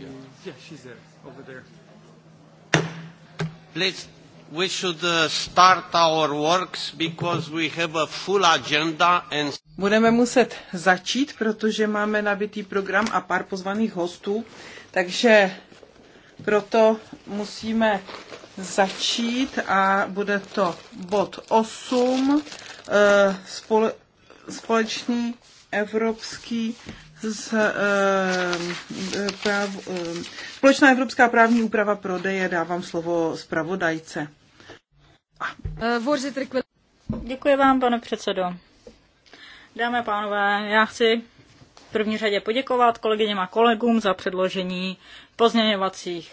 Yeah. she's there, over there. Please, we should uh, start our works because we have a full agenda and... Budeme muset začít, protože máme nabitý program a pár pozvaných hostů, takže proto musíme začít a bude to bod 8, eh, spole, společný evropský z, eh, práv, eh, společná evropská právní úprava prodeje. Dávám slovo zpravodajce. Eh, Děkuji vám, pane předsedo. Dámy a pánové, já chci v první řadě poděkovat kolegyněm a kolegům za předložení pozměňovacích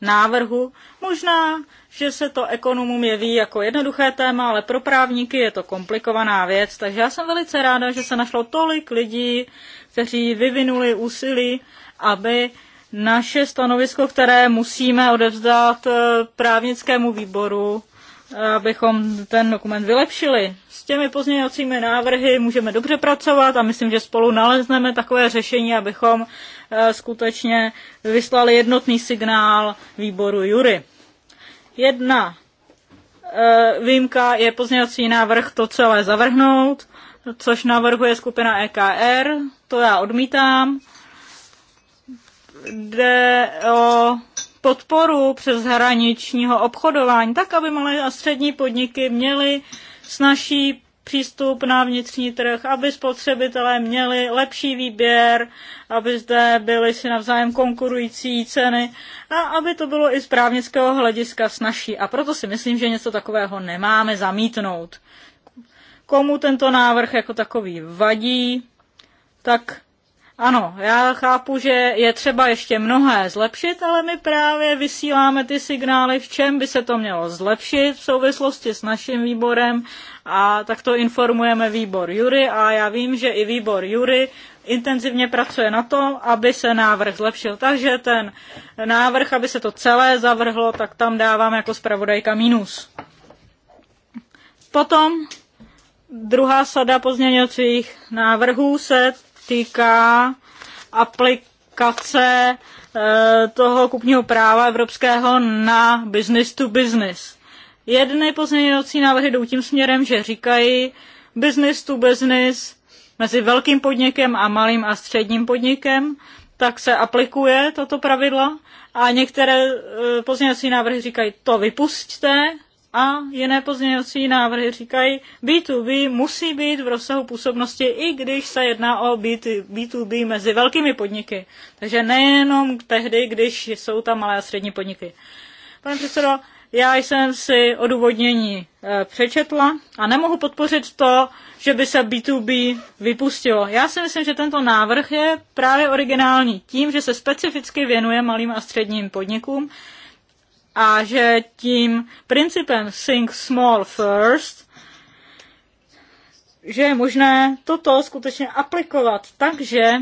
návrhů. Možná, že se to ekonomům jeví jako jednoduché téma, ale pro právníky je to komplikovaná věc, takže já jsem velice ráda, že se našlo tolik lidí, kteří vyvinuli úsilí, aby naše stanovisko, které musíme odevzdat eh, právnickému výboru, eh, abychom ten dokument vylepšili. S těmi pozměňovacími návrhy můžeme dobře pracovat a myslím, že spolu nalezneme takové řešení, abychom eh, skutečně vyslali jednotný signál výboru Jury. Jedna výjimka je pozměňovací návrh to celé zavrhnout, což navrhuje skupina EKR to já odmítám. Jde o podporu přes hraničního obchodování, tak aby malé a střední podniky měly snažší přístup na vnitřní trh, aby spotřebitelé měli lepší výběr, aby zde byly si navzájem konkurující ceny a aby to bylo i z právnického hlediska snažší. A proto si myslím, že něco takového nemáme zamítnout. Komu tento návrh jako takový vadí, tak ano, já chápu, že je třeba ještě mnohé zlepšit, ale my právě vysíláme ty signály, v čem by se to mělo zlepšit v souvislosti s naším výborem a takto informujeme výbor Jury a já vím, že i výbor Jury intenzivně pracuje na tom, aby se návrh zlepšil. Takže ten návrh, aby se to celé zavrhlo, tak tam dávám jako zpravodajka mínus. Potom druhá sada pozměňovacích návrhů se týká aplikace eh, toho kupního práva evropského na business to business. Jedny pozměňovací návrhy jdou tím směrem, že říkají business to business mezi velkým podnikem a malým a středním podnikem, tak se aplikuje tato pravidla a některé eh, pozměňovací návrhy říkají, to vypusťte a jiné pozměňovací návrhy říkají, B2B musí být v rozsahu působnosti, i když se jedná o B2B mezi velkými podniky. Takže nejenom tehdy, když jsou tam malé a střední podniky. Pane předsedo, já jsem si odůvodnění e, přečetla a nemohu podpořit to, že by se B2B vypustilo. Já si myslím, že tento návrh je právě originální tím, že se specificky věnuje malým a středním podnikům a že tím principem think small first, že je možné toto skutečně aplikovat. Takže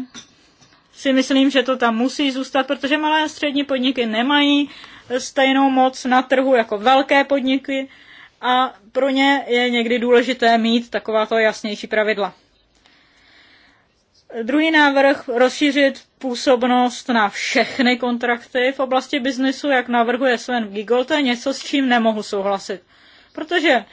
si myslím, že to tam musí zůstat, protože malé a střední podniky nemají stejnou moc na trhu jako velké podniky a pro ně je někdy důležité mít takováto jasnější pravidla. Druhý návrh rozšířit působnost na všechny kontrakty v oblasti biznesu, jak navrhuje Sven Giggle, to je něco, s čím nemohu souhlasit. Protože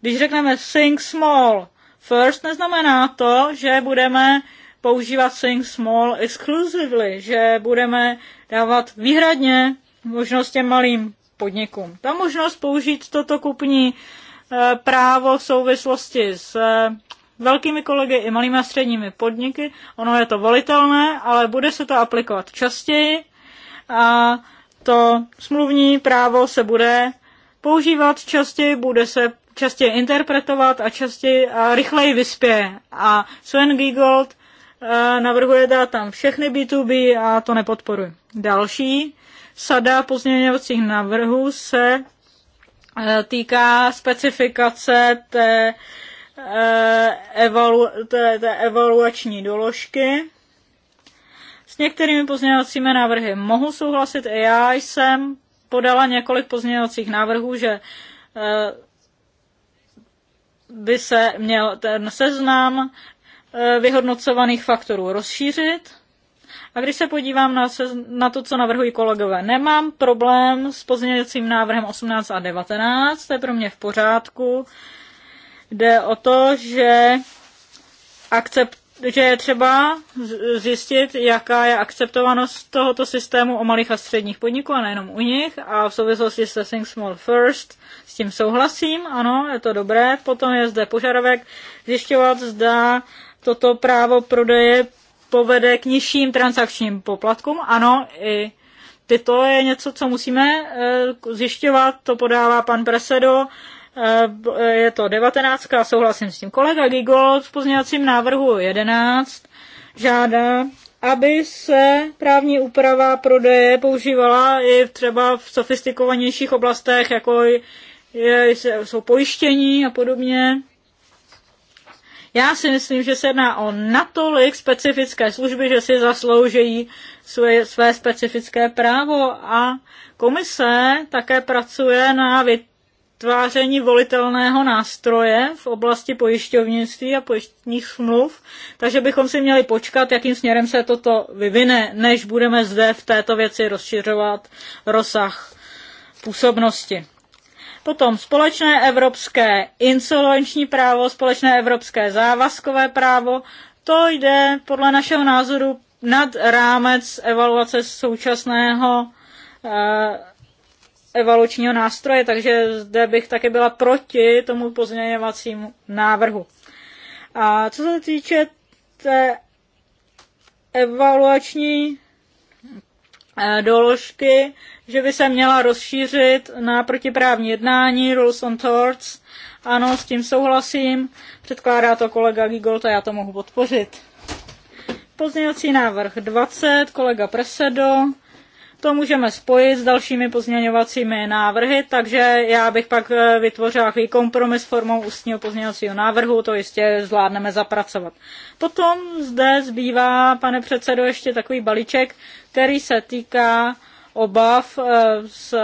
když řekneme think small first, neznamená to, že budeme používat think small exclusively, že budeme dávat výhradně možnost těm malým podnikům. Ta možnost použít toto kupní eh, právo v souvislosti s eh, velkými kolegy i malými a středními podniky. Ono je to volitelné, ale bude se to aplikovat častěji a to smluvní právo se bude používat častěji, bude se častěji interpretovat a častěji a rychleji vyspěje. A Sven Giegold eh, navrhuje dát tam všechny B2B a to nepodporuji. Další sada pozměňovacích návrhů se eh, týká specifikace té Eh, evalu, té, té evaluační doložky. S některými pozměňovacími návrhy mohu souhlasit i já jsem podala několik pozměňovacích návrhů, že eh, by se měl ten seznam eh, vyhodnocovaných faktorů rozšířit. A když se podívám na, na to, co navrhují kolegové, nemám problém s pozměňovacím návrhem 18 a 19, to je pro mě v pořádku. Jde o to, že, akcept, že je třeba zjistit, jaká je akceptovanost tohoto systému o malých a středních podniků a nejenom u nich. A v souvislosti se Think Small First s tím souhlasím, ano, je to dobré. Potom je zde požadavek zjišťovat, zda toto právo prodeje povede k nižším transakčním poplatkům. Ano, i tyto je něco, co musíme eh, zjišťovat, to podává pan Presedo Eh, je to 19, souhlasím s tím. Kolega Gigol v pozměňovacím návrhu 11 žádá, aby se právní úprava prodeje používala i třeba v sofistikovanějších oblastech, jako je, jsou pojištění a podobně. Já si myslím, že se jedná o natolik specifické služby, že si zasloužejí své, své specifické právo a komise také pracuje na vytvoření vytváření volitelného nástroje v oblasti pojišťovnictví a pojištních smluv, takže bychom si měli počkat, jakým směrem se toto vyvine, než budeme zde v této věci rozšiřovat rozsah působnosti. Potom společné evropské insolvenční právo, společné evropské závazkové právo, to jde podle našeho názoru nad rámec evaluace současného eh, evolučního nástroje, takže zde bych také byla proti tomu pozměňovacímu návrhu. A co se týče té evaluační eh, doložky, že by se měla rozšířit na protiprávní jednání, rules on torts. Ano, s tím souhlasím. Předkládá to kolega Gigol, to já to mohu podpořit. Pozměňovací návrh 20, kolega Presedo to můžeme spojit s dalšími pozměňovacími návrhy, takže já bych pak eh, vytvořila takový kompromis formou ústního pozměňovacího návrhu, to jistě zvládneme zapracovat. Potom zde zbývá, pane předsedo, ještě takový balíček, který se týká obav eh, z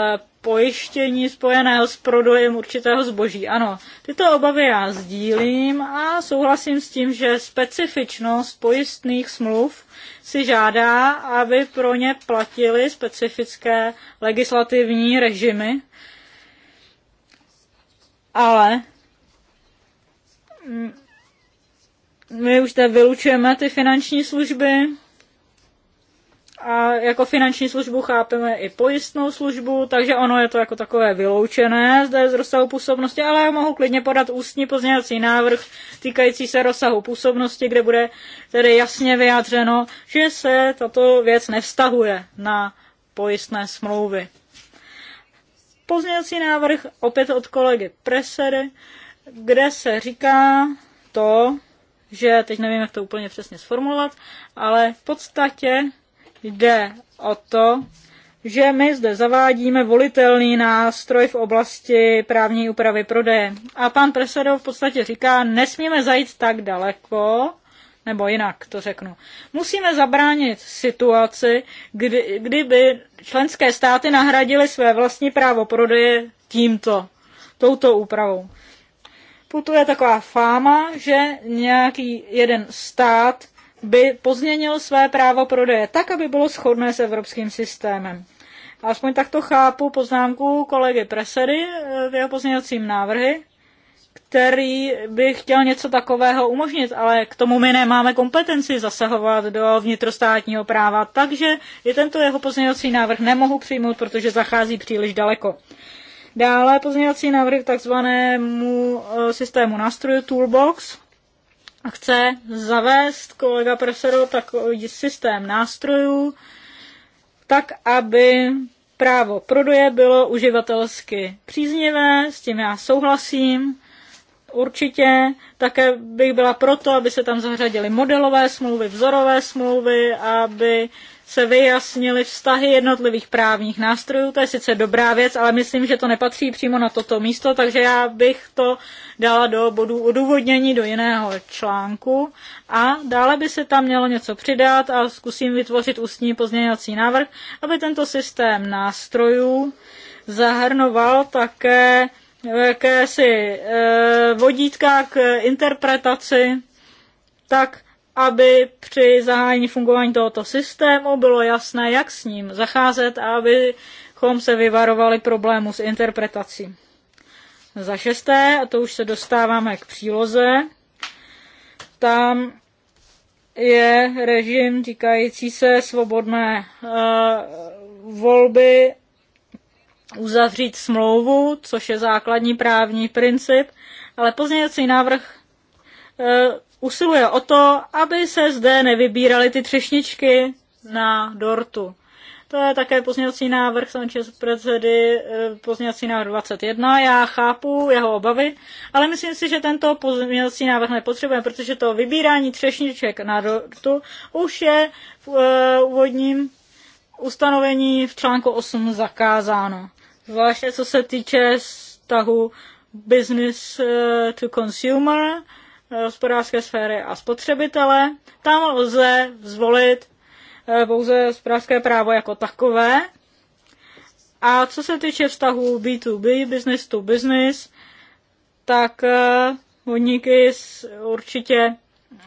pojištění spojeného s prodejem určitého zboží. Ano, tyto obavy já sdílím a souhlasím s tím, že specifičnost pojistných smluv si žádá, aby pro ně platily specifické legislativní režimy, ale mm, my už zde vylučujeme ty finanční služby, a jako finanční službu chápeme i pojistnou službu, takže ono je to jako takové vyloučené zde z rozsahu působnosti, ale já mohu klidně podat ústní pozměňovací návrh týkající se rozsahu působnosti, kde bude tedy jasně vyjádřeno, že se tato věc nevztahuje na pojistné smlouvy. Pozměňovací návrh opět od kolegy Presery, kde se říká to, že teď nevím, jak to úplně přesně sformulovat, ale v podstatě Jde o to, že my zde zavádíme volitelný nástroj v oblasti právní úpravy prodeje. A pan Presedov v podstatě říká, nesmíme zajít tak daleko, nebo jinak to řeknu. Musíme zabránit situaci, kdy, kdyby členské státy nahradily své vlastní právo prodeje tímto, touto úpravou. Putuje taková fáma, že nějaký jeden stát by pozměnil své právo prodeje tak, aby bylo shodné s evropským systémem. Aspoň takto chápu poznámku kolegy Presery eh, v jeho pozměňovacím návrhy, který by chtěl něco takového umožnit, ale k tomu my nemáme kompetenci zasahovat do vnitrostátního práva, takže i tento jeho pozměňovací návrh nemohu přijmout, protože zachází příliš daleko. Dále pozměňovací návrh k takzvanému eh, systému nástrojů Toolbox, a chce zavést kolega Presero takový systém nástrojů, tak aby právo prodeje bylo uživatelsky příznivé, s tím já souhlasím, určitě. Také bych byla proto, aby se tam zařadily modelové smlouvy, vzorové smlouvy, aby se vyjasnily vztahy jednotlivých právních nástrojů. To je sice dobrá věc, ale myslím, že to nepatří přímo na toto místo, takže já bych to dala do bodu odůvodnění do jiného článku. A dále by se tam mělo něco přidat a zkusím vytvořit ústní pozměňovací návrh, aby tento systém nástrojů zahrnoval také jakési eh, vodítka k interpretaci tak, aby při zahájení fungování tohoto systému bylo jasné, jak s ním zacházet a abychom se vyvarovali problému s interpretací. Za šesté, a to už se dostáváme k příloze, tam je režim týkající se svobodné uh, volby uzavřít smlouvu, což je základní právní princip, ale pozměňovací návrh eh, usiluje o to, aby se zde nevybíraly ty třešničky na dortu. To je také pozměňovací návrh Sanchez Prezedy, eh, pozměňovací návrh 21. Já chápu jeho obavy, ale myslím si, že tento pozměňovací návrh nepotřebujeme, protože to vybírání třešniček na dortu už je v eh, úvodním ustanovení v článku 8 zakázáno. Zvláště co se týče vztahu business eh, to consumer, hospodářské sféry a spotřebitele. Tam lze zvolit eh, pouze hospodářské právo jako takové. A co se týče vztahu B2B, business to business, tak eh, podniky určitě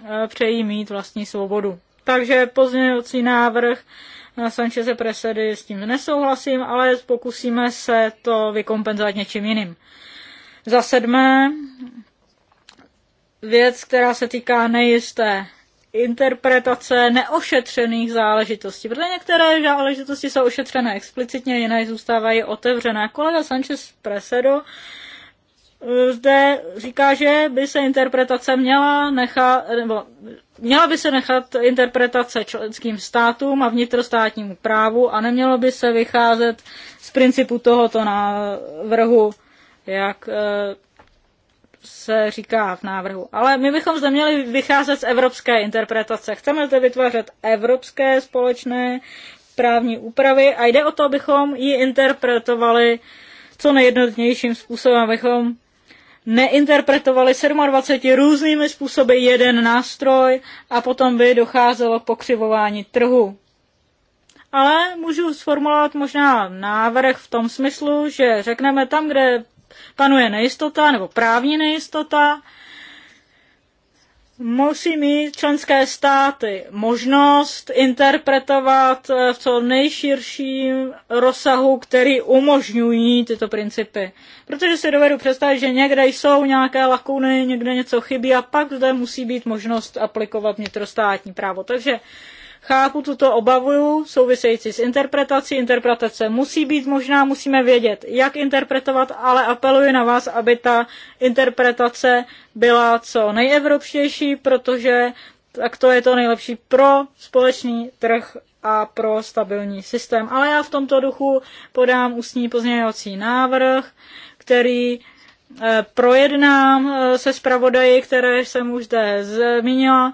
eh, přejí mít vlastní svobodu. Takže pozměňovací návrh na Sancheze Presedy s tím nesouhlasím, ale pokusíme se to vykompenzovat něčím jiným. Za sedmé, věc, která se týká nejisté interpretace neošetřených záležitostí, protože některé záležitosti jsou ošetřené explicitně, jiné zůstávají otevřené. Kolega Sanchez Presedo eh, zde říká, že by se interpretace měla nechat, nebo měla by se nechat interpretace členským státům a vnitrostátnímu právu a nemělo by se vycházet z principu tohoto návrhu, jak eh, se říká v návrhu. Ale my bychom zde měli vycházet z evropské interpretace. Chceme zde vytvářet evropské společné právní úpravy a jde o to, abychom ji interpretovali co nejjednotnějším způsobem, abychom neinterpretovali 27 různými způsoby jeden nástroj a potom by docházelo k pokřivování trhu. Ale můžu sformulovat možná návrh v tom smyslu, že řekneme tam, kde panuje nejistota nebo právní nejistota, musí mít členské státy možnost interpretovat eh, v co nejširším rozsahu, který umožňují tyto principy. Protože si dovedu představit, že někde jsou nějaké lakuny, někde něco chybí a pak zde musí být možnost aplikovat vnitrostátní právo. Takže Chápu tuto obavu související s interpretací. Interpretace musí být možná, musíme vědět, jak interpretovat, ale apeluji na vás, aby ta interpretace byla co nejevropštější, protože tak to je to nejlepší pro společný trh a pro stabilní systém. Ale já v tomto duchu podám ústní pozměňovací návrh, který eh, projednám eh, se zpravodaji, které jsem už zde zmínila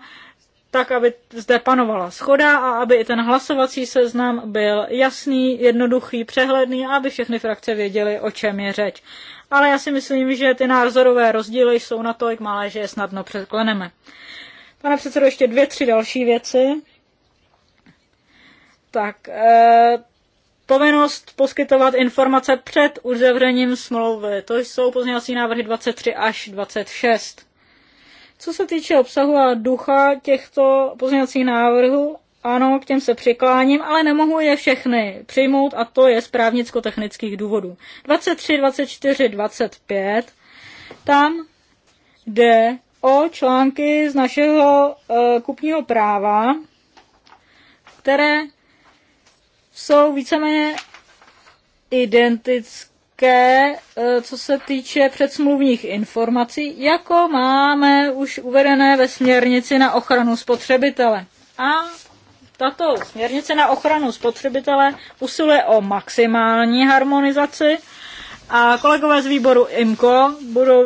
tak, aby zde panovala schoda a aby i ten hlasovací seznam byl jasný, jednoduchý, přehledný a aby všechny frakce věděly, o čem je řeč. Ale já si myslím, že ty názorové rozdíly jsou natolik malé, že je snadno překleneme. Pane předsedo, ještě dvě, tři další věci. Tak, eh, povinnost poskytovat informace před uzavřením smlouvy. To jsou pozměňovací návrhy 23 až 26. Co se týče obsahu a ducha těchto pozměňovacích návrhů, ano, k těm se přikláním, ale nemohu je všechny přijmout a to je z právnicko-technických důvodů. 23, 24, 25, tam jde o články z našeho uh, kupního práva, které jsou víceméně identické také, e, co se týče předsmluvních informací, jako máme už uvedené ve směrnici na ochranu spotřebitele. A tato směrnice na ochranu spotřebitele usiluje o maximální harmonizaci a kolegové z výboru IMCO budou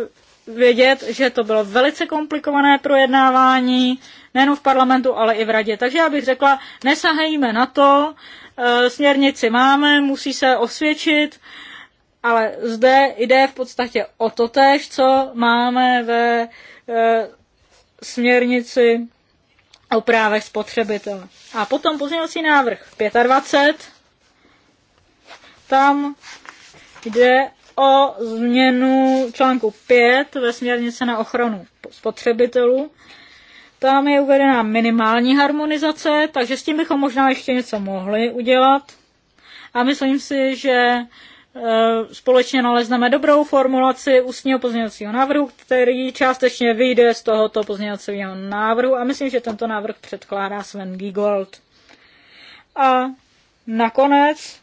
vědět, že to bylo velice komplikované projednávání, nejen v parlamentu, ale i v radě. Takže já bych řekla, nesahejme na to, e, směrnici máme, musí se osvědčit, ale zde jde v podstatě o to tež, co máme ve e, směrnici o právech spotřebitele. A potom pozměňovací návrh 25. Tam jde o změnu článku 5 ve směrnice na ochranu spotřebitelů. Tam je uvedena minimální harmonizace, takže s tím bychom možná ještě něco mohli udělat. A myslím si, že Eh, společně nalezneme dobrou formulaci ústního pozměňovacího návrhu, který částečně vyjde z tohoto pozměňovacího návrhu a myslím, že tento návrh předkládá Sven Giegold. A nakonec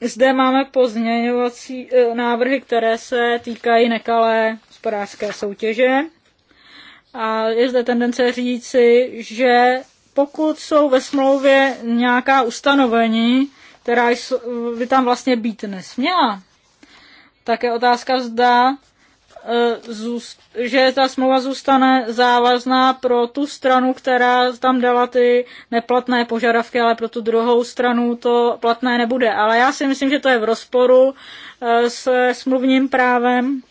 zde máme pozměňovací eh, návrhy, které se týkají nekalé hospodářské soutěže. A je zde tendence říci, že pokud jsou ve smlouvě nějaká ustanovení, která by tam vlastně být nesměla. Také otázka zda, e, že ta smlouva zůstane závazná pro tu stranu, která tam dala ty neplatné požadavky, ale pro tu druhou stranu to platné nebude. Ale já si myslím, že to je v rozporu e, s smluvním právem.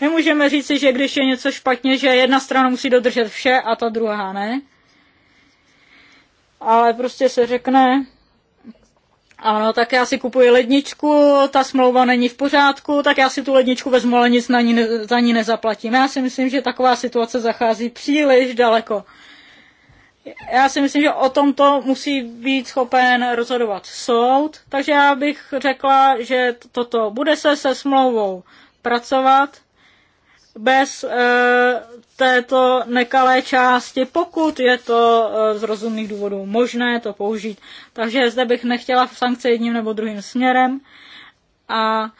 Nemůžeme říci, že když je něco špatně, že jedna strana musí dodržet vše a ta druhá ne. Ale prostě se řekne, ano, tak já si kupuji ledničku, ta smlouva není v pořádku, tak já si tu ledničku vezmu, ale nic na ní, za ní nezaplatím. Já si myslím, že taková situace zachází příliš daleko. Já si myslím, že o tomto musí být schopen rozhodovat soud, takže já bych řekla, že toto bude se se smlouvou pracovat bez e, této nekalé části, pokud je to eh, z rozumných důvodů možné to použít. Takže zde bych nechtěla v sankce jedním nebo druhým směrem a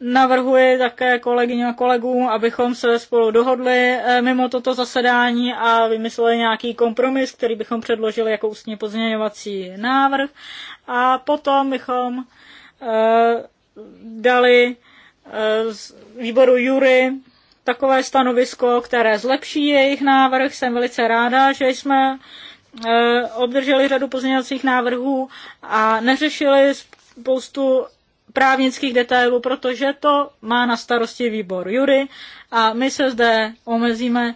navrhuji také kolegyně a kolegům, abychom se spolu dohodli eh, mimo toto zasedání a vymysleli nějaký kompromis, který bychom předložili jako ústní pozměňovací návrh a potom bychom eh, dali výboru Jury takové stanovisko, které zlepší jejich návrh. Jsem velice ráda, že jsme eh, obdrželi řadu pozměňovacích návrhů a neřešili spoustu právnických detailů, protože to má na starosti výbor jury a my se zde omezíme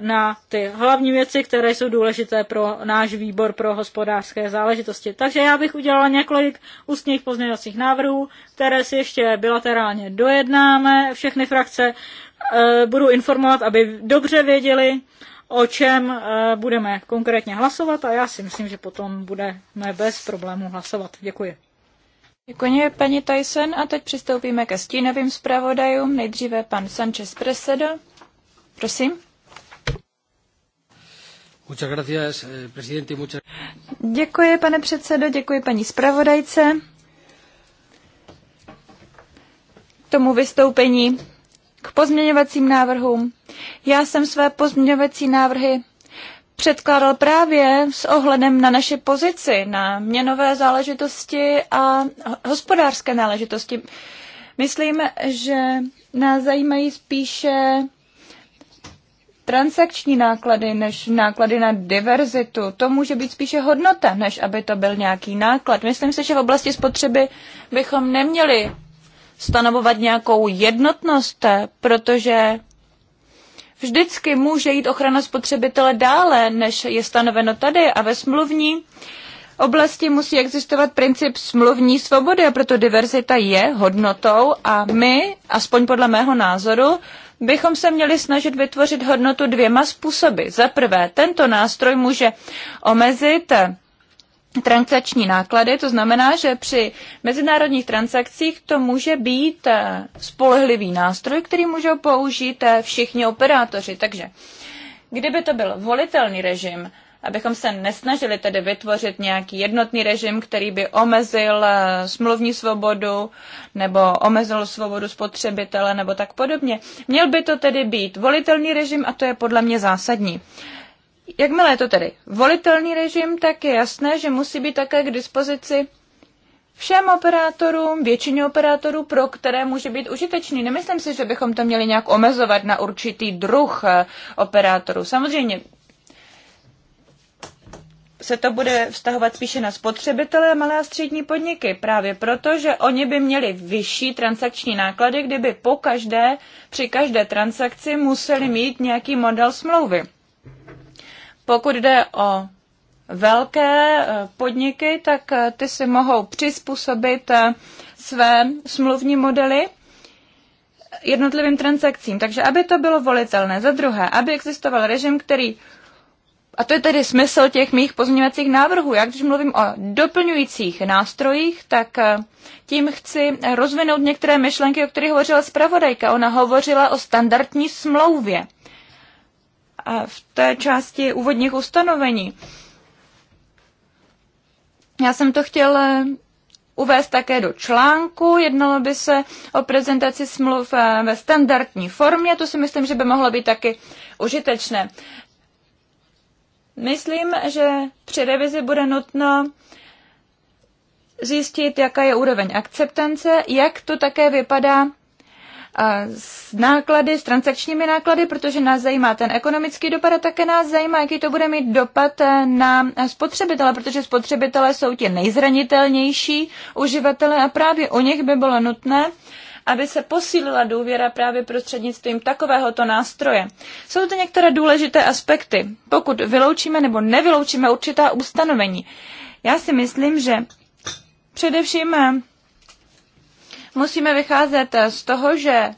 na ty hlavní věci, které jsou důležité pro náš výbor pro hospodářské záležitosti. Takže já bych udělala několik ústních pozměňovacích návrhů, které si ještě bilaterálně dojednáme. Všechny frakce Eh, budu informovat, aby dobře věděli, o čem eh, budeme konkrétně hlasovat a já si myslím, že potom budeme bez problémů hlasovat. Děkuji. Děkuji, paní Tyson. A teď přistoupíme ke stínovým zpravodajům. Nejdříve pan Sanchez Presedo. Prosím. Eh, děkuji, pane předsedo, děkuji paní zpravodajce. Tomu vystoupení k pozměňovacím návrhům. Já jsem své pozměňovací návrhy předkládal právě s ohledem na naše pozici, na měnové záležitosti a hospodářské náležitosti. Myslím, že nás zajímají spíše transakční náklady než náklady na diverzitu. To může být spíše hodnota, než aby to byl nějaký náklad. Myslím si, že v oblasti spotřeby bychom neměli stanovovat nějakou jednotnost, protože vždycky může jít ochrana spotřebitele dále, než je stanoveno tady a ve smluvní oblasti musí existovat princip smluvní svobody a proto diverzita je hodnotou a my, aspoň podle mého názoru, bychom se měli snažit vytvořit hodnotu dvěma způsoby. Za prvé, tento nástroj může omezit transakční náklady, to znamená, že při mezinárodních transakcích to může být eh, spolehlivý nástroj, který můžou použít eh, všichni operátoři. Takže kdyby to byl volitelný režim, abychom se nesnažili tedy vytvořit nějaký jednotný režim, který by omezil eh, smluvní svobodu nebo omezil svobodu spotřebitele nebo tak podobně. Měl by to tedy být volitelný režim a to je podle mě zásadní. Jakmile je to tedy volitelný režim, tak je jasné, že musí být také k dispozici všem operátorům, většině operátorů, pro které může být užitečný. Nemyslím si, že bychom to měli nějak omezovat na určitý druh eh, operátorů. Samozřejmě se to bude vztahovat spíše na spotřebitele a malé a střední podniky, právě proto, že oni by měli vyšší transakční náklady, kdyby po každé, při každé transakci museli mít nějaký model smlouvy. Pokud jde o velké eh, podniky, tak eh, ty si mohou přizpůsobit eh, své smluvní modely jednotlivým transakcím. Takže aby to bylo volitelné. Za druhé, aby existoval režim, který a to je tedy smysl těch mých pozměňovacích návrhů. Jak když mluvím o doplňujících nástrojích, tak tím chci rozvinout některé myšlenky, o kterých hovořila zpravodajka. Ona hovořila o standardní smlouvě v té části úvodních ustanovení. Já jsem to chtěl uvést také do článku. Jednalo by se o prezentaci smluv eh, ve standardní formě. To si myslím, že by mohlo být taky užitečné. Myslím, že při revizi bude nutno zjistit, jaká je úroveň akceptance, jak to také vypadá s náklady, s transakčními náklady, protože nás zajímá ten ekonomický dopad a také nás zajímá, jaký to bude mít dopad eh, na spotřebitele, protože spotřebitele jsou ti nejzranitelnější uživatelé a právě o nich by bylo nutné, aby se posílila důvěra právě prostřednictvím takovéhoto nástroje. Jsou to některé důležité aspekty. Pokud vyloučíme nebo nevyloučíme určitá ustanovení, já si myslím, že především eh, musíme vycházet z toho, že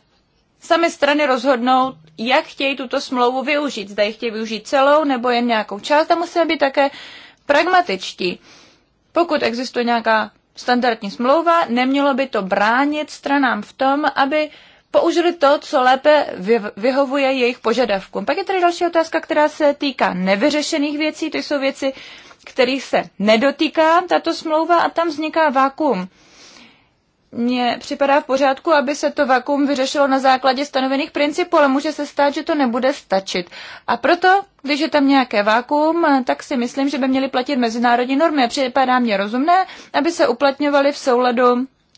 sami strany rozhodnou, jak chtějí tuto smlouvu využít. Zda ji chtějí využít celou nebo jen nějakou část a musíme být také pragmatičtí. Pokud existuje nějaká standardní smlouva, nemělo by to bránit stranám v tom, aby použili to, co lépe vyhovuje jejich požadavkům. Pak je tady další otázka, která se týká nevyřešených věcí. To jsou věci, kterých se nedotýká tato smlouva a tam vzniká vákum mně připadá v pořádku, aby se to vakuum vyřešilo na základě stanovených principů, ale může se stát, že to nebude stačit. A proto, když je tam nějaké vakuum, tak si myslím, že by měly platit mezinárodní normy. A připadá mně rozumné, aby se uplatňovaly v souladu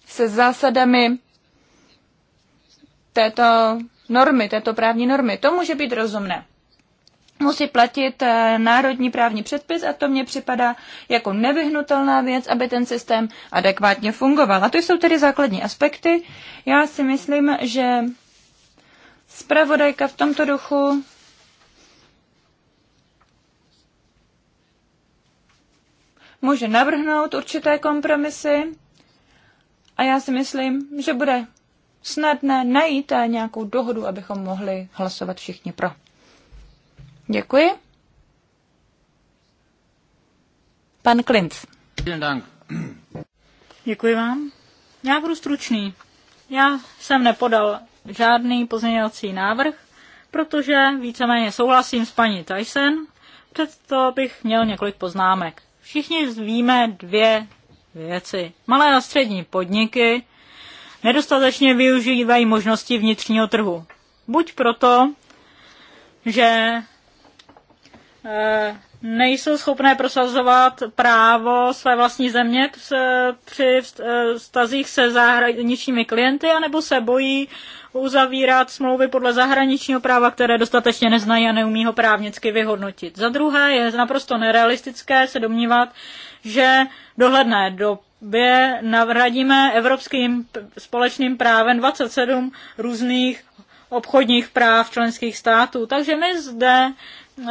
se zásadami této normy, této právní normy. To může být rozumné musí platit eh, národní právní předpis a to mně připadá jako nevyhnutelná věc, aby ten systém adekvátně fungoval. A to jsou tedy základní aspekty. Já si myslím, že zpravodajka v tomto duchu může navrhnout určité kompromisy a já si myslím, že bude snadné najít nějakou dohodu, abychom mohli hlasovat všichni pro. Děkuji. Pan Klinc. Děkuji vám. Já budu stručný. Já jsem nepodal žádný pozměňovací návrh, protože víceméně souhlasím s paní Tyson, přesto bych měl několik poznámek. Všichni víme dvě věci. Malé a střední podniky nedostatečně využívají možnosti vnitřního trhu. Buď proto, že Eh, nejsou schopné prosazovat právo své vlastní země při eh, vztazích se zahraničními klienty, anebo se bojí uzavírat smlouvy podle zahraničního práva, které dostatečně neznají a neumí ho právnicky vyhodnotit. Za druhé je naprosto nerealistické se domnívat, že dohledné době navradíme evropským společným právem 27 různých obchodních práv členských států. Takže my zde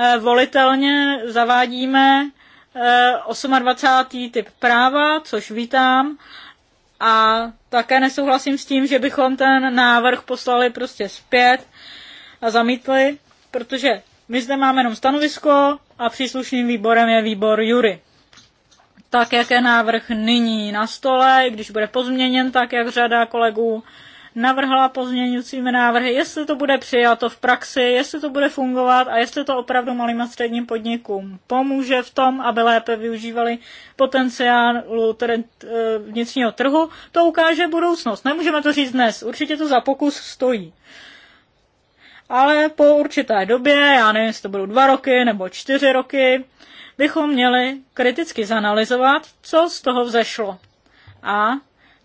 Eh, volitelně zavádíme 28. Eh, typ práva, což vítám. A také nesouhlasím s tím, že bychom ten návrh poslali prostě zpět a zamítli, protože my zde máme jenom stanovisko a příslušným výborem je výbor Jury. Tak, jak je návrh nyní na stole, když bude pozměněn tak, jak řada kolegů navrhla pozměňujícími návrhy, jestli to bude přijato v praxi, jestli to bude fungovat a jestli to opravdu malým a středním podnikům pomůže v tom, aby lépe využívali potenciál eh, vnitřního trhu, to ukáže budoucnost. Nemůžeme to říct dnes, určitě to za pokus stojí. Ale po určité době, já nevím, jestli to budou dva roky nebo čtyři roky, bychom měli kriticky zanalizovat, co z toho vzešlo. A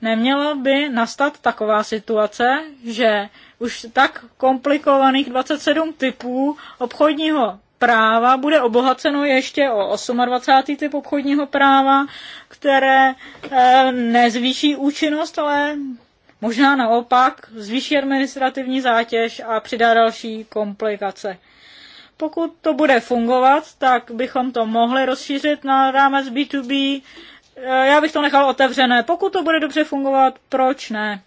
Neměla by nastat taková situace, že už tak komplikovaných 27 typů obchodního práva bude obohaceno ještě o 28. typ obchodního práva, které eh, nezvýší účinnost, ale možná naopak zvýší administrativní zátěž a přidá další komplikace. Pokud to bude fungovat, tak bychom to mohli rozšířit na rámec B2B Eh, já bych to nechal otevřené. Pokud to bude dobře fungovat, proč ne?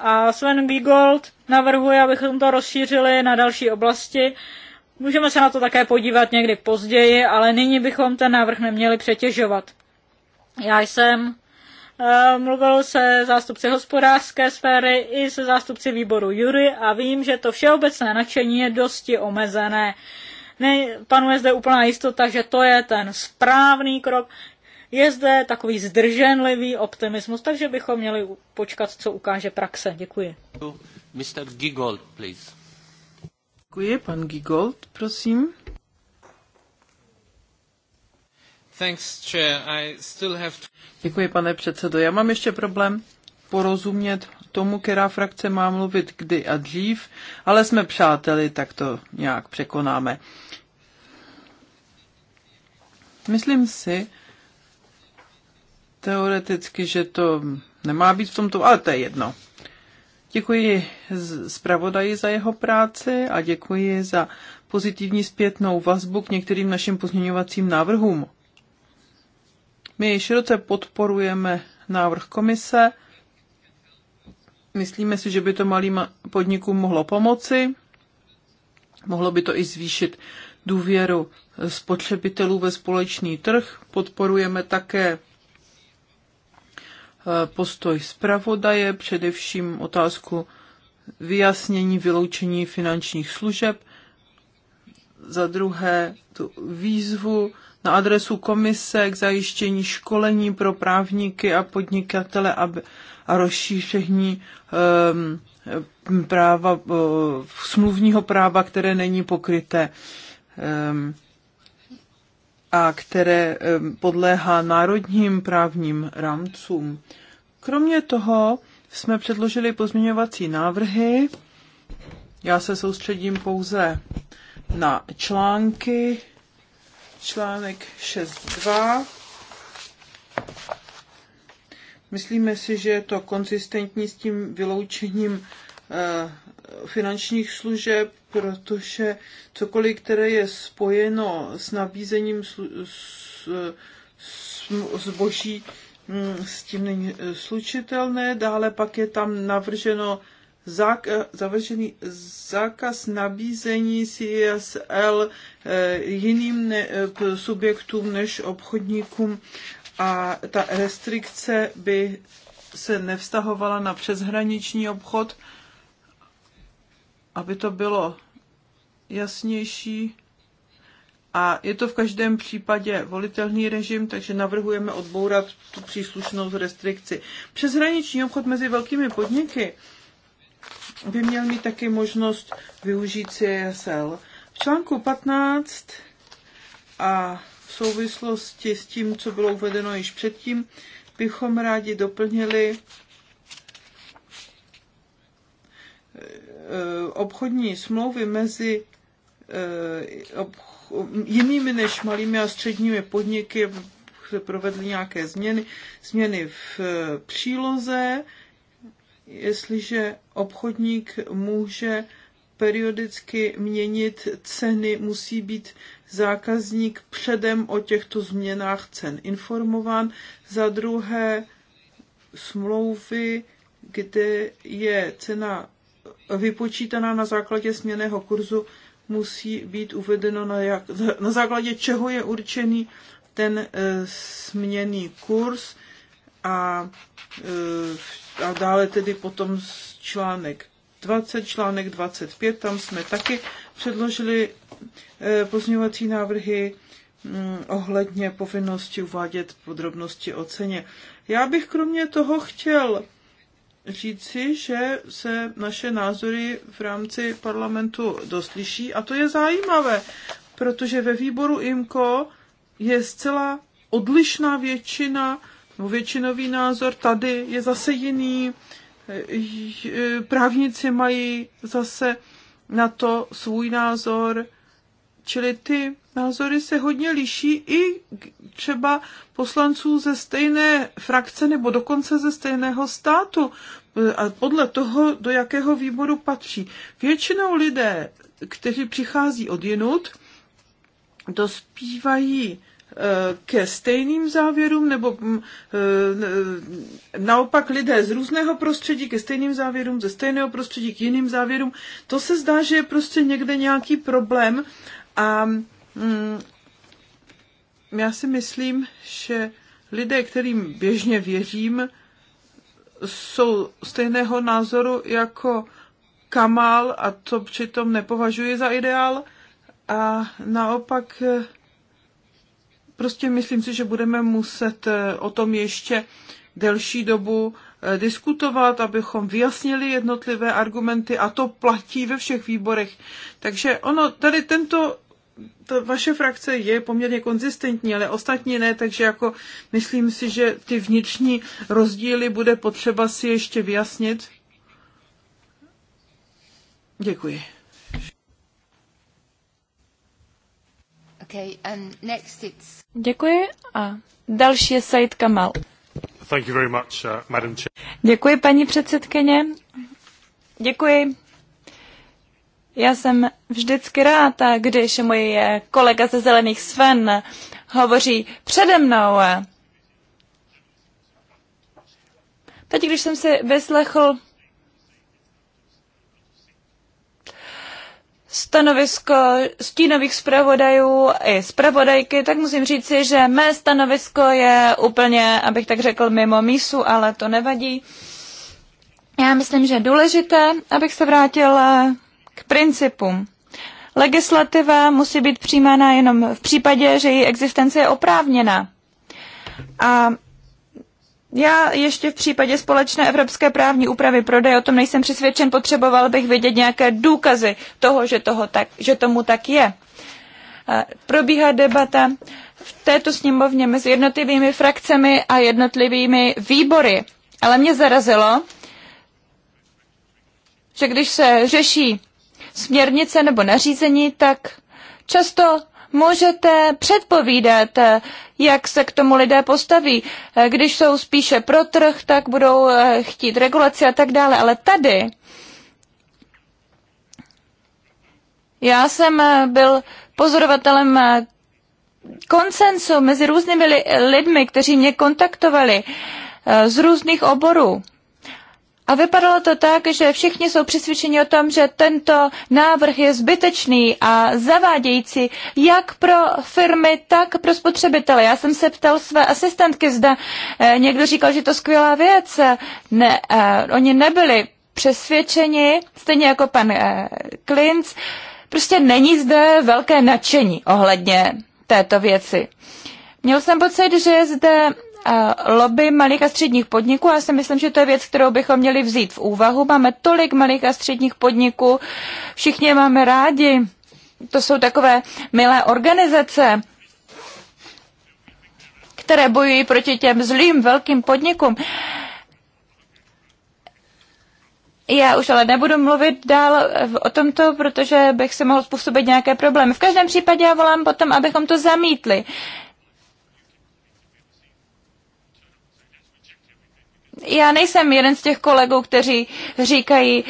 A Sven Bigold navrhuje, abychom to rozšířili na další oblasti. Můžeme se na to také podívat někdy později, ale nyní bychom ten návrh neměli přetěžovat. Já jsem eh, mluvil se zástupci hospodářské sféry i se zástupci výboru Jury a vím, že to všeobecné nadšení je dosti omezené. Ne, panuje zde úplná jistota, že to je ten správný krok. Je zde takový zdrženlivý optimismus, takže bychom měli počkat, co ukáže praxe. Děkuji. Mr. Gigold, please. Děkuji, pan Gigold, prosím. Thanks, chair. I still have to... Děkuji, pane předsedo. Já mám ještě problém porozumět tomu, která frakce má mluvit kdy a dřív, ale jsme přáteli, tak to nějak překonáme. Myslím si, teoreticky, že to nemá být v tomto, ale to je jedno. Děkuji zpravodaji za jeho práci a děkuji za pozitivní zpětnou vazbu k některým našim pozměňovacím návrhům. My široce podporujeme návrh komise. Myslíme si, že by to malým podnikům mohlo pomoci. Mohlo by to i zvýšit důvěru spotřebitelů ve společný trh. Podporujeme také postoj zpravodaje, především otázku vyjasnění vyloučení finančních služeb, za druhé tu výzvu na adresu komise k zajištění školení pro právníky a podnikatele a, a rozšíření um, práva, um, smluvního práva, které není pokryté um, a které podléhá národním právním rámcům. Kromě toho jsme předložili pozměňovací návrhy. Já se soustředím pouze na články. Článek 6.2. Myslíme si, že je to konzistentní s tím vyloučením eh, finančních služeb, protože cokoliv, které je spojeno s nabízením zboží, mm, s tím není eh, slučitelné. Dále pak je tam navrženo eh, zavržený zákaz nabízení CSL eh, jiným subjektům než obchodníkům a ta restrikce by se nevztahovala na přeshraniční obchod, aby to bylo jasnější. A je to v každém případě volitelný režim, takže navrhujeme odbourat tu příslušnou restrikci. Přeshraniční obchod mezi velkými podniky by měl mít taky možnost využít CSL. V článku 15 a v souvislosti s tím, co bylo uvedeno již předtím, bychom rádi doplnili Eh, obchodní smlouvy mezi eh, jinými než malými a středními podniky se provedly nějaké změny, změny v eh, příloze, jestliže obchodník může periodicky měnit ceny, musí být zákazník předem o těchto změnách cen informován. Za druhé, smlouvy, kde je cena vypočítaná na základě směného kurzu, musí být uvedeno, na, jak, na základě čeho je určený ten e, směný kurz a, e, a dále tedy potom článek 20, článek 25, tam jsme taky předložili e, pozměňovací návrhy m, mm, ohledně povinnosti uvádět podrobnosti o ceně. Já bych kromě toho chtěl říci, že se naše názory v rámci parlamentu doslyší a to je zajímavé, protože ve výboru IMCO je zcela odlišná většina, no většinový názor tady je zase jiný, právníci mají zase na to svůj názor, Čili ty názory se hodně liší i třeba poslanců ze stejné frakce nebo dokonce ze stejného státu eh, a podle toho, do jakého výboru patří. Většinou lidé, kteří přichází od jinut, dospívají eh, ke stejným závěrům, nebo mm, eh, naopak lidé z různého prostředí ke stejným závěrům, ze stejného prostředí k jiným závěrům. To se zdá, že je prostě někde nějaký problém a mm, já si myslím, že lidé, kterým běžně věřím, jsou stejného názoru jako Kamal a to přitom nepovažuji za ideál. A naopak eh, prostě myslím si, že budeme muset eh, o tom ještě delší dobu eh, diskutovat, abychom vyjasnili jednotlivé argumenty a to platí ve všech výborech. Takže ono, tady tento ta vaše frakce je poměrně konzistentní, ale ostatní ne, takže jako myslím si, že ty vnitřní rozdíly bude potřeba si ještě vyjasnit. Děkuji. Okay, and next it's... Děkuji a další je Said Kamal. Thank you very much, uh, Madam Chair. Děkuji, paní předsedkyně. Děkuji já jsem vždycky rád, když můj eh, kolega ze Zelených Sven hovoří přede mnou. Teď, když jsem si vyslechl stanovisko stínových zpravodajů i zpravodajky, tak musím říci, že mé stanovisko je úplně, abych tak řekl, mimo mísu, ale to nevadí. Já myslím, že je důležité, abych se vrátil eh, k principům. Legislativa musí být přijímána jenom v případě, že její existence je oprávněná. A já ještě v případě společné evropské právní úpravy prodeje, o tom nejsem přesvědčen, potřeboval bych vidět nějaké důkazy toho, že, toho tak, že tomu tak je. Probíhá debata v této sněmovně mezi jednotlivými frakcemi a jednotlivými výbory. Ale mě zarazilo, že když se řeší směrnice nebo nařízení, tak často můžete předpovídat, jak se k tomu lidé postaví. Když jsou spíše pro trh, tak budou eh, chtít regulaci a tak dále. Ale tady já jsem eh, byl pozorovatelem eh, konsensu mezi různými lidmi, kteří mě kontaktovali z různých oborů. A vypadalo to tak, že všichni jsou přesvědčeni o tom, že tento návrh je zbytečný a zavádějící jak pro firmy, tak pro spotřebitele. Já jsem se ptal své asistentky, zda eh, někdo říkal, že to skvělá věc. Ne, eh, oni nebyli přesvědčeni, stejně jako pan eh, Klinc. Prostě není zde velké nadšení ohledně této věci. Měl jsem pocit, že je zde Eh, lobby malých a středních podniků. Já si myslím, že to je věc, kterou bychom měli vzít v úvahu. Máme tolik malých a středních podniků, všichni je máme rádi. To jsou takové milé organizace, které bojují proti těm zlým velkým podnikům. Já už ale nebudu mluvit dál eh, o tomto, protože bych si mohl způsobit nějaké problémy. V každém případě já volám potom, abychom to zamítli. Já nejsem jeden z těch kolegů, kteří říkají,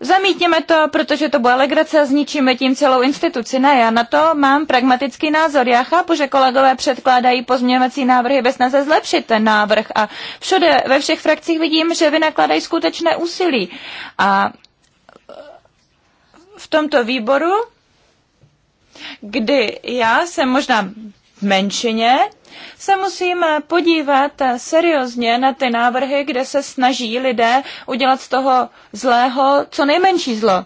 zamítněme to, protože to bude legrace a zničíme tím celou instituci. Ne, já na to mám pragmatický názor. Já chápu, že kolegové předkládají pozměňovací návrhy bez snaze zlepšit ten návrh a všude ve všech frakcích vidím, že vynakladají skutečné úsilí. A v tomto výboru kdy já jsem možná v menšině, se musíme podívat seriózně na ty návrhy, kde se snaží lidé udělat z toho zlého co nejmenší zlo.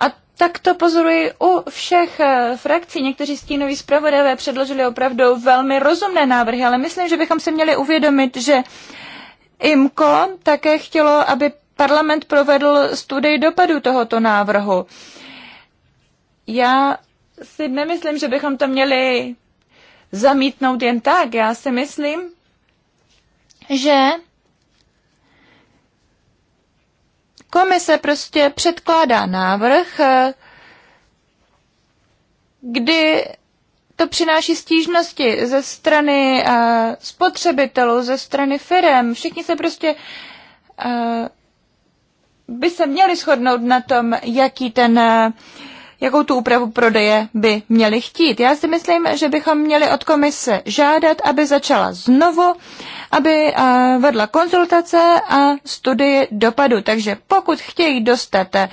A tak to pozoruji u všech eh, frakcí. Někteří stínoví zpravodajové předložili opravdu velmi rozumné návrhy, ale myslím, že bychom se měli uvědomit, že IMCO také chtělo, aby parlament provedl studii dopadu tohoto návrhu. Já si nemyslím, že bychom to měli zamítnout jen tak. Já si myslím, že komise prostě předkládá návrh, kdy to přináší stížnosti ze strany eh, spotřebitelů, ze strany firem. Všichni se prostě eh, by se měli shodnout na tom, jaký ten uh, jakou tu úpravu prodeje by měli chtít. Já si myslím, že bychom měli od komise žádat, aby začala znovu, aby eh, vedla konzultace a studie dopadu. Takže pokud chtějí dostat eh,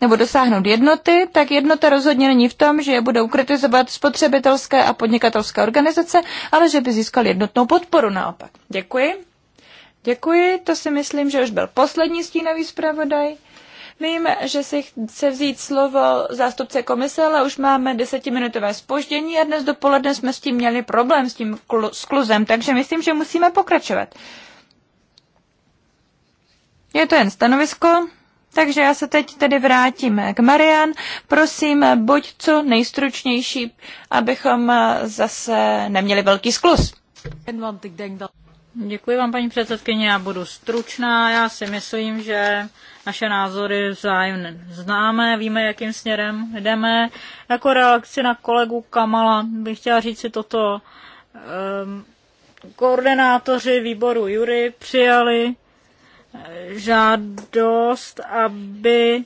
nebo dosáhnout jednoty, tak jednota rozhodně není v tom, že je budou kritizovat spotřebitelské a podnikatelské organizace, ale že by získal jednotnou podporu naopak. Děkuji. Děkuji, to si myslím, že už byl poslední stínový zpravodaj. Vím, že si chce vzít slovo zástupce komise, ale už máme desetiminutové spoždění a dnes dopoledne jsme s tím měli problém s tím skluzem, takže myslím, že musíme pokračovat. Je to jen stanovisko, takže já se teď tedy vrátím k Marian. Prosím, buď co nejstručnější, abychom eh, zase neměli velký sklus. Děkuji vám, paní předsedkyně, já budu stručná. Já si myslím, že naše názory vzájemně známe, víme, jakým směrem jdeme. Jako reakci na kolegu Kamala bych chtěla říct si toto. Ehm, koordinátoři výboru Jury přijali eh, žádost, aby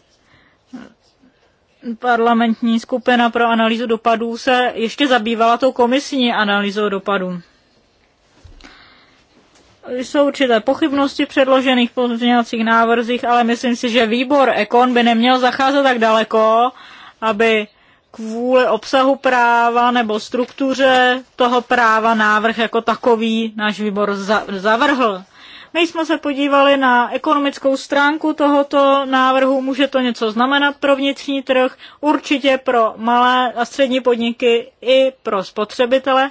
parlamentní skupina pro analýzu dopadů se ještě zabývala tou komisní analýzou dopadů jsou určité pochybnosti v předložených pozměňovacích návrzích, ale myslím si, že výbor Ekon by neměl zacházet tak daleko, aby kvůli obsahu práva nebo struktuře toho práva návrh jako takový náš výbor za- zavrhl. My jsme se podívali na ekonomickou stránku tohoto návrhu, může to něco znamenat pro vnitřní trh, určitě pro malé a střední podniky i pro spotřebitele,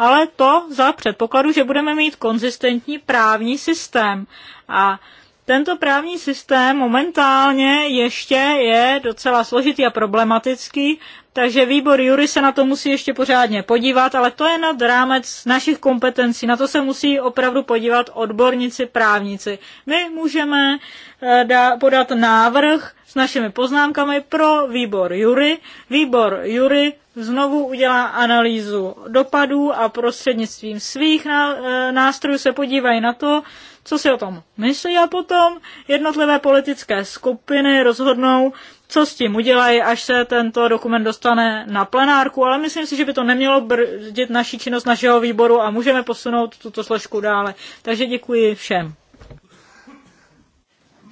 ale to za předpokladu, že budeme mít konzistentní právní systém. A tento právní systém momentálně ještě je docela složitý a problematický, takže výbor jury se na to musí ještě pořádně podívat, ale to je nad rámec našich kompetencí. Na to se musí opravdu podívat odborníci, právníci. My můžeme eh, podat návrh s našimi poznámkami pro výbor jury. Výbor jury znovu udělá analýzu dopadů a prostřednictvím svých eh, nástrojů se podívají na to, co si o tom myslí a potom jednotlivé politické skupiny rozhodnou, co s tím udělají, až se tento dokument dostane na plenárku, ale myslím si, že by to nemělo brzdit naší činnost našeho výboru a můžeme posunout tuto složku dále. Takže děkuji všem.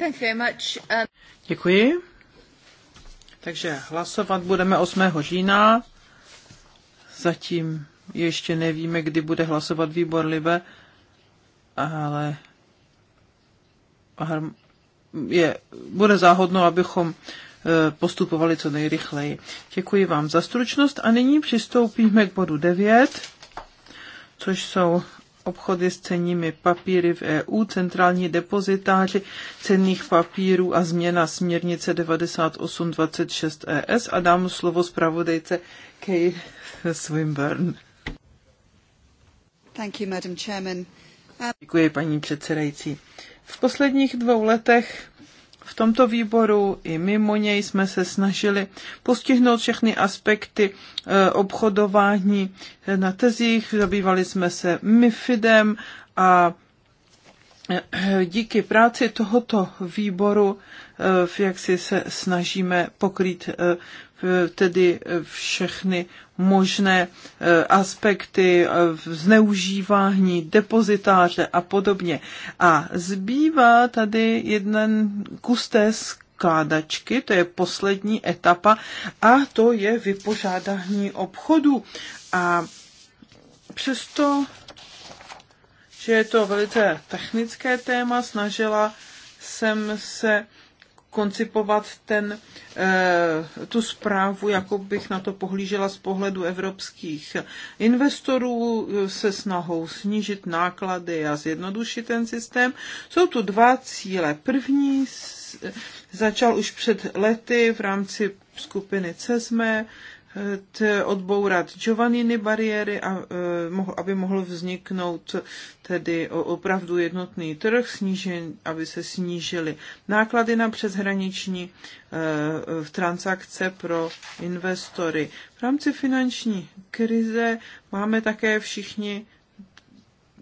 Um, děkuji. Takže hlasovat budeme 8. října. Zatím ještě nevíme, kdy bude hlasovat výbor Libe, ale je, bude záhodno, abychom eh, postupovali co nejrychleji. Děkuji vám za stručnost a nyní přistoupíme k bodu 9, což jsou obchody s cenními papíry v EU, centrální depozitáři cenných papírů a změna směrnice 9826 ES a dám slovo zpravodajce Kay Swinburne. Thank you, Madam Chairman. Děkuji, paní předsedající. V posledních dvou letech v tomto výboru i mimo něj jsme se snažili postihnout všechny aspekty eh, obchodování eh, na tezích. Zabývali jsme se MIFIDem a eh, díky práci tohoto výboru, jak si se snažíme pokrýt Eh, tedy eh, všechny možné eh, aspekty zneužívání depozitáře a podobně. A zbývá tady jeden kus té skládačky, to je poslední etapa, a to je vypořádání obchodu. A přesto, že je to velice technické téma, snažila jsem se koncipovat ten, eh, tu zprávu, jako bych na to pohlížela z pohledu evropských investorů eh, se snahou snížit náklady a zjednodušit ten systém. Jsou tu dva cíle. První začal už před lety v rámci skupiny CESME, odbourat Giovanniny bariéry, a, e, aby mohl vzniknout tedy opravdu jednotný trh, snížen, aby se snížily náklady na přeshraniční e, e, transakce pro investory. V rámci finanční krize máme také všichni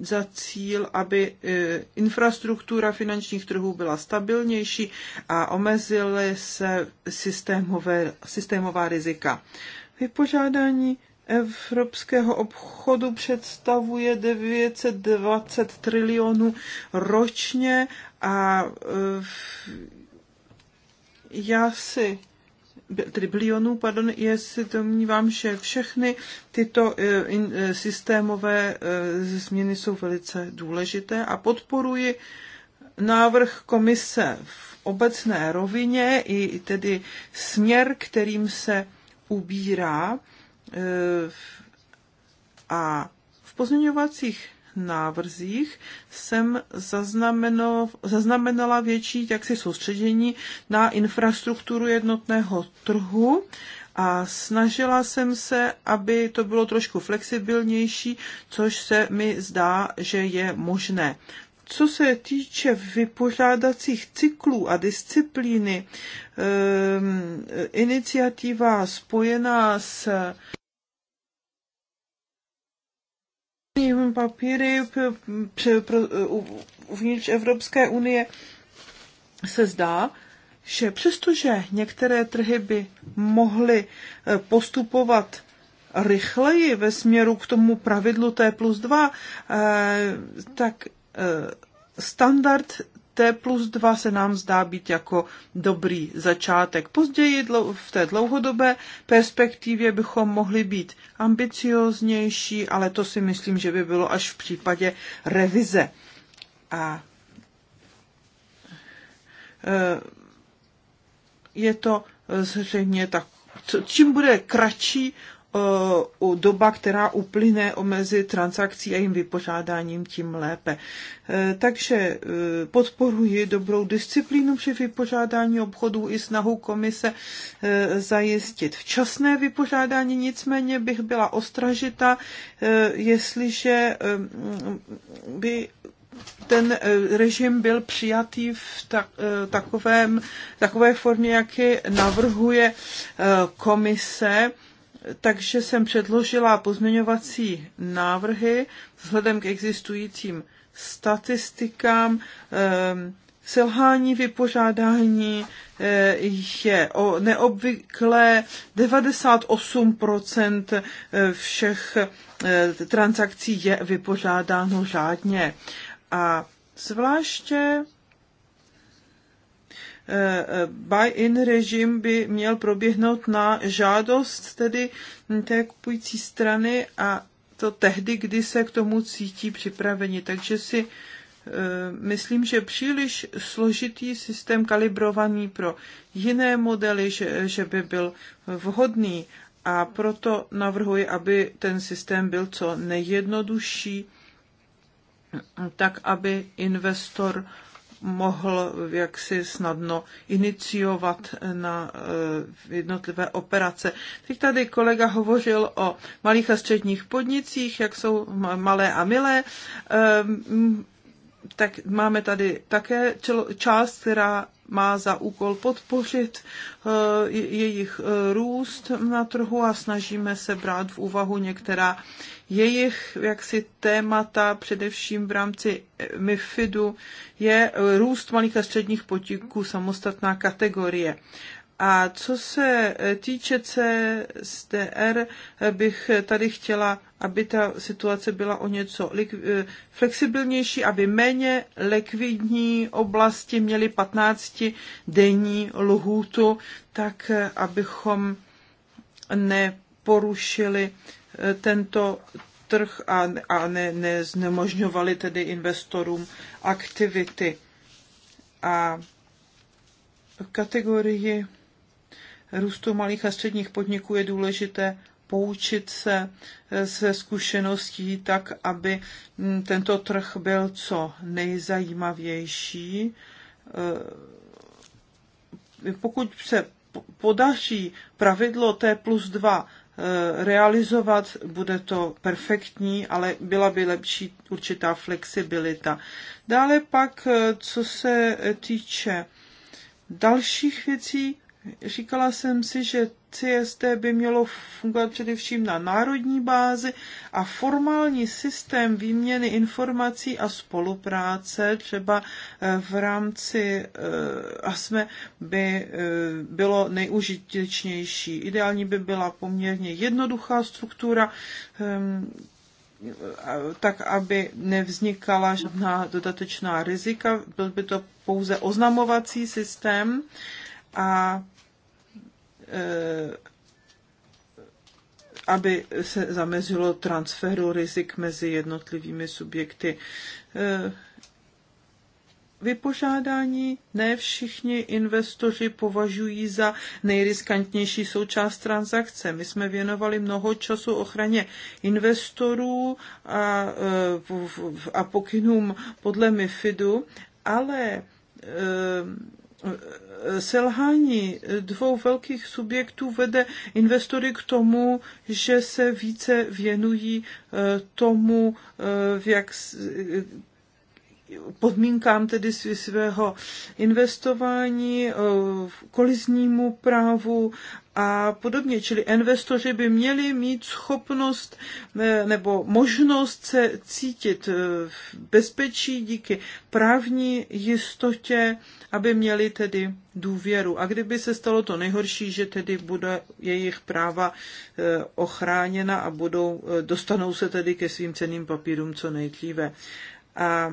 za cíl, aby e, infrastruktura finančních trhů byla stabilnější a omezily se systémové, systémová rizika. Vypořádání evropského obchodu představuje 920 trilionů ročně a e, já si trilionů, pardon, je si domnívám, že všechny tyto e, e, systémové e, změny jsou velice důležité a podporuji návrh komise v obecné rovině i tedy směr, kterým se ubírá a v pozměňovacích návrzích jsem zaznamenala větší jaksi soustředění na infrastrukturu jednotného trhu a snažila jsem se, aby to bylo trošku flexibilnější, což se mi zdá, že je možné. Co se týče vypořádacích cyklů a disciplíny, ehm, iniciativa spojená s papíry uvnitř Evropské unie se zdá, že přestože některé trhy by mohly eh, postupovat rychleji ve směru k tomu pravidlu T plus 2, eh, tak eh, standard T plus 2 se nám zdá být jako dobrý začátek. Později v té dlouhodobé perspektivě bychom mohli být ambicioznější, ale to si myslím, že by bylo až v případě revize. A e, je to zřejmě tak, čím bude kratší Eh, doba, která uplyne mezi transakcí a jejím vypořádáním, tím lépe. Eh, takže eh, podporuji dobrou disciplínu při vypořádání obchodů i snahu komise zajistit včasné vypořádání, nicméně bych byla ostražita, jestliže by ten režim byl přijatý v takovém, takové formě, jak je navrhuje komise, takže jsem předložila pozměňovací návrhy vzhledem k existujícím statistikám. Ehm, selhání vypořádání eh, je o neobvyklé 98% eh, všech eh, transakcí je vypořádáno řádně. A zvláště Eh, eh, buy-in režim by měl proběhnout na žádost tedy té kupující strany a to tehdy, kdy se k tomu cítí připraveni. Takže si eh, myslím, že příliš složitý systém kalibrovaný pro jiné modely, že, že by byl vhodný a proto navrhuji, aby ten systém byl co nejjednodušší, tak aby investor mohl jaksi snadno iniciovat na eh, jednotlivé operace. Teď tady kolega hovořil o malých a středních podnicích, jak jsou malé a milé. Ehm, tak máme tady také část, která má za úkol podpořit eh, jejich eh, růst na trhu a snažíme se brát v úvahu některá jejich jaksi témata, především v rámci eh, MIFIDu, je růst malých a středních potíků samostatná kategorie. A co se eh, týče CSDR, eh, bych eh, tady chtěla, aby ta situace byla o něco flexibilnější, aby méně likvidní oblasti měly 15-denní lhůtu, tak abychom neporušili tento trh a, a ne, ne znemožňovali tedy investorům aktivity. A kategorii růstu malých a středních podniků je důležité poučit se se eh, zkušeností tak, aby mm, tento trh byl co nejzajímavější. Eh, pokud se podaří pravidlo T plus 2 eh, realizovat, bude to perfektní, ale byla by lepší určitá flexibilita. Dále pak, co se týče dalších věcí, Říkala jsem si, že CST by mělo fungovat především na národní bázi a formální systém výměny informací a spolupráce, třeba eh, v rámci eh, ASME, by eh, bylo nejužitečnější. Ideální by byla poměrně jednoduchá struktura, ehm, tak, aby nevznikala žádná dodatečná rizika. Byl by to pouze oznamovací systém a Eh, aby se zamezilo transferu rizik mezi jednotlivými subjekty. Eh, Vypožádání ne všichni investoři považují za nejriskantnější součást transakce. My jsme věnovali mnoho času ochraně investorů a, eh, a pokynům podle MIFIDu, ale selhání dvou velkých subjektů vede investory k tomu, že se více věnují eh, tomu, eh, v jak, podmínkám tedy svého investování, eh, koliznímu právu a podobně. Čili investoři by měli mít schopnost eh, nebo možnost se cítit eh, v bezpečí díky právní jistotě, aby měli tedy důvěru. A kdyby se stalo to nejhorší, že tedy bude jejich práva ochráněna a budou, dostanou se tedy ke svým ceným papírům co nejdříve. A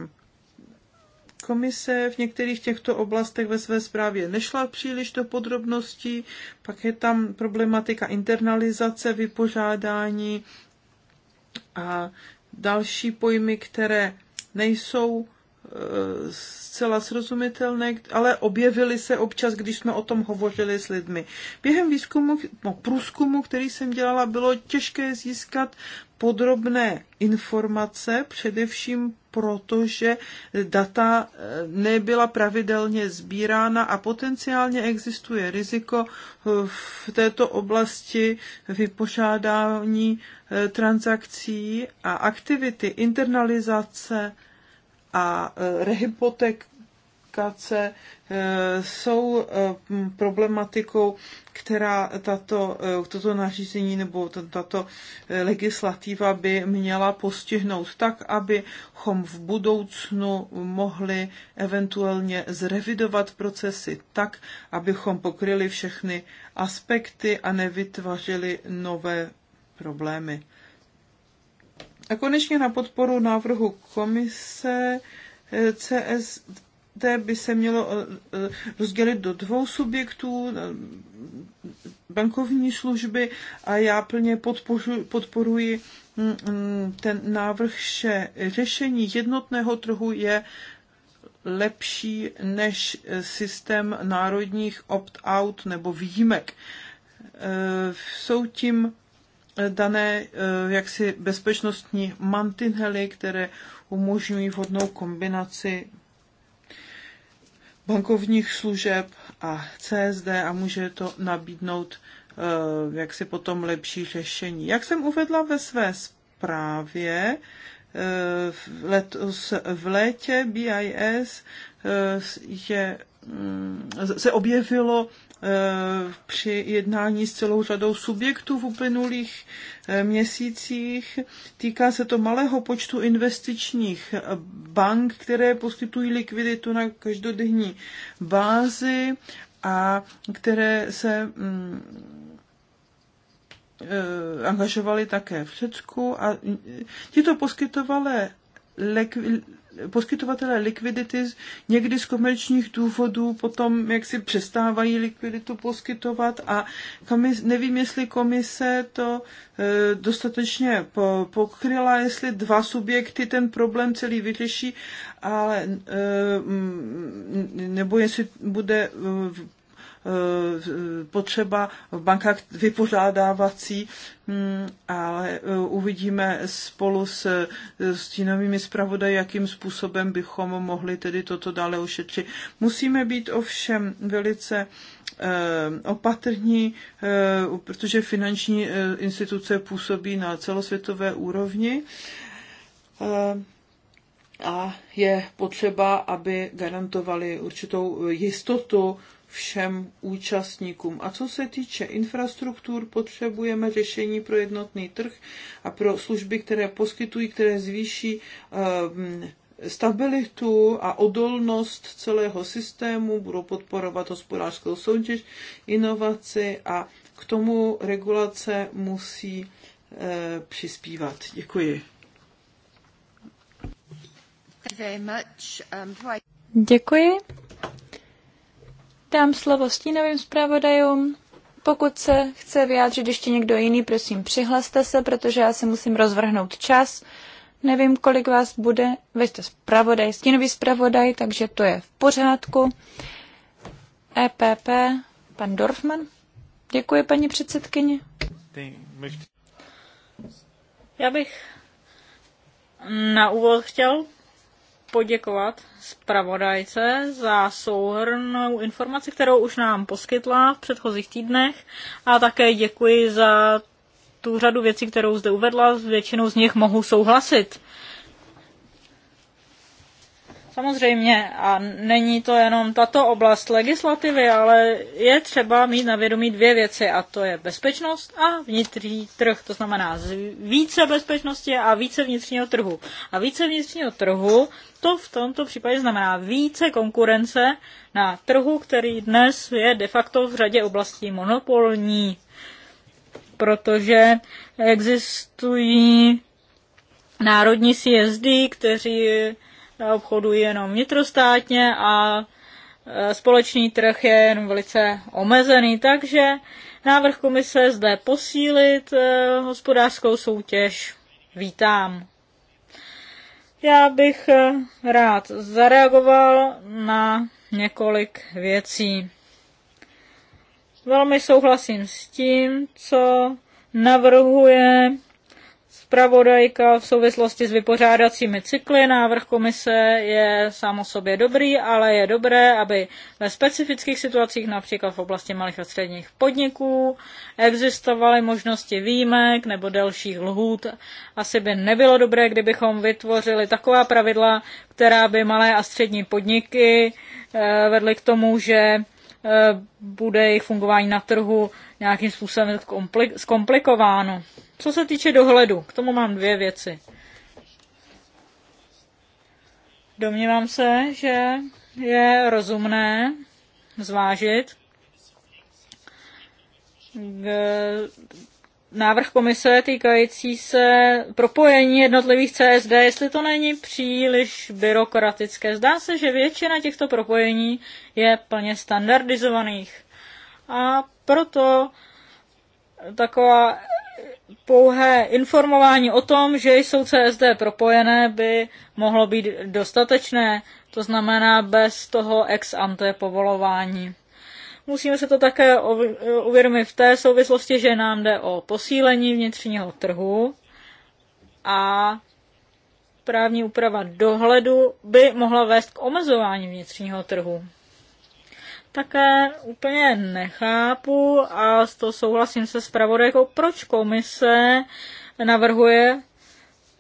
Komise v některých těchto oblastech ve své zprávě nešla příliš do podrobností, pak je tam problematika internalizace, vypořádání a další pojmy, které nejsou e, zcela srozumitelné, ale objevily se občas, když jsme o tom hovořili s lidmi. Během výzkumu, no, průzkumu, který jsem dělala, bylo těžké získat podrobné informace, především protože data eh, nebyla pravidelně sbírána a potenciálně existuje riziko eh, v této oblasti vypořádání eh, transakcí a aktivity internalizace a rehypotek komunikace eh, jsou eh, problematikou, která tato, eh, toto nařízení nebo tato legislativa by měla postihnout tak, abychom v budoucnu mohli eventuálně zrevidovat procesy tak, abychom pokryli všechny aspekty a nevytvařili nové problémy. A konečně na podporu návrhu komise CS té by se mělo eh, eh, rozdělit do dvou subjektů, eh, bankovní služby a já plně podporuji, podporuji mm, mm, ten návrh, že řešení jednotného trhu je lepší než systém národních opt-out nebo výjimek. Jsou tím dané jaksi bezpečnostní mantinely, které umožňují vhodnou kombinaci bankovních služeb a CSD a může to nabídnout eh, jak si potom lepší řešení. Jak jsem uvedla ve své zprávě, eh, letos v létě BIS eh, je, mm, se objevilo Eh, při jednání s celou řadou subjektů v uplynulých eh, měsících. Týká se to malého počtu investičních eh, bank, které poskytují likviditu na každodenní bázi a které se mm, angažovali také v Řecku a mm, tyto poskytovalé poskytovatelé likvidity někdy z komerčních důvodů potom jak si přestávají likviditu poskytovat a komis, nevím, jestli komise to e, dostatečně po, pokryla, jestli dva subjekty ten problém celý vyřeší, ale e, nebo jestli bude e, Eh, potřeba v bankách vypořádávací, mm, ale eh, uvidíme spolu s eh, stínovými zpravodaji, jakým způsobem bychom mohli tedy toto dále ošetřit. Musíme být ovšem velice opatrní, protože finanční instituce působí na celosvětové úrovni a je potřeba, aby garantovali určitou jistotu všem účastníkům. A co se týče infrastruktur, potřebujeme řešení pro jednotný trh a pro služby, které poskytují, které zvýší eh, stabilitu a odolnost celého systému, budou podporovat hospodářskou soutěž, inovaci a k tomu regulace musí eh, přispívat. Děkuji. Um, Děkuji. Dám slovo stínovým zpravodajům. Pokud se chce vyjádřit ještě někdo jiný, prosím, přihlaste se, protože já se musím rozvrhnout čas. Nevím, kolik vás bude. Vy jste zpravodaj, stínový zpravodaj, takže to je v pořádku. EPP, pan Dorfman. Děkuji, paní předsedkyně. Já bych na úvod chtěl poděkovat zpravodajce za souhrnou informaci, kterou už nám poskytla v předchozích týdnech a také děkuji za tu řadu věcí, kterou zde uvedla, s většinou z nich mohu souhlasit. Samozřejmě, a není to jenom tato oblast legislativy, ale je třeba mít na vědomí dvě věci, a to je bezpečnost a vnitřní trh. To znamená více bezpečnosti a více vnitřního trhu. A více vnitřního trhu, to v tomto případě znamená více konkurence na trhu, který dnes je de facto v řadě oblastí monopolní, protože existují národní CSD, kteří obchodují jenom vnitrostátně a e, společný trh je jen velice omezený, takže návrh komise zde posílit e, hospodářskou soutěž vítám. Já bych e, rád zareagoval na několik věcí. Velmi souhlasím s tím, co navrhuje zpravodajka v souvislosti s vypořádacími cykly. Návrh komise je sám o sobě dobrý, ale je dobré, aby ve specifických situacích, například v oblasti malých a středních podniků, existovaly možnosti výjimek nebo delších lhůt. Asi by nebylo dobré, kdybychom vytvořili taková pravidla, která by malé a střední podniky eh, vedly k tomu, že Eh, bude jejich fungování na trhu nějakým způsobem zkomplikováno. Co se týče dohledu, k tomu mám dvě věci. Domnívám se, že je rozumné zvážit, eh, návrh komise týkající se propojení jednotlivých CSD, jestli to není příliš byrokratické. Zdá se, že většina těchto propojení je plně standardizovaných. A proto taková pouhé informování o tom, že jsou CSD propojené, by mohlo být dostatečné, to znamená bez toho ex ante povolování. Musíme se to také uvědomit v té souvislosti, že nám jde o posílení vnitřního trhu a právní úprava dohledu by mohla vést k omezování vnitřního trhu. Také úplně nechápu a s to souhlasím se pravodajkou, proč komise navrhuje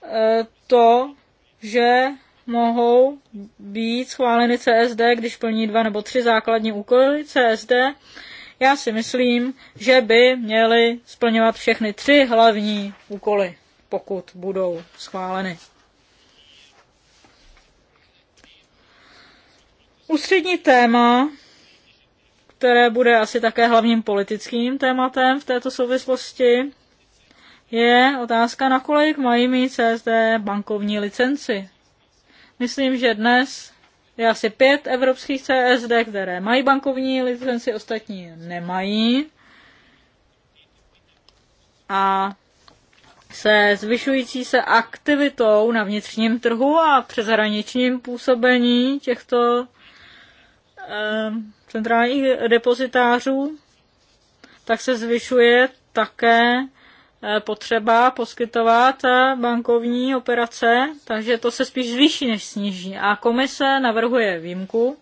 eh, to, že mohou být schváleny CSD, když plní dva nebo tři základní úkoly CSD. Já si myslím, že by měly splňovat všechny tři hlavní úkoly, pokud budou schváleny. Ústřední téma, které bude asi také hlavním politickým tématem v této souvislosti, je otázka, nakolik mají mít CSD bankovní licenci. Myslím, že dnes je asi pět evropských CSD, které mají bankovní licenci, ostatní nemají. A se zvyšující se aktivitou na vnitřním trhu a přeshraničním působení těchto eh, centrálních depozitářů, tak se zvyšuje také Eh, potřeba poskytovat eh, bankovní operace, takže to se spíš zvýší než sníží. A komise navrhuje výjimku.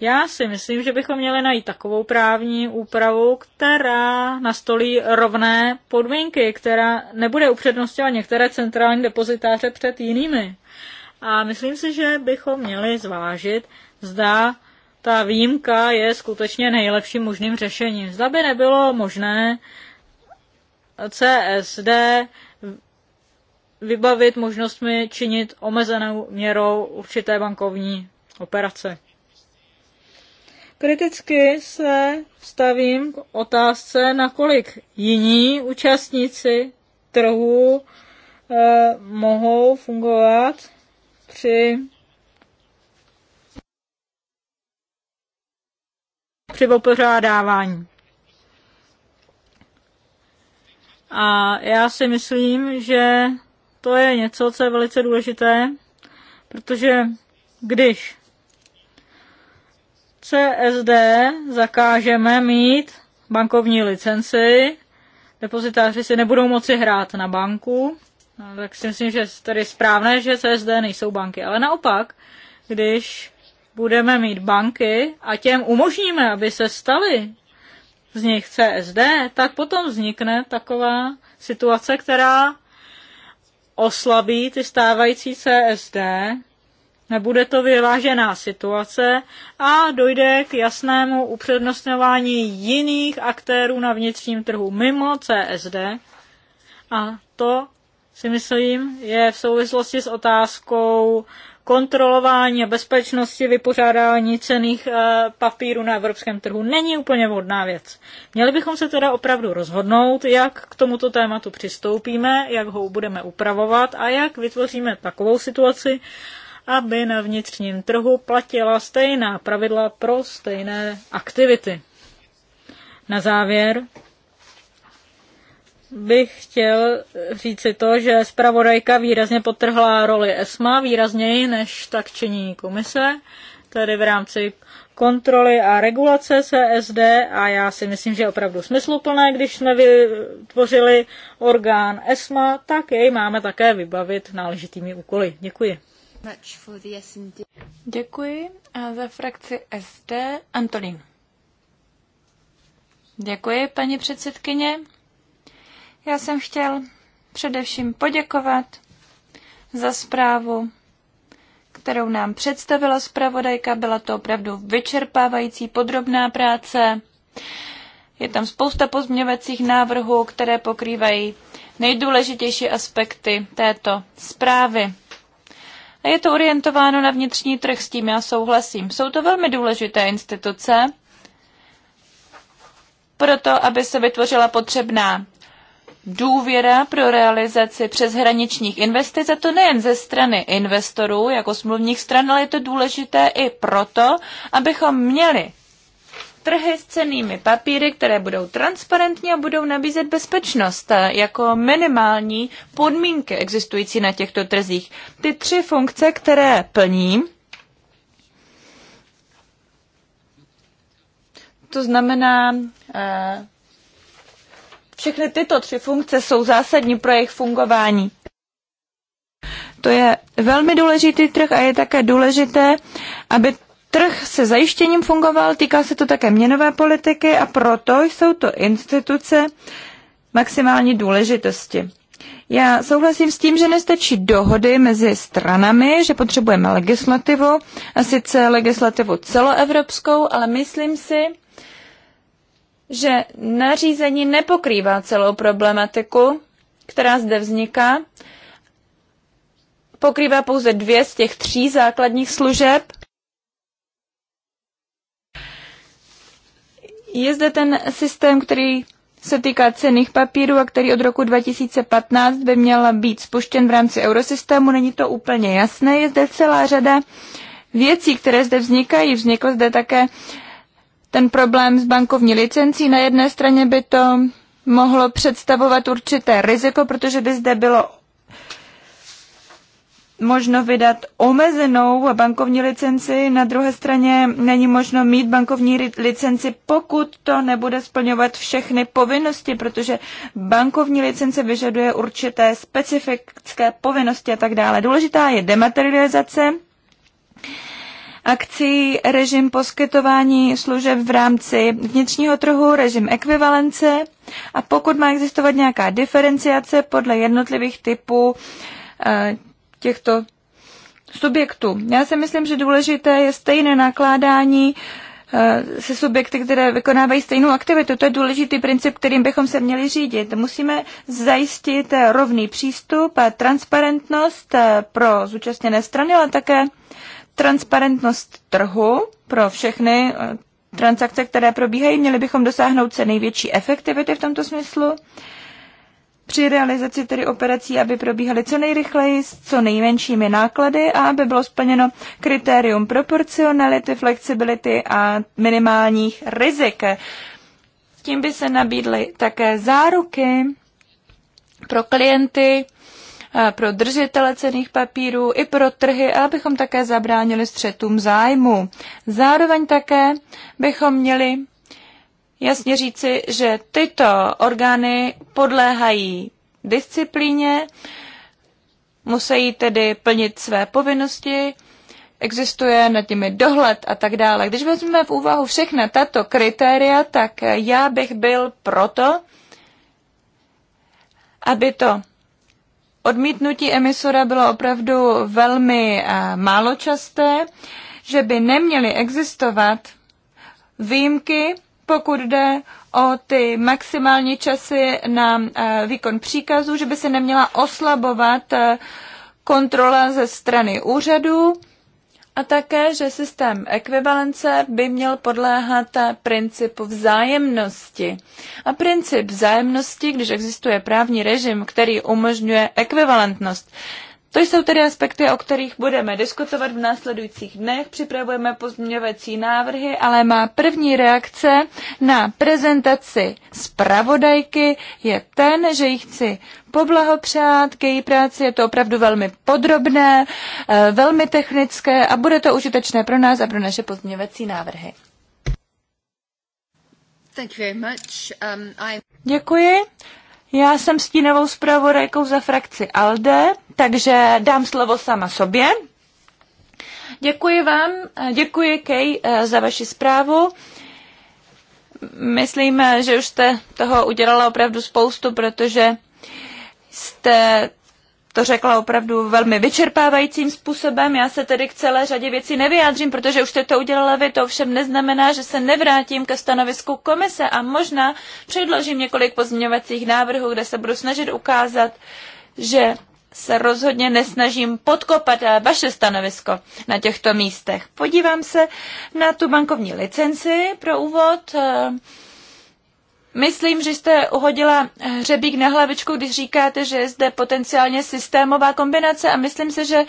Já si myslím, že bychom měli najít takovou právní úpravu, která nastolí rovné podmínky, která nebude upřednostňovat některé centrální depozitáře před jinými. A myslím si, že bychom měli zvážit, zda ta výjimka je skutečně nejlepším možným řešením. Zda by nebylo možné CSD vybavit možnostmi činit omezenou měrou určité bankovní operace. Kriticky se stavím k otázce, nakolik jiní účastníci trhu eh, mohou fungovat při při opořádávání. A já si myslím, že to je něco, co je velice důležité, protože když CSD zakážeme mít bankovní licenci, depozitáři si nebudou moci hrát na banku, no, tak si myslím, že tady je správné, že CSD nejsou banky. Ale naopak, když budeme mít banky a těm umožníme, aby se staly z nich CSD, tak potom vznikne taková situace, která oslabí ty stávající CSD, nebude to vyvážená situace a dojde k jasnému upřednostňování jiných aktérů na vnitřním trhu mimo CSD. A to si myslím je v souvislosti s otázkou kontrolování a bezpečnosti vypořádání cených eh, papírů na evropském trhu není úplně vhodná věc. Měli bychom se teda opravdu rozhodnout, jak k tomuto tématu přistoupíme, jak ho budeme upravovat a jak vytvoříme takovou situaci, aby na vnitřním trhu platila stejná pravidla pro stejné aktivity. Na závěr bych chtěl říci to, že zpravodajka výrazně potrhla roli ESMA, výrazněji než tak činí komise, tedy v rámci kontroly a regulace CSD a já si myslím, že je opravdu smysluplné, když jsme vytvořili orgán ESMA, tak jej máme také vybavit náležitými úkoly. Děkuji. Děkuji a za frakci SD Antonín. Děkuji, paní předsedkyně. Já jsem chtěl především poděkovat za zprávu, kterou nám představila zpravodajka. Byla to opravdu vyčerpávající podrobná práce. Je tam spousta pozměňovacích návrhů, které pokrývají nejdůležitější aspekty této zprávy. A je to orientováno na vnitřní trh, s tím já souhlasím. Jsou to velmi důležité instituce, proto aby se vytvořila potřebná důvěra pro realizaci přeshraničních investic, a to nejen ze strany investorů jako smluvních stran, ale je to důležité i proto, abychom měli trhy s cenými papíry, které budou transparentní a budou nabízet bezpečnost jako minimální podmínky existující na těchto trzích. Ty tři funkce, které plním, to znamená eh, všechny tyto tři funkce jsou zásadní pro jejich fungování. To je velmi důležitý trh a je také důležité, aby trh se zajištěním fungoval, týká se to také měnové politiky a proto jsou to instituce maximální důležitosti. Já souhlasím s tím, že nestačí dohody mezi stranami, že potřebujeme legislativu, a sice legislativu celoevropskou, ale myslím si, že nařízení nepokrývá celou problematiku, která zde vzniká. Pokrývá pouze dvě z těch tří základních služeb. Je zde ten systém, který se týká cených papírů a který od roku 2015 by měl být spuštěn v rámci eurosystému. Není to úplně jasné. Je zde celá řada věcí, které zde vznikají. Vznikl zde také uh, ten problém s bankovní licencí. Na jedné straně by to mohlo představovat určité riziko, protože by zde bylo možno vydat omezenou bankovní licenci, na druhé straně není možno mít bankovní licenci, pokud to nebude splňovat všechny povinnosti, protože bankovní licence vyžaduje určité specifické povinnosti a tak dále. Důležitá je dematerializace akcí, režim poskytování služeb v rámci vnitřního trhu, režim ekvivalence a pokud má existovat nějaká diferenciace podle jednotlivých typů eh, těchto subjektů. Já si myslím, že důležité je stejné nakládání eh, se subjekty, které vykonávají stejnou aktivitu. To je důležitý princip, kterým bychom se měli řídit. Musíme zajistit rovný přístup, a transparentnost eh, pro zúčastněné strany, ale také transparentnost trhu pro všechny eh, transakce, které probíhají. Měli bychom dosáhnout se největší efektivity v tomto smyslu při realizaci tedy operací, aby probíhaly co nejrychleji, s co nejmenšími náklady a aby bylo splněno kritérium proporcionality, flexibility a minimálních rizik. Tím by se nabídly také záruky pro klienty, pro držitele cených papírů i pro trhy, abychom také zabránili střetům zájmu. Zároveň také bychom měli jasně říci, že tyto orgány podléhají disciplíně, musí tedy plnit své povinnosti, existuje nad nimi dohled a tak dále. Když vezmeme v úvahu všechna tato kritéria, tak já bych byl proto, aby to odmítnutí emisora bylo opravdu velmi eh, málo časté, že by neměly existovat výjimky, pokud jde o ty maximální časy na eh, výkon příkazu, že by se neměla oslabovat eh, kontrola ze strany úřadu a také, že systém ekvivalence by měl podléhat principu vzájemnosti. A princip vzájemnosti, když existuje právní režim, který umožňuje ekvivalentnost, to jsou tedy aspekty, o kterých budeme diskutovat v následujících dnech. Připravujeme pozměňovací návrhy, ale má první reakce na prezentaci zpravodajky je ten, že ji chci poblahopřát k její práci. Je to opravdu velmi podrobné, eh, velmi technické a bude to užitečné pro nás a pro naše pozměňovací návrhy. Thank you very much. Um, Děkuji. Já jsem stínovou zpravodajkou za frakci ALDE, takže dám slovo sama sobě. Děkuji vám, eh, děkuji Kej eh, za vaši zprávu. Myslím, eh, že už jste toho udělala opravdu spoustu, protože jste to řekla opravdu velmi vyčerpávajícím způsobem. Já se tedy k celé řadě věcí nevyjádřím, protože už jste to udělala vy. To ovšem neznamená, že se nevrátím ke stanovisku komise a možná předložím několik pozměňovacích návrhů, kde se budu snažit ukázat, že se rozhodně nesnažím podkopat eh, vaše stanovisko na těchto místech. Podívám se na tu bankovní licenci pro úvod. Eh, Myslím, že jste uhodila eh, hřebík na hlavičku, když říkáte, že je zde potenciálně systémová kombinace a myslím si, že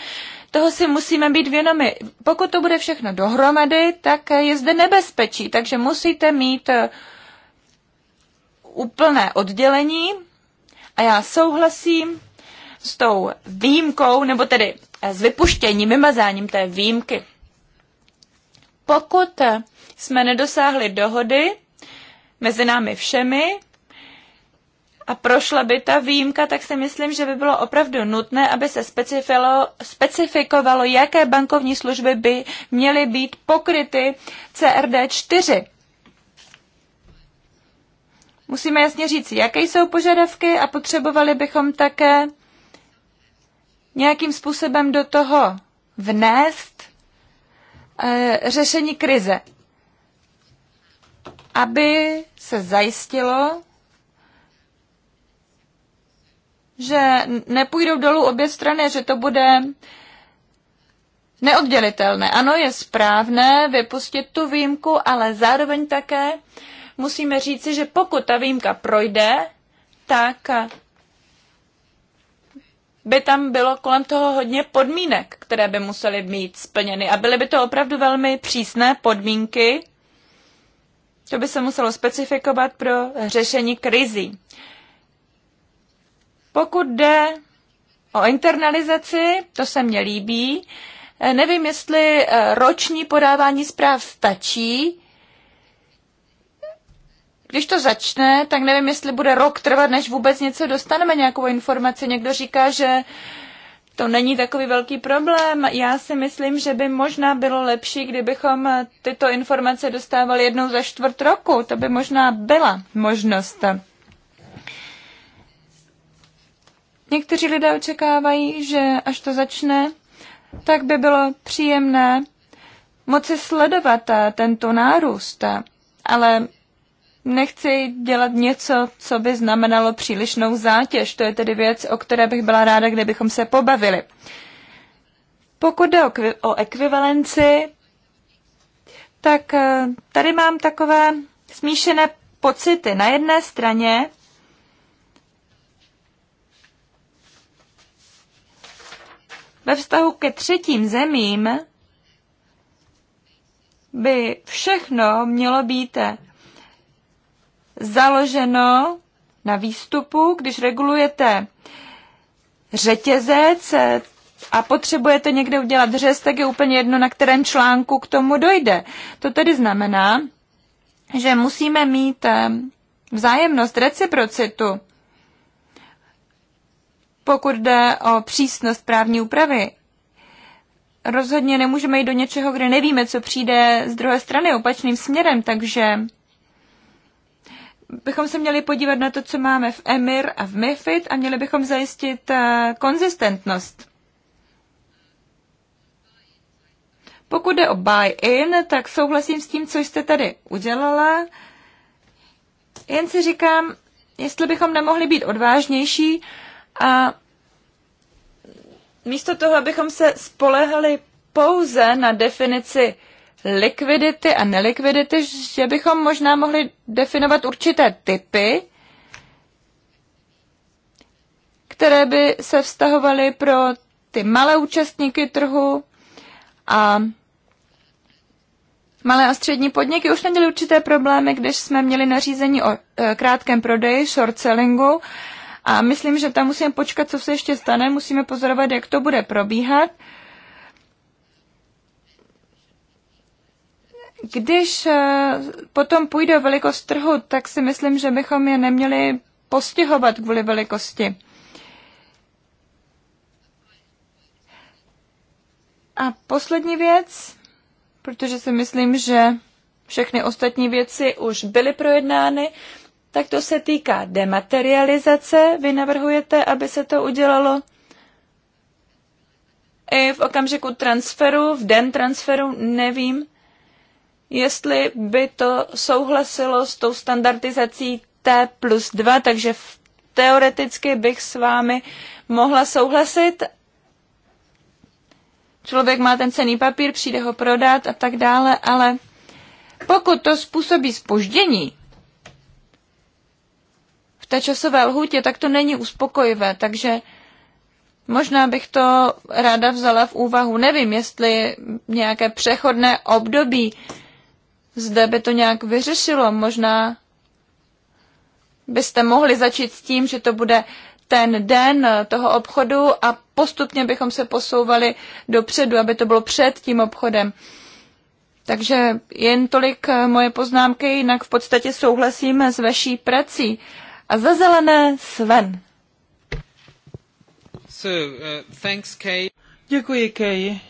toho si musíme být vědomi. Pokud to bude všechno dohromady, tak je zde nebezpečí, takže musíte mít eh, úplné oddělení a já souhlasím s tou výjimkou, nebo tedy eh, s vypuštěním, vymazáním té výjimky. Pokud jsme nedosáhli dohody, mezi námi všemi a prošla by ta výjimka, tak si myslím, že by bylo opravdu nutné, aby se specifikovalo, jaké bankovní služby by měly být pokryty CRD 4. Musíme jasně říct, jaké jsou požadavky a potřebovali bychom také nějakým způsobem do toho vnést eh, řešení krize aby se zajistilo, že nepůjdou dolů obě strany, že to bude neoddělitelné. Ano, je správné vypustit tu výjimku, ale zároveň také musíme říci, že pokud ta výjimka projde, tak by tam bylo kolem toho hodně podmínek, které by musely být splněny. A byly by to opravdu velmi přísné podmínky, to by se muselo specifikovat pro řešení krizí. Pokud jde o internalizaci, to se mně líbí. Eh, nevím, jestli eh, roční podávání zpráv stačí. Když to začne, tak nevím, jestli bude rok trvat, než vůbec něco dostaneme, nějakou informaci. Někdo říká, že uh, to není takový velký problém. Já si myslím, že by možná bylo lepší, kdybychom tyto informace dostávali jednou za čtvrt roku. To by možná byla možnost. Někteří lidé očekávají, že až to začne, tak by bylo příjemné moci sledovat tento nárůst. Ale Nechci dělat něco, co by znamenalo přílišnou zátěž. To je tedy věc, o které bych byla ráda, kdybychom se pobavili. Pokud jde o ekvivalenci, tak eh, tady mám takové smíšené pocity. Na jedné straně ve vztahu ke třetím zemím by všechno mělo být založeno na výstupu, když regulujete řetězec eh, a potřebujete někde udělat řez, tak je úplně jedno, na kterém článku k tomu dojde. To tedy znamená, že musíme mít eh, vzájemnost, reciprocitu, pokud jde o přísnost právní úpravy. Rozhodně nemůžeme jít do něčeho, kde nevíme, co přijde z druhé strany opačným směrem, takže bychom se měli podívat na to, co máme v EMIR a v MIFID a měli bychom zajistit eh, konzistentnost. Pokud jde o buy-in, tak souhlasím s tím, co jste tady udělala. Jen si říkám, jestli bychom nemohli být odvážnější a místo toho, abychom se spolehali pouze na definici likvidity a nelikvidity, že bychom možná mohli definovat určité typy, které by se vztahovaly pro ty malé účastníky trhu a malé a střední podniky. Už neměly určité problémy, když jsme měli nařízení o e, krátkém prodeji, short sellingu a myslím, že tam musíme počkat, co se ještě stane, musíme pozorovat, jak to bude probíhat. Když eh, potom půjde o velikost trhu, tak si myslím, že bychom je neměli postihovat kvůli velikosti. A poslední věc, protože si myslím, že všechny ostatní věci už byly projednány, tak to se týká dematerializace. Vy navrhujete, aby se to udělalo i v okamžiku transferu, v den transferu, nevím jestli by to souhlasilo s tou standardizací T plus 2, takže teoreticky bych s vámi mohla souhlasit. Člověk má ten cený papír, přijde ho prodat a tak dále, ale pokud to způsobí spoždění v té časové lhůtě, tak to není uspokojivé, takže Možná bych to ráda vzala v úvahu. Nevím, jestli nějaké přechodné období zde by to nějak vyřešilo. Možná byste mohli začít s tím, že to bude ten den toho obchodu a postupně bychom se posouvali dopředu, aby to bylo před tím obchodem. Takže jen tolik eh, moje poznámky, jinak v podstatě souhlasím s vaší prací. A za zelené Sven. So, uh, thanks, Kay. Děkuji, Kay,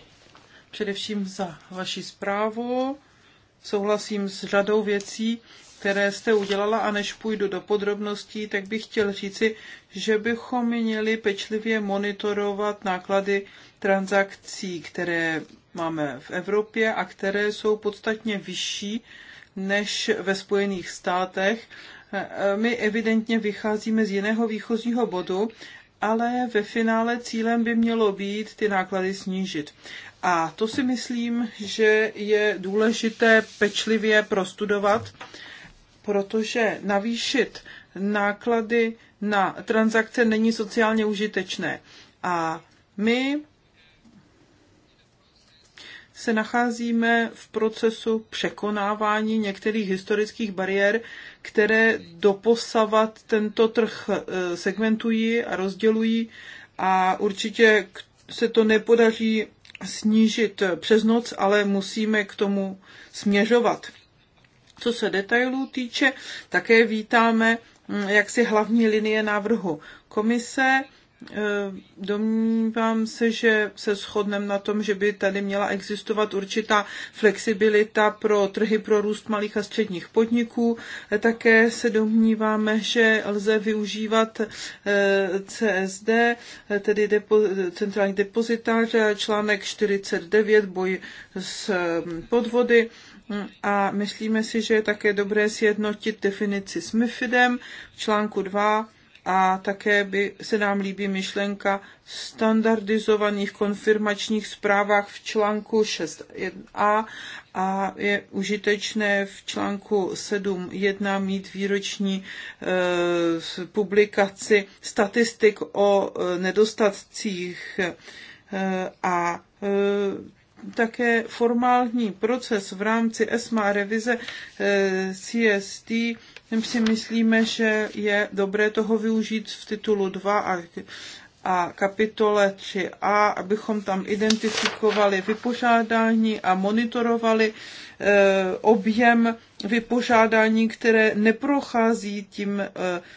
především za vaši zprávu souhlasím s řadou věcí, které jste udělala a než půjdu do podrobností, tak bych chtěl říci, že bychom měli pečlivě monitorovat náklady transakcí, které máme v Evropě a které jsou podstatně vyšší než ve Spojených státech. My evidentně vycházíme z jiného výchozího bodu, ale ve finále cílem by mělo být ty náklady snížit. A to si myslím, že je důležité pečlivě prostudovat, protože navýšit náklady na transakce není sociálně užitečné. A my se nacházíme v procesu překonávání některých historických bariér, které doposavat tento trh e, segmentují a rozdělují a určitě se to nepodaří snížit přes noc, ale musíme k tomu směřovat. Co se detailů týče, také vítáme mm, jaksi hlavní linie návrhu komise Eh, domnívám se, že se shodneme na tom, že by tady měla existovat určitá flexibilita pro trhy pro růst malých a středních podniků. Eh, také se domníváme, že lze využívat eh, CSD, tedy depo, centrální depozitář, článek 49, boj s hm, podvody. A myslíme si, že je také dobré sjednotit definici s MIFIDem v článku 2 a také by se nám líbí myšlenka standardizovaných konfirmačních zprávách v článku 6.1a a je užitečné v článku 7.1 mít výroční eh, publikaci statistik o eh, nedostatcích eh, a eh, také formální proces v rámci ESMA revize eh, CST tím si myslíme, že je dobré toho využít v titulu 2 a, a kapitole 3a, abychom tam identifikovali vypožádání a monitorovali e, objem vypožádání, které neprochází tím e,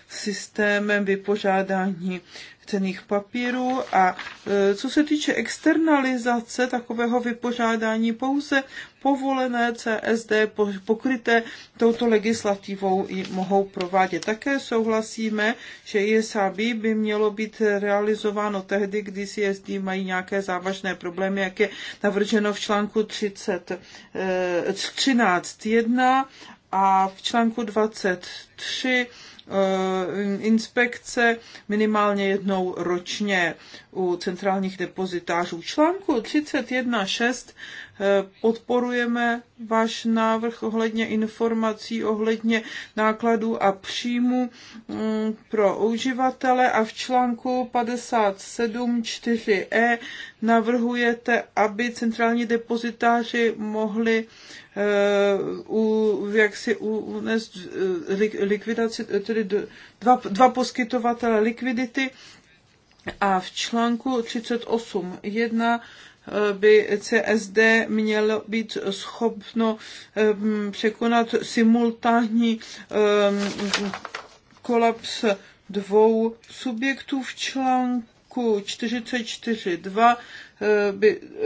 systémem vypožádání cených papírů a e, co se týče externalizace takového vypořádání pouze povolené CSD pokryté touto legislativou i mohou provádět. Také souhlasíme, že ISAB by mělo být realizováno tehdy, kdy CSD mají nějaké závažné problémy, jak je navrženo v článku 13.1 e, a v článku 23 Eh, inspekce minimálně jednou ročně u centrálních depozitářů. Článku 31.6 podporujeme váš návrh ohledně informací, ohledně nákladů a příjmu mm, pro uživatele a v článku 57.4e navrhujete, aby centrální depozitáři mohli eh, u, jak si unést eh, likvidaci, eh, tedy dva, dva poskytovatele likvidity a v článku 38.1 by CSD mělo být schopno ehm, překonat simultánní ehm, kolaps dvou subjektů v článku 44.2 eh, by eh,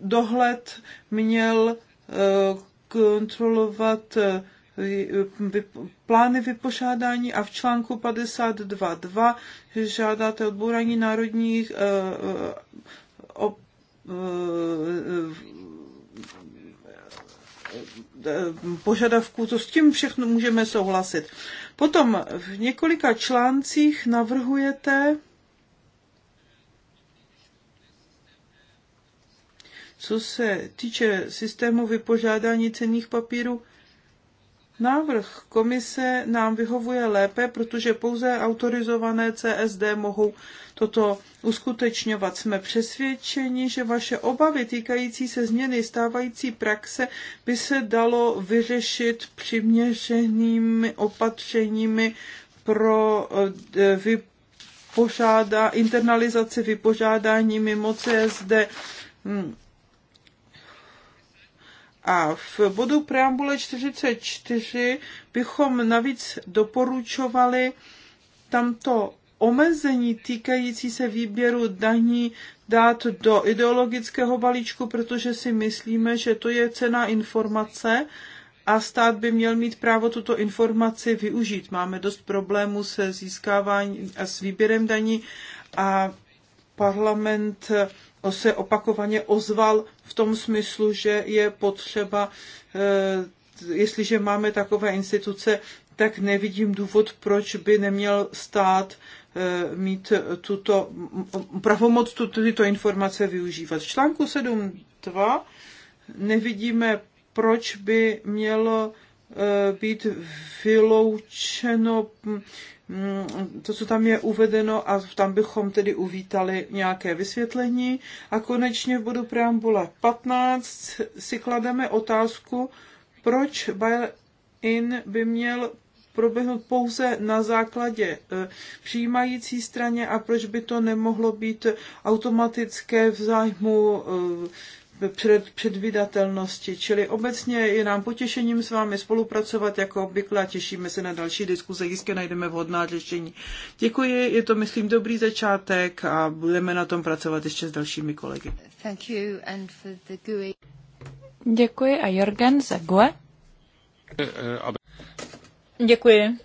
dohled měl eh, kontrolovat plány vypořádání a v článku 52.2 žádáte odbourání národních požadavků, to s tím všechno můžeme souhlasit. Potom v několika článcích navrhujete, co se týče systému vypožádání cenných papírů, Návrh komise nám vyhovuje lépe, protože pouze autorizované CSD mohou toto uskutečňovat. Jsme přesvědčeni, že vaše obavy týkající se změny stávající praxe by se dalo vyřešit přiměřenými opatřeními pro eh, vypořádá, internalizaci vypořádání mimo CSD hmm. A v bodu preambule 44 bychom navíc doporučovali tamto omezení týkající se výběru daní dát do ideologického balíčku, protože si myslíme, že to je cena informace a stát by měl mít právo tuto informaci využít. Máme dost problémů se získáváním a s výběrem daní a parlament eh, se opakovaně ozval v tom smyslu, že je potřeba, eh, jestliže máme takové instituce, tak nevidím důvod, proč by neměl stát eh, mít tuto pravomoc tuto, tyto informace využívat. V článku 7.2 nevidíme, proč by mělo být vyloučeno hm, Mm, to, co tam je uvedeno a tam bychom tedy uvítali nějaké vysvětlení. A konečně v bodu preambule 15 si klademe otázku, proč bail-in by měl proběhnout pouze na základě eh, přijímající straně a proč by to nemohlo být automatické v zájmu eh, před, předvydatelnosti. Čili obecně je nám potěšením s vámi spolupracovat jako obvykle a těšíme se na další diskuze. Jistě najdeme vhodná řešení. Děkuji, je to, myslím, dobrý začátek a budeme na tom pracovat ještě s dalšími kolegy. Thank you and for the GUI. Děkuji a Jorgen za GUE. Děkuji.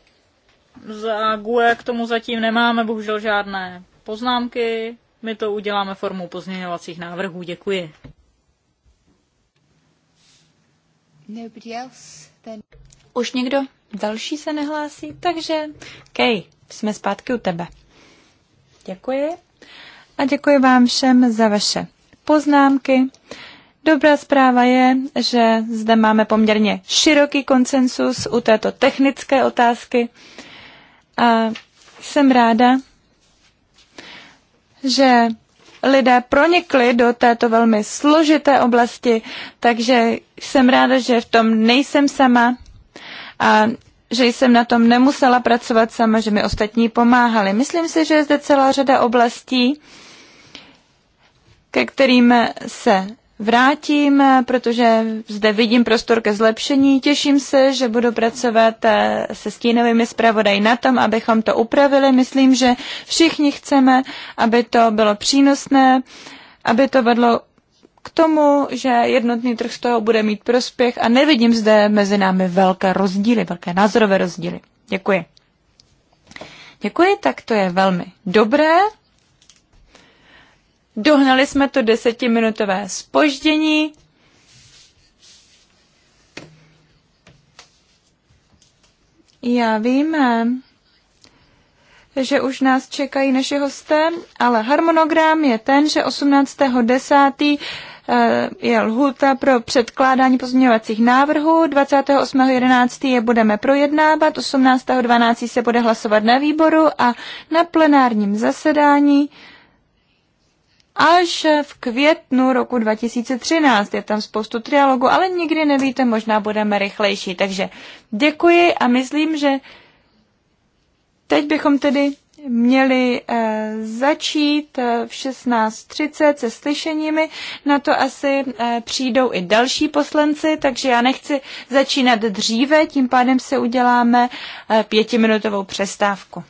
Za GUE k tomu zatím nemáme bohužel žádné poznámky. My to uděláme formou pozměňovacích návrhů. Děkuji. Už někdo další se nehlásí, takže Kej, jsme zpátky u tebe. Děkuji. A děkuji vám všem za vaše poznámky. Dobrá zpráva je, že zde máme poměrně široký konsensus u této technické otázky. A jsem ráda, že lidé pronikli do této velmi složité oblasti, takže jsem ráda, že v tom nejsem sama a že jsem na tom nemusela pracovat sama, že mi ostatní pomáhali. Myslím si, že je zde celá řada oblastí, ke kterým se vrátím, eh, protože zde vidím prostor ke zlepšení. Těším se, že budu pracovat eh, se stínovými zpravodají na tom, abychom to upravili. Myslím, že všichni chceme, aby to bylo přínosné, aby to vedlo k tomu, že jednotný trh z toho bude mít prospěch a nevidím zde mezi námi velké rozdíly, velké názorové rozdíly. Děkuji. Děkuji, tak to je velmi dobré. Dohnali jsme to desetiminutové spoždění. Já vím, že už nás čekají naši hosté, ale harmonogram je ten, že 18.10. Eh, je lhuta pro předkládání pozměňovacích návrhů, 28.11. je budeme projednávat, 18.12. se bude hlasovat na výboru a na plenárním zasedání až v květnu roku 2013. Je tam spoustu trialogu, ale nikdy nevíte, možná budeme rychlejší. Takže děkuji a myslím, že teď bychom tedy měli eh, začít eh, v 16.30 se slyšeními. Na to asi eh, přijdou i další poslanci, takže já nechci začínat dříve, tím pádem se uděláme eh, pětiminutovou přestávku.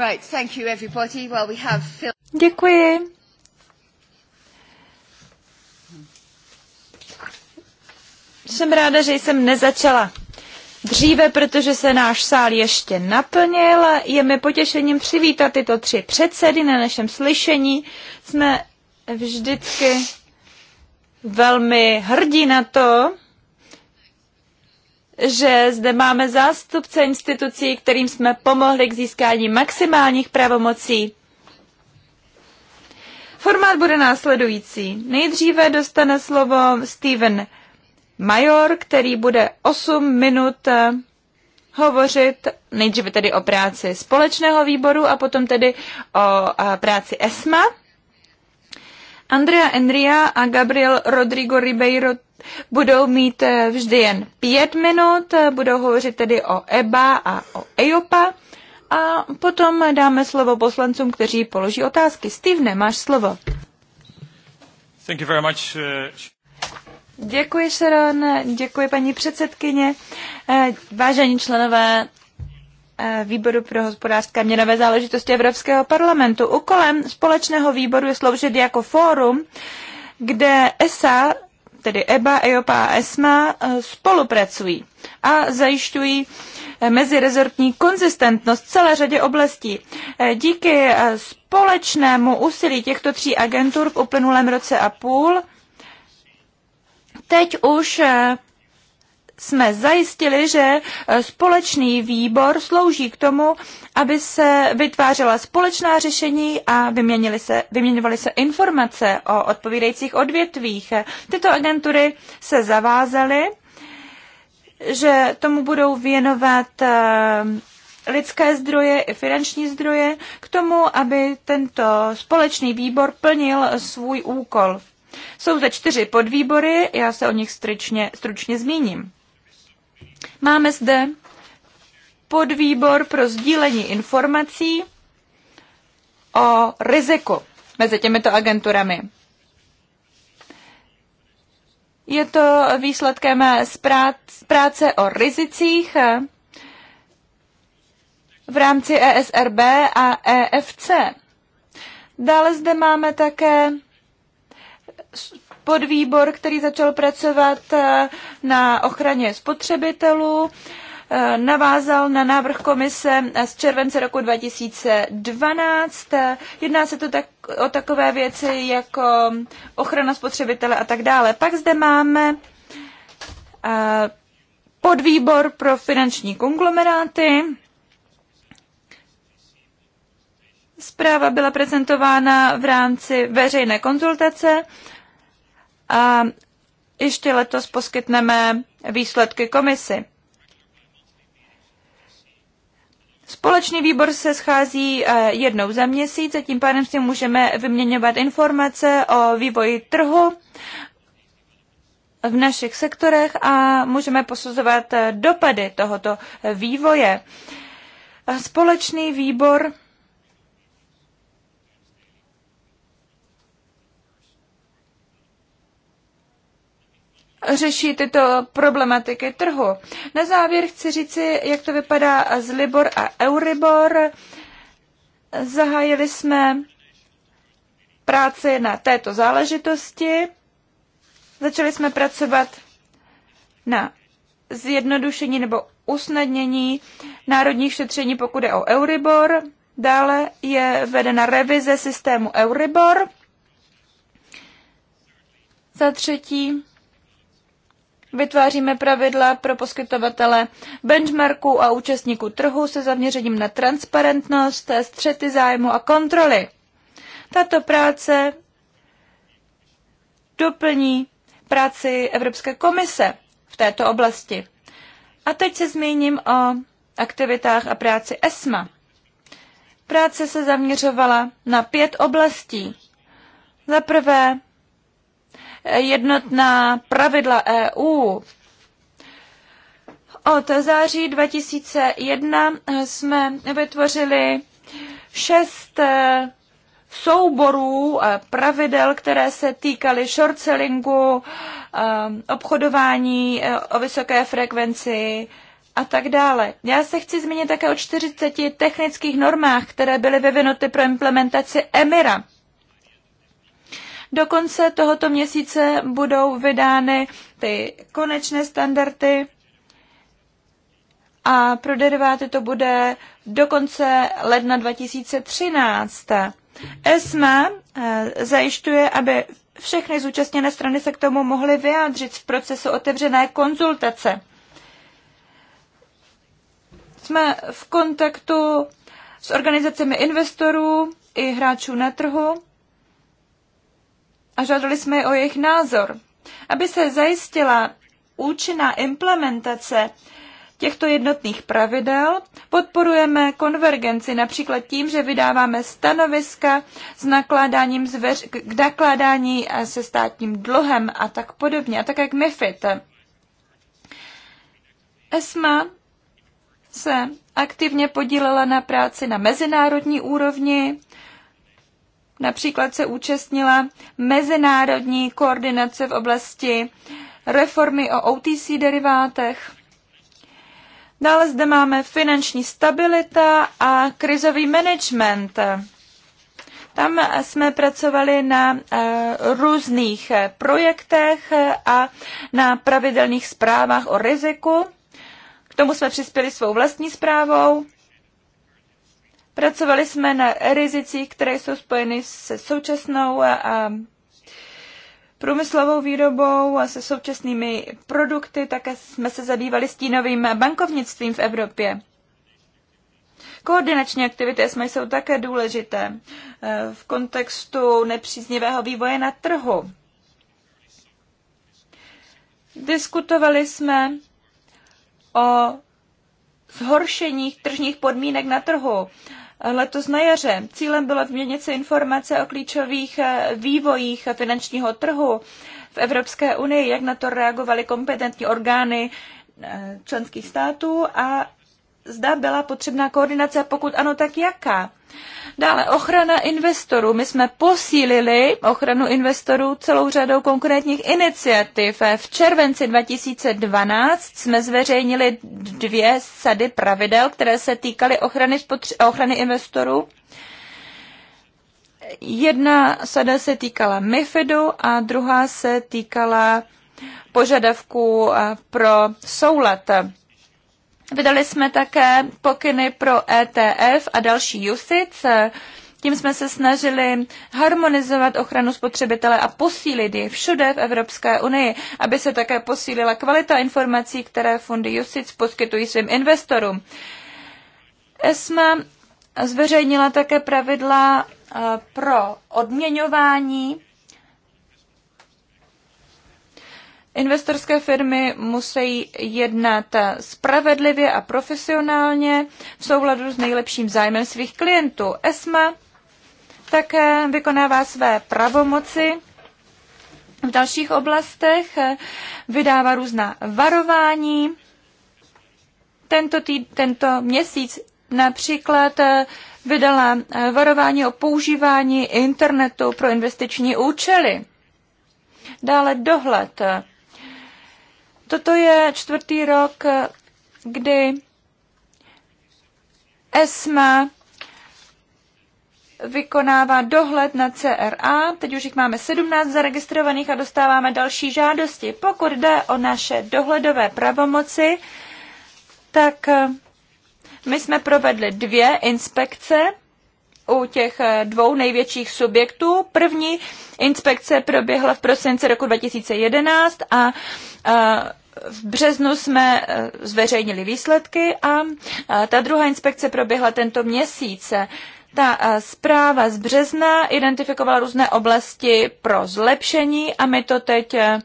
Right, thank you everybody. Well, we have Phil. Děkuji. Jsem ráda, že jsem nezačala dříve, protože se náš sál ještě naplnil. Je mi potěšením přivítat tyto tři předsedy na našem slyšení. Jsme vždycky velmi hrdí na to, že zde máme zástupce institucí, kterým jsme pomohli k získání maximálních pravomocí. Formát bude následující. Nejdříve dostane slovo Steven Major, který bude 8 minut eh, hovořit nejdříve tedy o práci společného výboru a potom tedy o eh, práci ESMA Andrea Enria a Gabriel Rodrigo Ribeiro budou mít eh, vždy jen pět minut, eh, budou hovořit tedy o EBA a o EIOPA a potom dáme slovo poslancům, kteří položí otázky. Steve, máš slovo. Thank you very much. Eh, děkuji, Sharon, děkuji paní předsedkyně, vážení členové E, výboru pro hospodářské měnové záležitosti Evropského parlamentu. Úkolem společného výboru je sloužit jako fórum, kde ESA, tedy EBA, EOPA a ESMA e, spolupracují a zajišťují e, mezirezortní konzistentnost celé řadě oblastí. Díky společnému úsilí těchto tří agentur v uplynulém roce a půl teď už jsme zajistili, že e, společný výbor slouží k tomu, aby se vytvářela společná řešení a vyměnily se, vyměňovaly se informace o odpovídajících odvětvích. Tyto agentury se zavázaly, že tomu budou věnovat e, lidské zdroje i finanční zdroje k tomu, aby tento společný výbor plnil svůj úkol. Jsou zde čtyři podvýbory, já se o nich stručně, stručně zmíním. Máme zde podvýbor pro sdílení informací o riziku mezi těmito agenturami. Je to výsledkem práce o rizicích v rámci ESRB a EFC. Dále zde máme také podvýbor, který začal pracovat eh, na ochraně spotřebitelů eh, navázal na návrh komise z července roku 2012. Jedná se to tak, o takové věci jako ochrana spotřebitele a tak dále. Pak zde máme eh, podvýbor pro finanční konglomeráty. Zpráva byla prezentována v rámci veřejné konzultace a ještě letos poskytneme výsledky komisi. Společný výbor se schází eh, jednou za měsíc a tím pádem si můžeme vyměňovat informace o vývoji trhu v našich sektorech a můžeme posuzovat eh, dopady tohoto vývoje. Společný výbor řeší tyto problematiky trhu. Na závěr chci říci, jak to vypadá z Libor a Euribor. Zahájili jsme práci na této záležitosti. Začali jsme pracovat na zjednodušení nebo usnadnění národních šetření, pokud je o Euribor. Dále je vedena revize systému Euribor. Za třetí, Vytváříme pravidla pro poskytovatele benchmarků a účastníků trhu se zaměřením na transparentnost, střety zájmu a kontroly. Tato práce doplní práci Evropské komise v této oblasti. A teď se zmíním o aktivitách a práci ESMA. Práce se zaměřovala na pět oblastí. Za prvé jednotná pravidla EU. Od září 2001 jsme vytvořili šest eh, souborů eh, pravidel, které se týkaly short sellingu, eh, obchodování o vysoké frekvenci a tak dále. Já se chci zmínit také o 40 technických normách, které byly vyvinuty pro implementaci EMIRA. Do konce tohoto měsíce budou vydány ty konečné standardy a pro deriváty to bude do konce ledna 2013. ESMA eh, zajišťuje, aby všechny zúčastněné strany se k tomu mohly vyjádřit v procesu otevřené konzultace. Jsme v kontaktu s organizacemi investorů i hráčů na trhu a žádali jsme o jejich názor. Aby se zajistila účinná implementace těchto jednotných pravidel, podporujeme konvergenci například tím, že vydáváme stanoviska s nakládáním s k nakládání se státním dluhem a tak podobně, a tak jak MIFID. ESMA se aktivně podílela na práci na mezinárodní úrovni, Například se účastnila mezinárodní koordinace v oblasti reformy o OTC derivátech. Dále zde máme finanční stabilita a krizový management. Tam jsme pracovali na eh, různých eh, projektech a na pravidelných zprávách o riziku. K tomu jsme přispěli svou vlastní zprávou Pracovali jsme na rizicích, které jsou spojeny se současnou a průmyslovou výrobou a se současnými produkty. Také jsme se zabývali stínovým bankovnictvím v Evropě. Koordinační aktivity jsme jsou také důležité e, v kontextu nepříznivého vývoje na trhu. Diskutovali jsme o zhoršení tržních podmínek na trhu letos na jaře. Cílem bylo vyměnit si informace o klíčových eh, vývojích finančního trhu v Evropské unii, jak na to reagovaly kompetentní orgány eh, členských států a zda byla potřebná koordinace, pokud ano, tak jaká. Dále ochrana investorů. My jsme posílili ochranu investorů celou řadou konkrétních iniciativ. V červenci 2012 jsme zveřejnili dvě sady pravidel, které se týkaly ochrany, ochrany investorů. Jedna sada se týkala MIFIDu a druhá se týkala požadavků eh, pro soulad Vydali jsme také pokyny pro ETF a další USIC. Tím jsme se snažili harmonizovat ochranu spotřebitele a posílit ji všude v Evropské unii, aby se také posílila kvalita informací, které fondy USIC poskytují svým investorům. ESMA zveřejnila také pravidla eh, pro odměňování Investorské firmy musí jednat spravedlivě a profesionálně v souladu s nejlepším zájmem svých klientů. ESMA také vykonává své pravomoci v dalších oblastech, vydává různá varování. Tento, tý, tento měsíc například vydala varování o používání internetu pro investiční účely. Dále dohled Toto je čtvrtý rok, kdy ESMA vykonává dohled na CRA. Teď už jich máme 17 zaregistrovaných a dostáváme další žádosti. Pokud jde o naše dohledové pravomoci, tak eh, my jsme provedli dvě inspekce u těch eh, dvou největších subjektů. První inspekce proběhla v prosinci roku 2011 a, a eh, v březnu jsme eh, zveřejnili výsledky a ta druhá inspekce proběhla tento měsíc. Ta eh, zpráva z března identifikovala různé oblasti pro zlepšení a my to teď eh,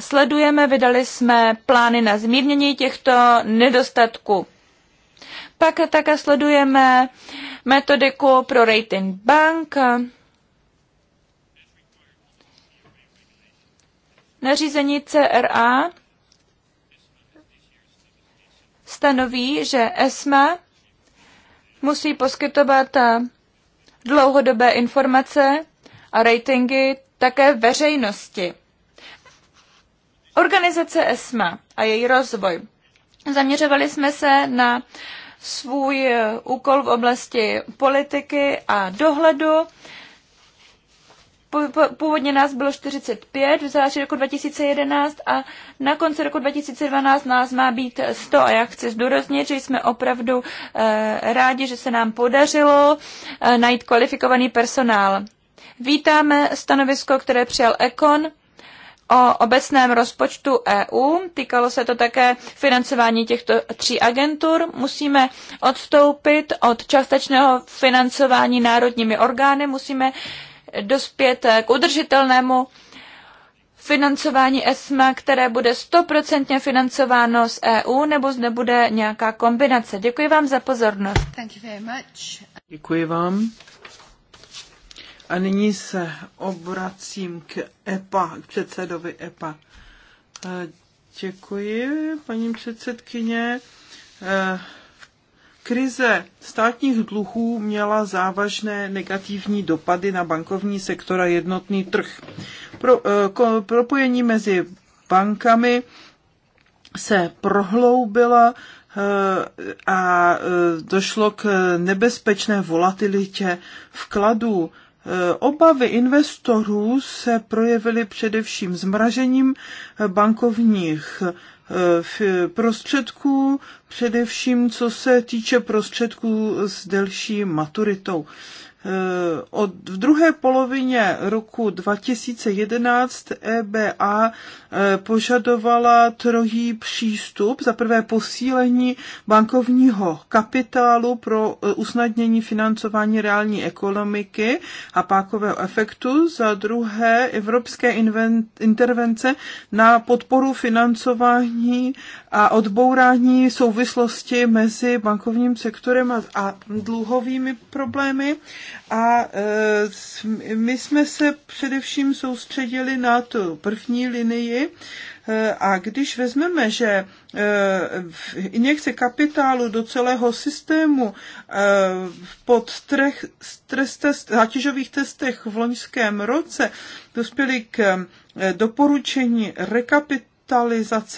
sledujeme. Vydali jsme plány na zmírnění těchto nedostatků. Pak také sledujeme metodiku pro rating bank. Nařízení CRA stanoví, že ESMA musí poskytovat dlouhodobé informace a ratingy také veřejnosti. Organizace ESMA a její rozvoj. Zaměřovali jsme se na svůj úkol v oblasti politiky a dohledu Původně nás bylo 45 v září roku 2011 a na konci roku 2012 nás má být 100. A já chci zdůraznit, že jsme opravdu eh, rádi, že se nám podařilo eh, najít kvalifikovaný personál. Vítáme stanovisko, které přijal ECON o obecném rozpočtu EU. Týkalo se to také financování těchto tří agentur. Musíme odstoupit od částečného financování národními orgány, musíme dospět eh, k udržitelnému financování ESMA, které bude stoprocentně financováno z EU, nebo zde bude nějaká kombinace. Děkuji vám za pozornost. Děkuji vám. A nyní se obracím k EPA, k předsedovi EPA. Eh, děkuji, paní předsedkyně. Eh, Krize státních dluhů měla závažné negativní dopady na bankovní sektor a jednotný trh. Pro, eh, ko, propojení mezi bankami se prohloubila eh, a eh, došlo k nebezpečné volatilitě vkladů. Obavy investorů se projevily především zmražením bankovních prostředků, především co se týče prostředků s delší maturitou. Eh, od, v druhé polovině roku 2011 EBA eh, požadovala trojí přístup, za prvé posílení bankovního kapitálu pro eh, usnadnění financování reální ekonomiky a pákového efektu, za druhé evropské invent, intervence na podporu financování a odbourání souvislosti mezi bankovním sektorem a, a dluhovými problémy a e, my jsme se především soustředili na tu první linii, e, a když vezmeme, že e, injekce kapitálu do celého systému pod třech stres test, zátěžových testech v loňském roce dospěly k doporučení rekapitulace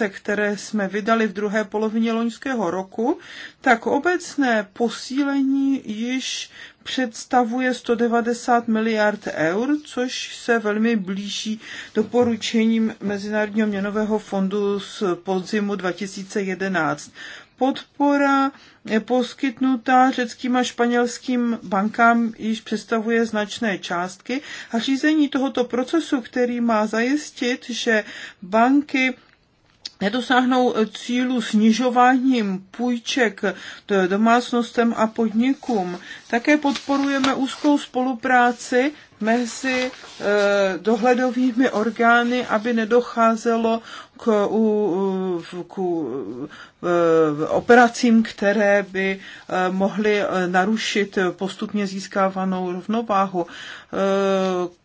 které jsme vydali v druhé polovině loňského roku, tak obecné posílení již představuje 190 miliard eur, což se velmi blíží doporučením Mezinárodního měnového fondu z podzimu 2011. Podpora poskytnutá řeckým a španělským bankám již představuje značné částky a řízení tohoto procesu, který má zajistit, že banky nedosáhnou eh, cílu snižováním půjček domácnostem a podnikům. Také podporujeme úzkou spolupráci mezi eh, dohledovými orgány, aby nedocházelo k, u, k u, operacím, které by eh, mohly eh, narušit postupně získávanou rovnováhu.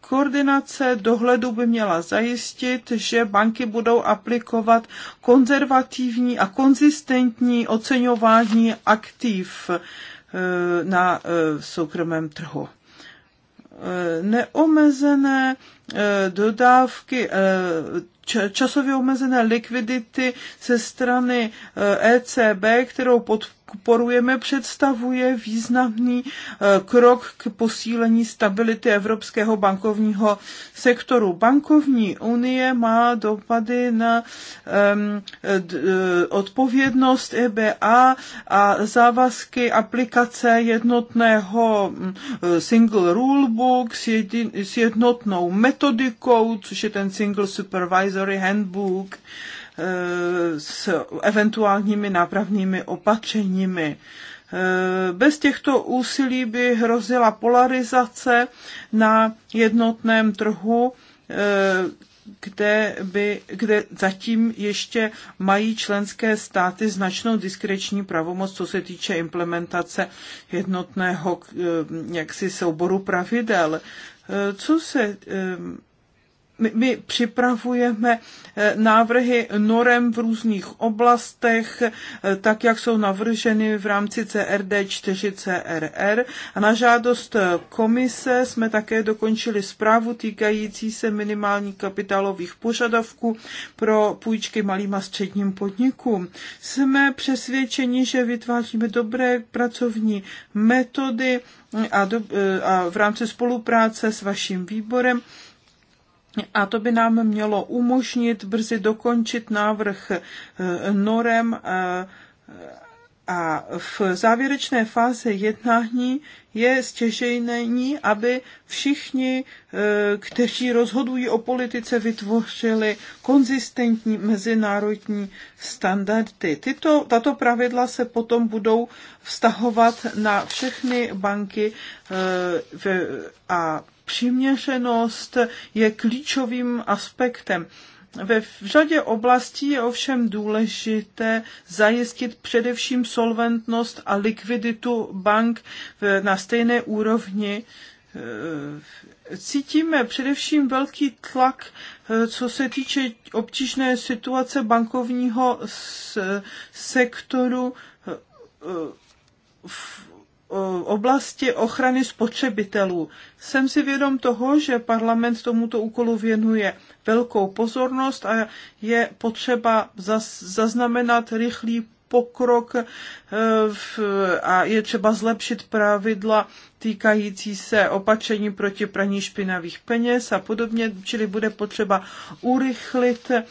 Koordinace dohledu by měla zajistit, že banky budou aplikovat konzervativní a konzistentní oceňování aktiv na soukromém trhu. Eh, neomezené eh, dodávky, eh, časově omezené likvidity ze strany ECB, e kterou podporuje podporujeme, představuje významný eh, krok k posílení stability evropského bankovního sektoru. Bankovní unie má dopady na um, odpovědnost EBA a závazky aplikace jednotného mm, eh, single rulebook s, jedin, s jednotnou metodikou, což je ten single supervisory handbook s eventuálními nápravnými opatřeními. Eh, bez těchto úsilí by hrozila polarizace na jednotném trhu, eh, kde, by, kde zatím ještě mají členské státy značnou diskreční pravomoc, co se týče implementace jednotného eh, jaksi souboru pravidel. Co se my, my připravujeme eh, návrhy norem v různých oblastech, eh, tak jak jsou navrženy v rámci CRD 4 CRR. A na žádost eh, komise jsme také dokončili zprávu týkající se minimální kapitálových požadavků pro půjčky malým a středním podnikům. Jsme přesvědčeni, že vytváříme dobré pracovní metody a, do, a v rámci spolupráce s vaším výborem a to by nám mělo umožnit brzy dokončit návrh eh, norem eh, a v závěrečné fázi jednání je stěžejnění, aby všichni, eh, kteří rozhodují o politice, vytvořili konzistentní mezinárodní standardy. Tyto, tato pravidla se potom budou vztahovat na všechny banky a přiměřenost je klíčovým aspektem. Ve řadě oblastí je ovšem důležité zajistit především solventnost a likviditu bank na stejné úrovni. E, cítíme především velký tlak, e, co se týče obtížné situace bankovního sektoru e, v oblasti ochrany spotřebitelů. Jsem si vědom toho, že parlament tomuto úkolu věnuje velkou pozornost a je potřeba zaznamenat rychlý pokrok e, a je třeba zlepšit pravidla týkající se opatření proti praní špinavých peněz a podobně, čili bude potřeba urychlit eh,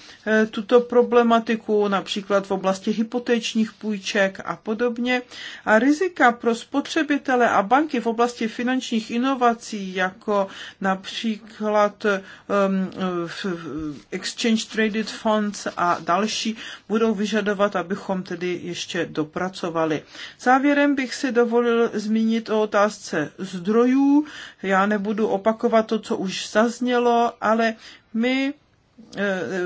tuto problematiku, například v oblasti hypotečních půjček a podobně. A rizika pro spotřebitele a banky v oblasti finančních inovací, jako například um, Exchange Traded Funds a další, budou vyžadovat, abychom tedy ještě dopracovali. Závěrem bych si dovolil zmínit o otázce více zdrojů. Já nebudu opakovat to, co už zaznělo, ale my eh,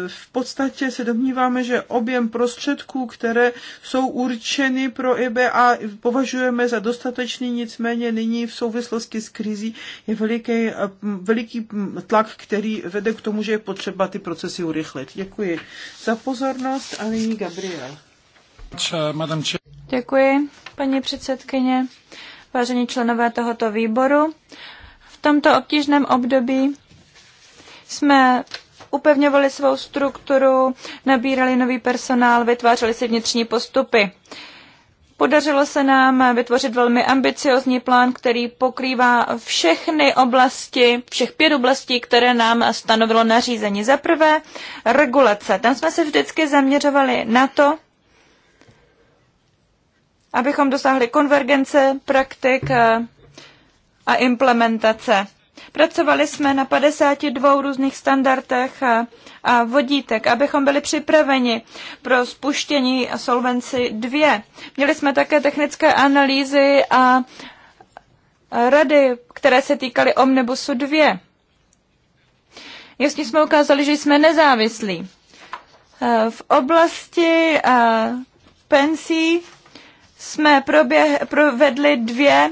v podstatě se domníváme, že objem prostředků, které jsou určeny pro IBA, považujeme za dostatečný, nicméně nyní v souvislosti s krizí je veliký, veliký tlak, který vede k tomu, že je potřeba ty procesy urychlit. Děkuji za pozornost a nyní Gabriel. Děkuji, paní předsedkyně vážení členové tohoto výboru. V tomto obtížném období jsme upevňovali svou strukturu, nabírali nový personál, vytvářeli si vnitřní postupy. Podařilo se nám vytvořit velmi ambiciozní plán, který pokrývá všechny oblasti, všech pět oblastí, které nám stanovilo nařízení. Za prvé regulace. Tam jsme se vždycky zaměřovali na to, abychom dosáhli konvergence praktik eh, a implementace. Pracovali jsme na 52 různých standardech eh, a vodítek, abychom byli připraveni pro spuštění Solvency 2. Měli jsme také technické analýzy a rady, které se týkaly Omnibusu 2. Jasně jsme ukázali, že jsme nezávislí. Eh, v oblasti pensí jsme proběh, provedli dvě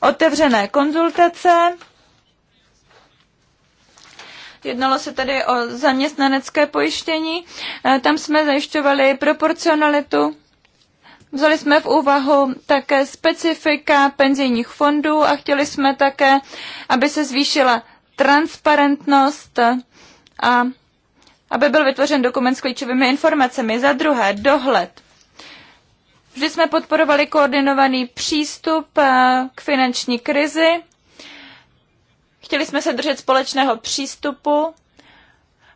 otevřené konzultace. Jednalo se tedy o zaměstnanecké pojištění. Eh, tam jsme zajišťovali proporcionalitu. Vzali jsme v úvahu také specifika penzijních fondů a chtěli jsme také, aby se zvýšila transparentnost a aby byl vytvořen dokument s klíčovými informacemi. Za druhé, dohled. Vždy jsme podporovali koordinovaný přístup eh, k finanční krizi. Chtěli jsme se držet společného přístupu,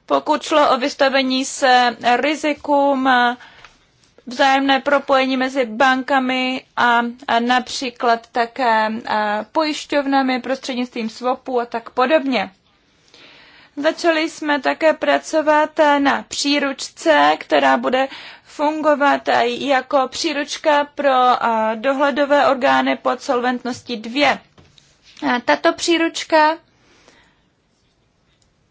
pokud šlo o vystavení se rizikům, eh, vzájemné propojení mezi bankami a, například také eh, pojišťovnami prostřednictvím swapů a tak podobně. Začali jsme také pracovat na příručce, která bude fungovat jako příručka pro dohledové orgány pod solventností 2. Tato příručka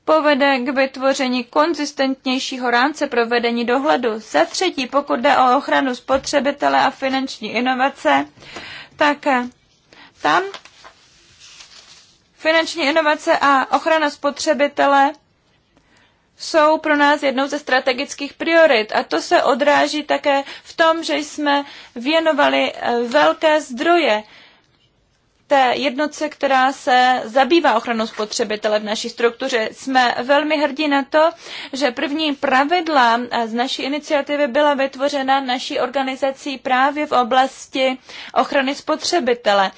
povede k vytvoření konzistentnějšího rámce pro vedení dohledu. Za třetí, pokud jde o ochranu spotřebitele a finanční inovace, tak eh, tam finanční inovace a ochrana spotřebitele jsou pro nás jednou ze strategických priorit a to se odráží také v tom, že jsme věnovali eh, velké zdroje té jednotce, která se zabývá ochranou spotřebitele v naší struktuře. Jsme velmi hrdí na to, že první pravidla z naší iniciativy byla vytvořena naší organizací právě v oblasti ochrany spotřebitele.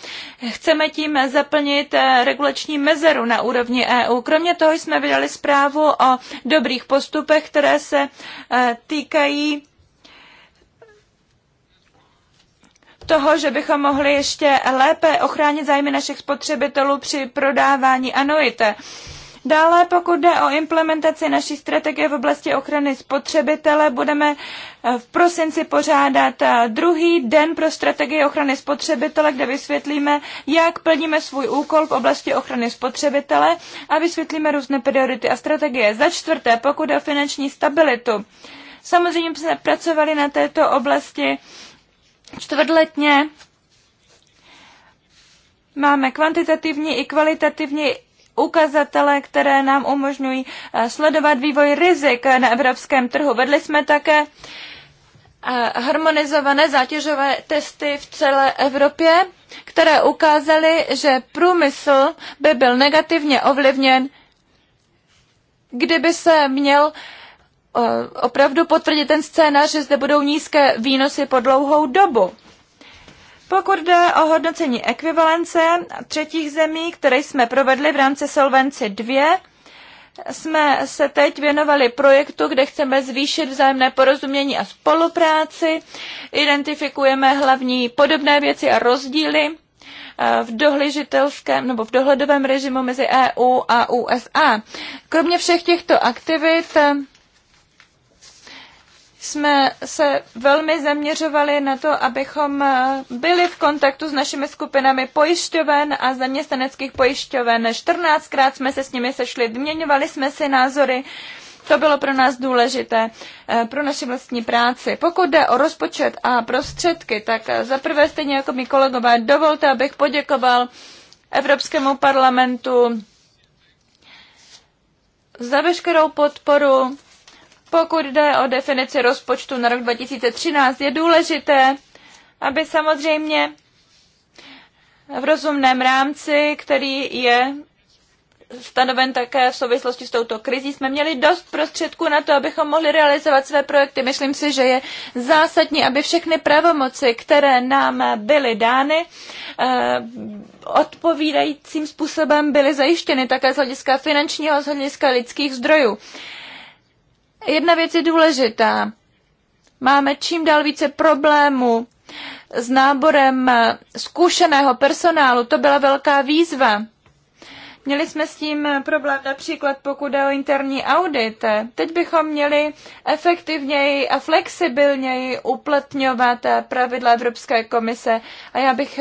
Chceme tím zaplnit eh, regulační mezeru na úrovni EU. Kromě toho jsme vydali zprávu o dobrých postupech, které se eh, týkají toho, že bychom mohli ještě lépe ochránit zájmy našich spotřebitelů při prodávání anuity. Dále, pokud jde o implementaci naší strategie v oblasti ochrany spotřebitele, budeme eh, v prosinci pořádat eh, druhý den pro strategii ochrany spotřebitele, kde vysvětlíme, jak plníme svůj úkol v oblasti ochrany spotřebitele a vysvětlíme různé priority a strategie. Za čtvrté, pokud jde o finanční stabilitu. Samozřejmě jsme pracovali na této oblasti čtvrtletně máme kvantitativní i kvalitativní ukazatele, které nám umožňují eh, sledovat vývoj rizik na evropském trhu. Vedli jsme také eh, harmonizované zátěžové testy v celé Evropě, které ukázaly, že průmysl by byl negativně ovlivněn, kdyby se měl uh, Eh, opravdu potvrdit ten scénář, že zde budou nízké výnosy po dlouhou dobu. Pokud jde o hodnocení ekvivalence třetích zemí, které jsme provedli v rámci Solvenci 2, jsme se teď věnovali projektu, kde chceme zvýšit vzájemné porozumění a spolupráci. Identifikujeme hlavní podobné věci a rozdíly eh, v dohležitelském nebo v dohledovém režimu mezi EU a USA. Kromě všech těchto aktivit jsme se velmi zaměřovali na to, abychom eh, byli v kontaktu s našimi skupinami pojišťoven a zaměstnaneckých pojišťoven. 14krát jsme se s nimi sešli, vyměňovali jsme si názory. To bylo pro nás důležité, eh, pro naši vlastní práci. Pokud jde o rozpočet a prostředky, tak eh, zaprvé stejně jako mi kolegové, dovolte, abych poděkoval Evropskému parlamentu za veškerou podporu pokud jde o definici rozpočtu na rok 2013, je důležité, aby samozřejmě v rozumném rámci, který je stanoven také v souvislosti s touto krizí, jsme měli dost prostředků na to, abychom mohli realizovat své projekty. Myslím si, že je zásadní, aby všechny pravomoci, které nám byly dány, eh, odpovídajícím způsobem byly zajištěny také z hlediska finančního, z hlediska lidských zdrojů. Jedna věc je důležitá. Máme čím dál více problémů s náborem zkušeného personálu. To byla velká výzva. Měli jsme s tím problém například pokud jde o interní audit. Teď bychom měli efektivněji a flexibilněji uplatňovat pravidla Evropské komise a já bych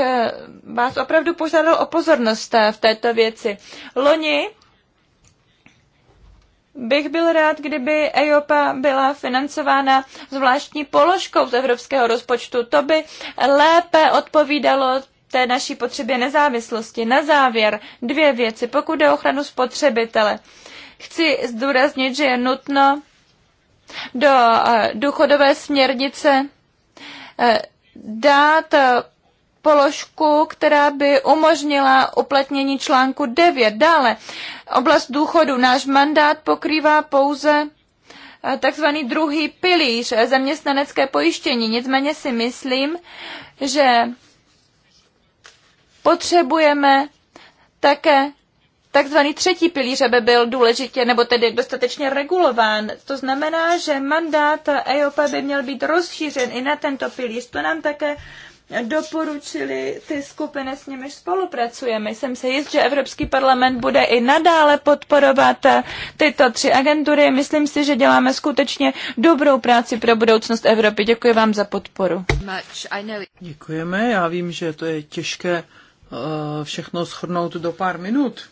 vás opravdu požádal o pozornost v této věci. Loni bych byl rád, kdyby EIOPA byla financována zvláštní položkou z evropského rozpočtu. To by lépe odpovídalo té naší potřebě nezávislosti. Na závěr dvě věci, pokud je ochranu spotřebitele. Chci zdůraznit, že je nutno do eh, důchodové směrnice eh, dát položku, která by umožnila uplatnění článku 9. Dále, oblast důchodu. Náš mandát pokrývá pouze eh, takzvaný druhý pilíř eh, zaměstnanecké pojištění. Nicméně si myslím, že potřebujeme také takzvaný třetí pilíř, aby byl důležitě nebo tedy dostatečně regulován. To znamená, že mandát EOP by měl být rozšířen i na tento pilíř. To nám také doporučili ty skupiny, s nimiž spolupracujeme. Jsem se jist, že Evropský parlament bude i nadále podporovat tyto tři agentury. Myslím si, že děláme skutečně dobrou práci pro budoucnost Evropy. Děkuji vám za podporu. Děkujeme. Já vím, že to je těžké eh, všechno shrnout do pár minut.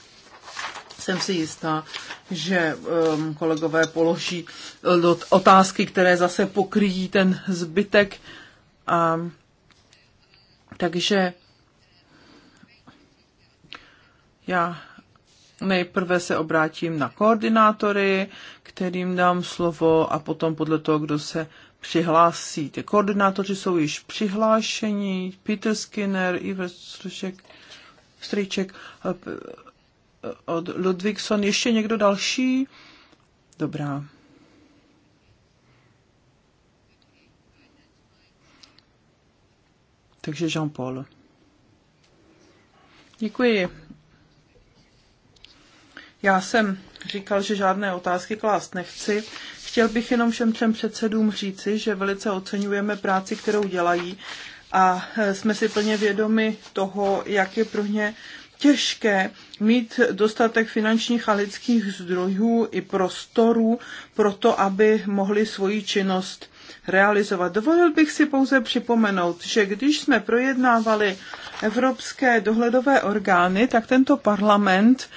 Jsem si jistá, že ehm, kolegové položí eh, otázky, které zase pokryjí ten zbytek. A takže já nejprve se obrátím na koordinátory, kterým dám slovo a potom podle toho, kdo se přihlásí. Ty koordinátoři jsou již přihlášení, Peter Skinner, Iver Stryček, Stryček eh, eh, od Ludvíkson. Ještě někdo další? Dobrá. Takže Jean-Paul. Děkuji. Já jsem říkal, že žádné otázky klást nechci. Chtěl bych jenom všem třem předsedům říci, že velice oceňujeme práci, kterou dělají a e, jsme si plně vědomi toho, jak je pro ně těžké mít dostatek finančních a lidských zdrojů i prostorů pro to, aby mohli svoji činnost realizovat. Dovolil bych si pouze připomenout, že když jsme projednávali evropské dohledové orgány, tak tento parlament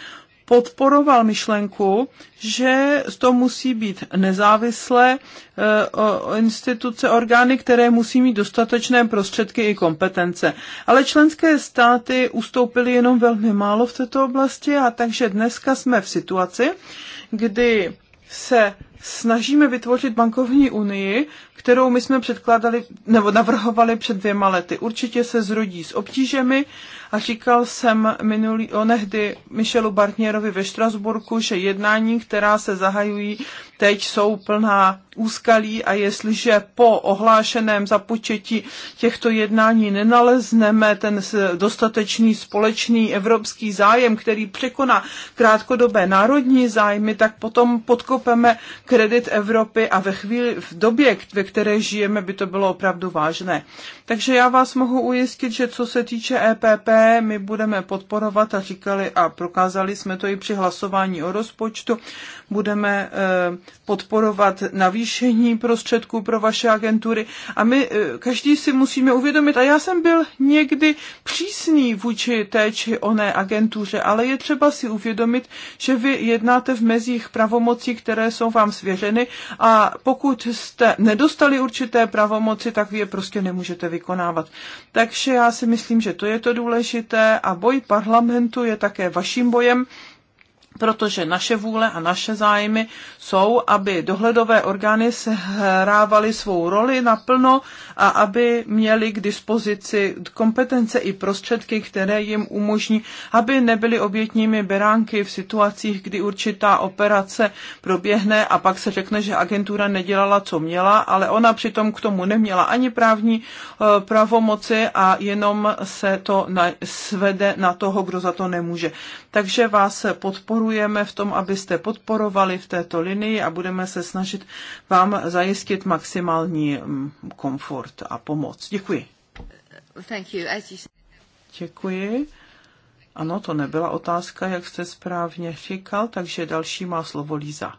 podporoval myšlenku, že to musí být nezávislé eh, instituce, orgány, které musí mít dostatečné prostředky i kompetence. Ale členské státy ustoupily jenom velmi málo v této oblasti a takže dneska jsme v situaci, kdy se snažíme vytvořit bankovní unii, kterou my jsme předkládali nebo navrhovali před dvěma lety. Určitě se zrodí s obtížemi a říkal jsem minulý onehdy Michelu Bartnierovi ve Štrasburku, že jednání, která se zahajují teď, jsou plná úskalí a jestliže po ohlášeném započetí těchto jednání nenalezneme ten dostatečný společný evropský zájem, který překoná krátkodobé národní zájmy, tak potom podkopeme kredit Evropy a ve chvíli, v době, ve které žijeme, by to bylo opravdu vážné. Takže já vás mohu ujistit, že co se týče EPP, my budeme podporovat a říkali a prokázali jsme to i při hlasování o rozpočtu, budeme eh, podporovat navýšení prostředků pro vaše agentury. A my eh, každý si musíme uvědomit, a já jsem byl někdy přísný vůči té či oné agentuře, ale je třeba si uvědomit, že vy jednáte v mezích pravomocí, které jsou vám svěřeny a pokud jste nedostali určité pravomoci, tak vy je prostě nemůžete vykonávat. Takže já si myslím, že to je to důležité a boj parlamentu je také vaším bojem protože naše vůle a naše zájmy jsou, aby dohledové orgány sehrávaly svou roli naplno a aby měly k dispozici kompetence i prostředky, které jim umožní, aby nebyly obětními beránky v situacích, kdy určitá operace proběhne a pak se řekne, že agentura nedělala, co měla, ale ona přitom k tomu neměla ani právní eh, pravomoci a jenom se to svede na toho, kdo za to nemůže takže vás podporujeme v tom, abyste podporovali v této linii a budeme se snažit vám zajistit maximální mm, komfort a pomoc. Děkuji. Děkuji. Ano, to nebyla otázka, jak jste správně říkal, takže další má slovo Líza.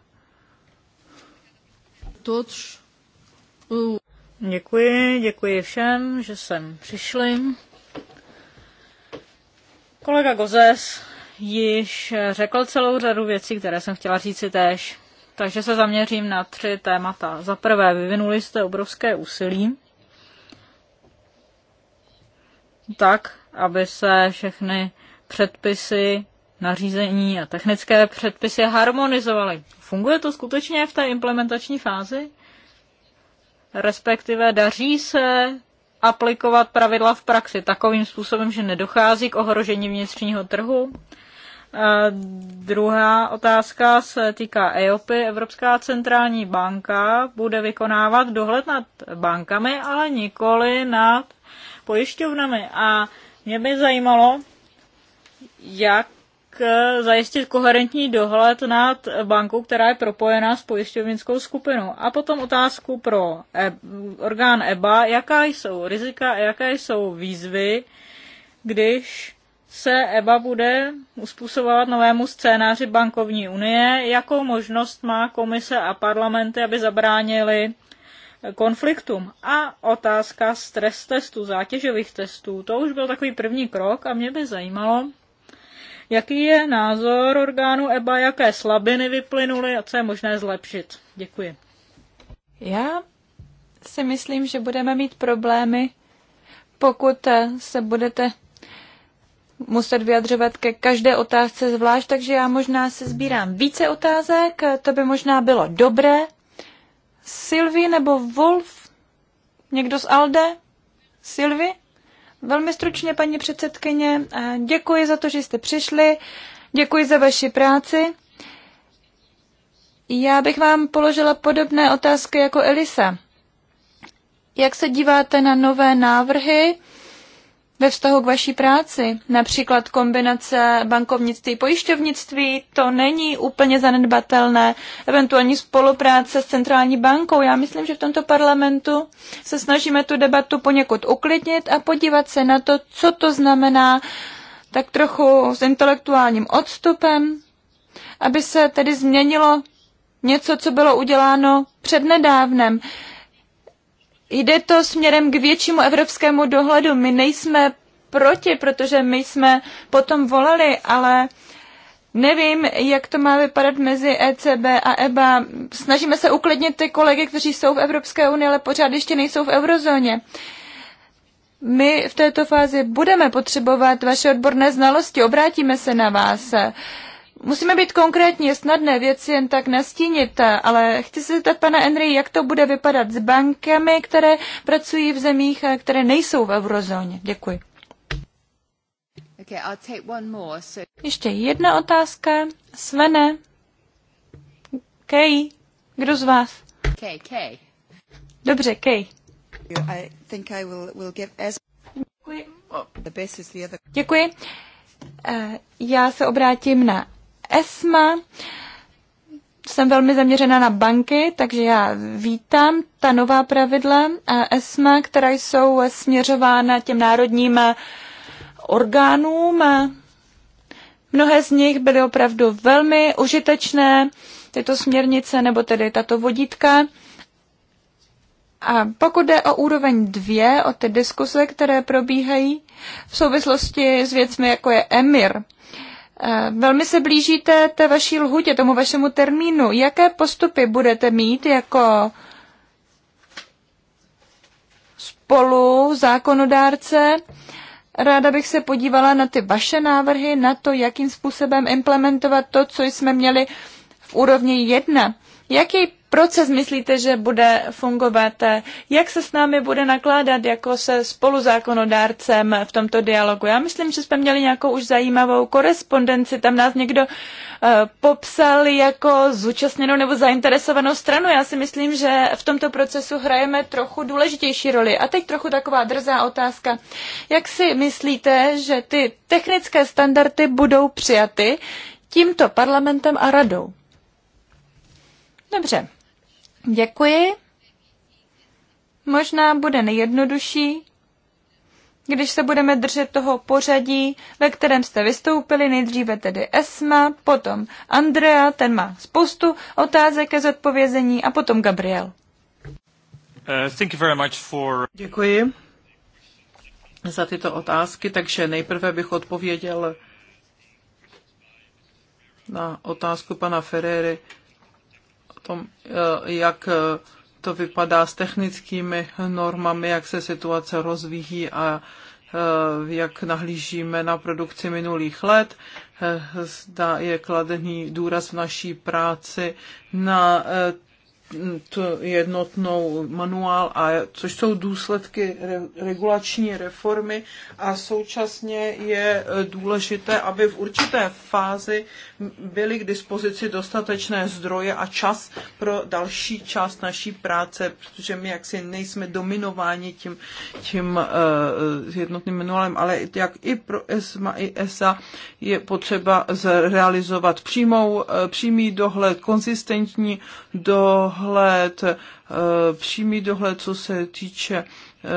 Děkuji, děkuji všem, že jsem přišli. Kolega Gozes již řekl celou řadu věcí, které jsem chtěla říct si též. Takže se zaměřím na tři témata. Za prvé, vyvinuli jste obrovské úsilí, tak, aby se všechny předpisy, nařízení a technické předpisy harmonizovaly. Funguje to skutečně v té implementační fázi? Respektive daří se aplikovat pravidla v praxi takovým způsobem, že nedochází k ohrožení vnitřního trhu? Druhá otázka se týká EOPy. Evropská centrální banka bude vykonávat dohled nad bankami, ale nikoli nad pojišťovnami. A mě by zajímalo, jak zajistit koherentní dohled nad bankou, která je propojená s pojišťovnickou skupinou. A potom otázku pro e- orgán EBA, jaká jsou rizika a jaké jsou výzvy, když se EBA bude uspůsobovat novému scénáři bankovní unie, jakou možnost má komise a parlamenty, aby zabránili konfliktům. A otázka stres testů, zátěžových testů, to už byl takový první krok a mě by zajímalo, jaký je názor orgánu EBA, jaké slabiny vyplynuly a co je možné zlepšit. Děkuji. Já si myslím, že budeme mít problémy, pokud se budete muset vyjadřovat ke každé otázce zvlášť, takže já možná se sbírám více otázek, to by možná bylo dobré. Silvi nebo Wolf? Někdo z Alde? Silvi? Velmi stručně, paní předsedkyně, děkuji za to, že jste přišli, děkuji za vaši práci. Já bych vám položila podobné otázky jako Elisa. Jak se díváte na nové návrhy? ve vztahu k vaší práci. Například kombinace bankovnictví, pojišťovnictví, to není úplně zanedbatelné. Eventuální spolupráce s centrální bankou. Já myslím, že v tomto parlamentu se snažíme tu debatu poněkud uklidnit a podívat se na to, co to znamená tak trochu s intelektuálním odstupem, aby se tedy změnilo něco, co bylo uděláno přednedávnem. Jde to směrem k většímu evropskému dohledu. My nejsme proti, protože my jsme potom volali, ale nevím, jak to má vypadat mezi ECB a EBA. Snažíme se uklidnit ty kolegy, kteří jsou v Evropské unii, ale pořád ještě nejsou v eurozóně. My v této fázi budeme potřebovat vaše odborné znalosti, obrátíme se na vás. Musíme být konkrétní, je snadné věci jen tak nastínit, ale chci se zeptat pana Henry, jak to bude vypadat s bankami, které pracují v zemích, které nejsou v eurozóně. Děkuji. Ještě jedna otázka. Svene. Kej. Kdo z vás? Dobře, Kej. Děkuji. Děkuji. Eh, já se obrátím na ESMA. Jsem velmi zaměřena na banky, takže já vítám ta nová pravidla ESMA, která jsou směřována těm národním orgánům. Mnohé z nich byly opravdu velmi užitečné, tyto směrnice nebo tedy tato vodítka. A pokud jde o úroveň dvě, o ty diskuse, které probíhají v souvislosti s věcmi, jako je EMIR, Eh, velmi se blížíte té vaší lhutě, tomu vašemu termínu. Jaké postupy budete mít jako spolu zákonodárce? Ráda bych se podívala na ty vaše návrhy, na to, jakým způsobem implementovat to, co jsme měli v úrovni jedna. Jaký proces myslíte, že bude fungovat, jak se s námi bude nakládat jako se spoluzákonodárcem v tomto dialogu. Já myslím, že jsme měli nějakou už zajímavou korespondenci, tam nás někdo eh, popsal jako zúčastněnou nebo zainteresovanou stranu. Já si myslím, že v tomto procesu hrajeme trochu důležitější roli. A teď trochu taková drzá otázka. Jak si myslíte, že ty technické standardy budou přijaty tímto parlamentem a radou? Dobře. Děkuji. Možná bude nejjednodušší, když se budeme držet toho pořadí, ve kterém jste vystoupili, nejdříve tedy Esma, potom Andrea, ten má spoustu otázek ke zodpovězení, a potom Gabriel. Uh, thank you very much for... Děkuji za tyto otázky, takže nejprve bych odpověděl na otázku pana Ferrery tom, eh, jak eh, to vypadá s technickými normami, jak se situace rozvíjí a eh, jak nahlížíme na produkci minulých let. Zda je kladený důraz v naší práci na to jednotnou manuál, a, což jsou důsledky re, regulační reformy a současně je eh, důležité, aby v určité fázi byly k dispozici dostatečné zdroje a čas pro další část naší práce, protože my jaksi nejsme dominováni tím, tím uh, jednotným manuálem, ale jak i pro ESMA i ESA je potřeba zrealizovat přímou, uh, přímý dohled, konzistentní dohled, dohled, eh, přímý dohled, co se týče eh,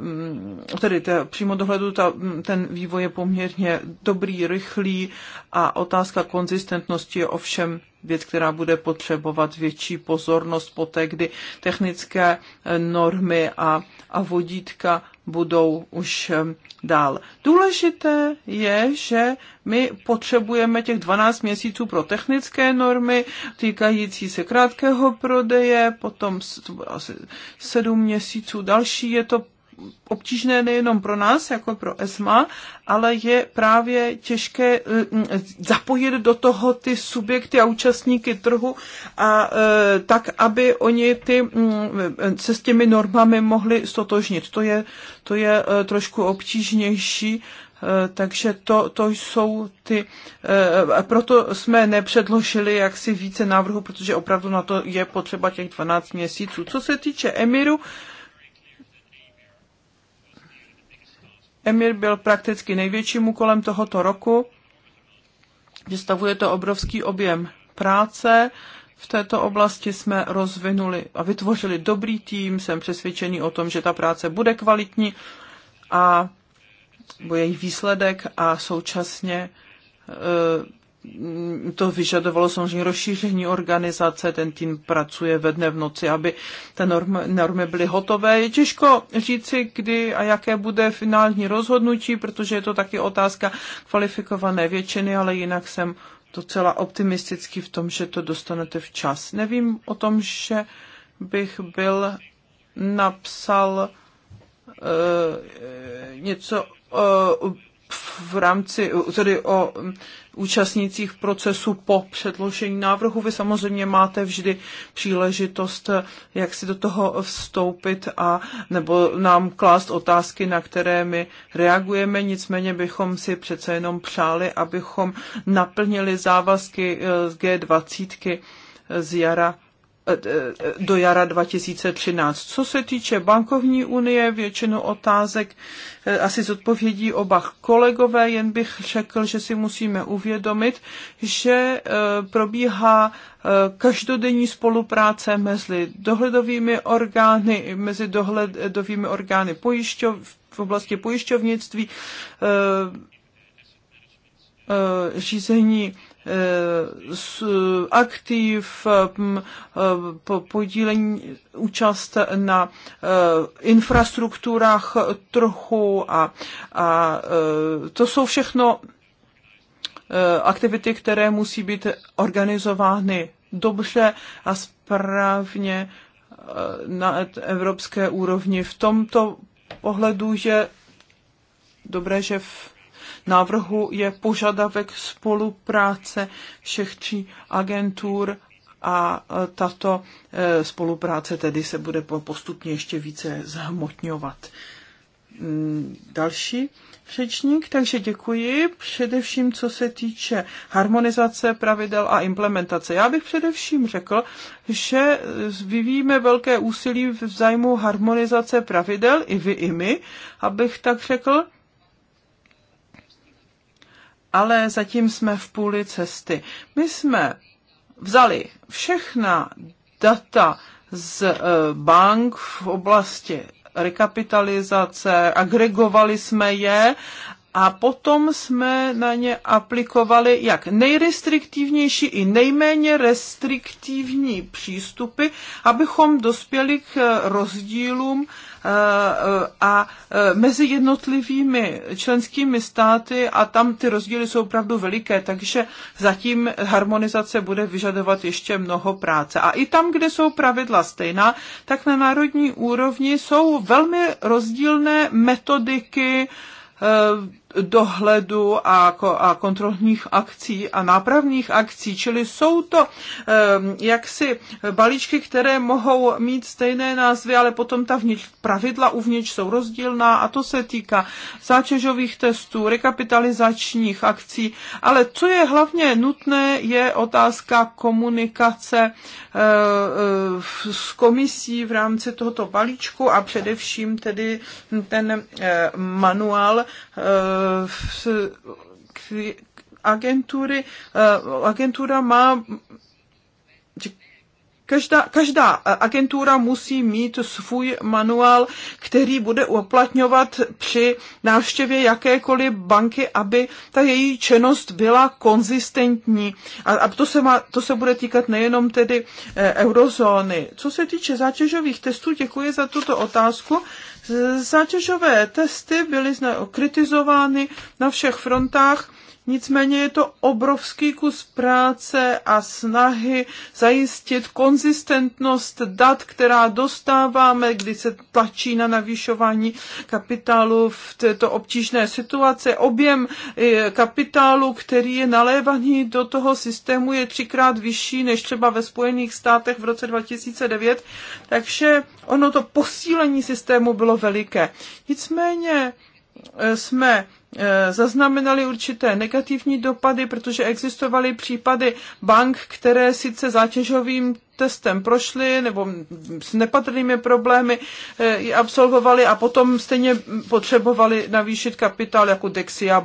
mm, tedy té, přímo dohledu ta, mm, ten vývoj je poměrně dobrý, rychlý a otázka konzistentnosti je ovšem věc, která bude potřebovat větší pozornost poté, kdy technické eh, normy a, a vodítka budou už eh, dál. Důležité je, že my potřebujeme těch 12 měsíců pro technické normy týkající se krátkého prodeje, potom 7 měsíců další je to obtížné nejenom pro nás, jako pro ESMA, ale je právě těžké eh, zapojit do toho ty subjekty a účastníky trhu a eh, tak, aby oni ty, mm, se s těmi normami mohli stotožnit. To je, to je eh, trošku obtížnější, takže to, to jsou ty, proto jsme nepředložili jaksi více návrhu, protože opravdu na to je potřeba těch 12 měsíců. Co se týče Emiru, Emir byl prakticky největším úkolem tohoto roku. Vystavuje to obrovský objem práce. V této oblasti jsme rozvinuli a vytvořili dobrý tým. Jsem přesvědčený o tom, že ta práce bude kvalitní a bude její výsledek a současně to vyžadovalo samozřejmě rozšíření organizace, ten tým pracuje ve dne v noci, aby ty normy, normy byly hotové. Je těžko říci, kdy a jaké bude finální rozhodnutí, protože je to taky otázka kvalifikované většiny, ale jinak jsem docela optimistický v tom, že to dostanete včas. Nevím o tom, že bych byl napsal uh, něco eh, v rámci, tedy o účastnících procesu po předložení návrhu. Vy samozřejmě máte vždy příležitost, jak si do toho vstoupit a nebo nám klást otázky, na které my reagujeme. Nicméně bychom si přece jenom přáli, abychom naplnili závazky eh, z G20 eh, z jara do jara 2013. Co se týče bankovní unie, většinu otázek eh, asi zodpovědí oba kolegové, jen bych řekl, že si musíme uvědomit, že eh, probíhá eh, každodenní spolupráce mezi dohledovými orgány, mezi dohledovými orgány pojišťov, v oblasti pojišťovnictví, řízení Eh, s aktiv, eh, eh, podílení, účast na infrastrukturách trochu a, a to jsou všechno aktivity, které musí být organizovány dobře a správně na evropské úrovni v tomto pohledu, že dobré, že v návrhu je požadavek spolupráce všech tří agentur a e, tato e, spolupráce tedy se bude postupně ještě více zhmotňovat. Mm, další řečník, takže děkuji především, co se týče harmonizace pravidel a implementace. Já bych především řekl, že vyvíjíme velké úsilí v zájmu harmonizace pravidel, i vy, i my, abych tak řekl, ale zatím jsme v půli cesty. My jsme vzali všechna data z eh, bank v oblasti rekapitalizace, agregovali jsme je a potom jsme na ně aplikovali jak nejrestriktivnější i nejméně restriktivní přístupy, abychom dospěli k rozdílům eh, eh, a eh, mezi jednotlivými členskými státy a tam ty rozdíly jsou opravdu veliké, takže zatím harmonizace bude vyžadovat ještě mnoho práce. A i tam, kde jsou pravidla stejná, tak na národní úrovni jsou velmi rozdílné metodiky, dohledu a, a kontrolních akcí a nápravních akcí, čili jsou to jaksi balíčky, které mohou mít stejné názvy, ale potom ta vnitř, pravidla uvnitř jsou rozdílná a to se týká zátěžových testů, rekapitalizačních akcí, ale co je hlavně nutné, je otázka komunikace eh, eh, s komisí v rámci tohoto balíčku a především tedy ten eh, manuál Eh, agentury, eh, agentura má Každá, každá eh, agentura musí mít svůj manuál, který bude uplatňovat při návštěvě jakékoliv banky, aby ta její čenost byla konzistentní. A, a to, se má, to se bude týkat nejenom tedy e, eurozóny. Co se týče zátěžových testů, děkuji za tuto otázku. Zátěžové testy byly kritizovány na všech frontách Nicméně je to obrovský kus práce a snahy zajistit konzistentnost dat, která dostáváme, kdy se tlačí na navýšování kapitálu v této obtížné situaci. Objem eh, kapitálu, který je nalévaný do toho systému, je třikrát vyšší než třeba ve Spojených státech v roce 2009, takže ono to posílení systému bylo veliké. Nicméně eh, jsme Eh, zaznamenali určité negativní dopady, protože existovaly případy bank, které sice zátěžovým testem prošli nebo s nepatrnými problémy eh, ji absolvovali a potom stejně potřebovali navýšit kapitál jako Dexia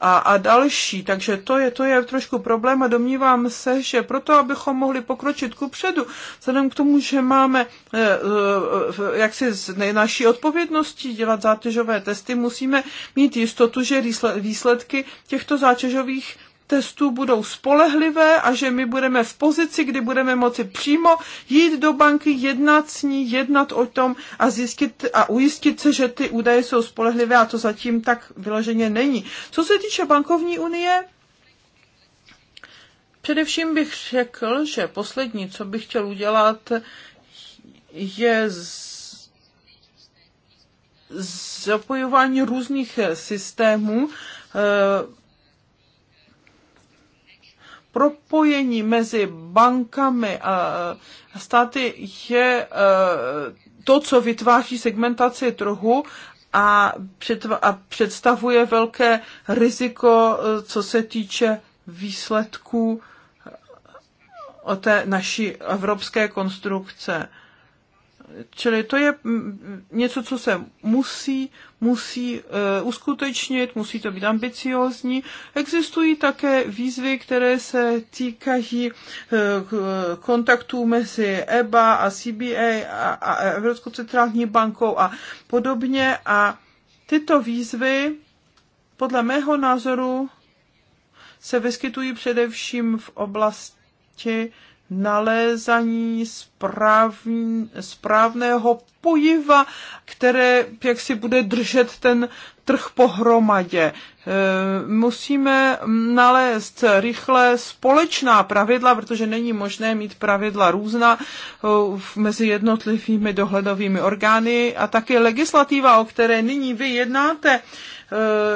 a, a další. Takže to je, to je trošku problém a domnívám se, že proto, abychom mohli pokročit ku předu, vzhledem k tomu, že máme eh, eh, jak si z naší odpovědnosti dělat zátěžové testy, musíme mít jistotu, že výsledky těchto zátěžových testů budou spolehlivé a že my budeme v pozici, kdy budeme moci přímo jít do banky, jednat s ní, jednat o tom a zjistit a ujistit se, že ty údaje jsou spolehlivé a to zatím tak vyloženě není. Co se týče bankovní unie, Především bych řekl, že poslední, co bych chtěl udělat, je z... zapojování různých systémů eh, propojení mezi bankami a státy je e, to, co vytváří segmentaci trhu a, představuje velké riziko, e, co se týče výsledků e, o té naší evropské konstrukce. Čili to je něco, co se musí musí eh, uskutečnit, musí to být ambiciozní. Existují také výzvy, které se týkají eh, kontaktů mezi EBA a CBA a, a Evropskou centrální bankou a podobně. A tyto výzvy podle mého názoru se vyskytují především v oblasti nalézaní správn, správného pojiva, které jak si bude držet ten trh pohromadě. E, musíme nalézt rychle společná pravidla, protože není možné mít pravidla různá e, mezi jednotlivými dohledovými orgány a také legislativa, o které nyní vy jednáte, e,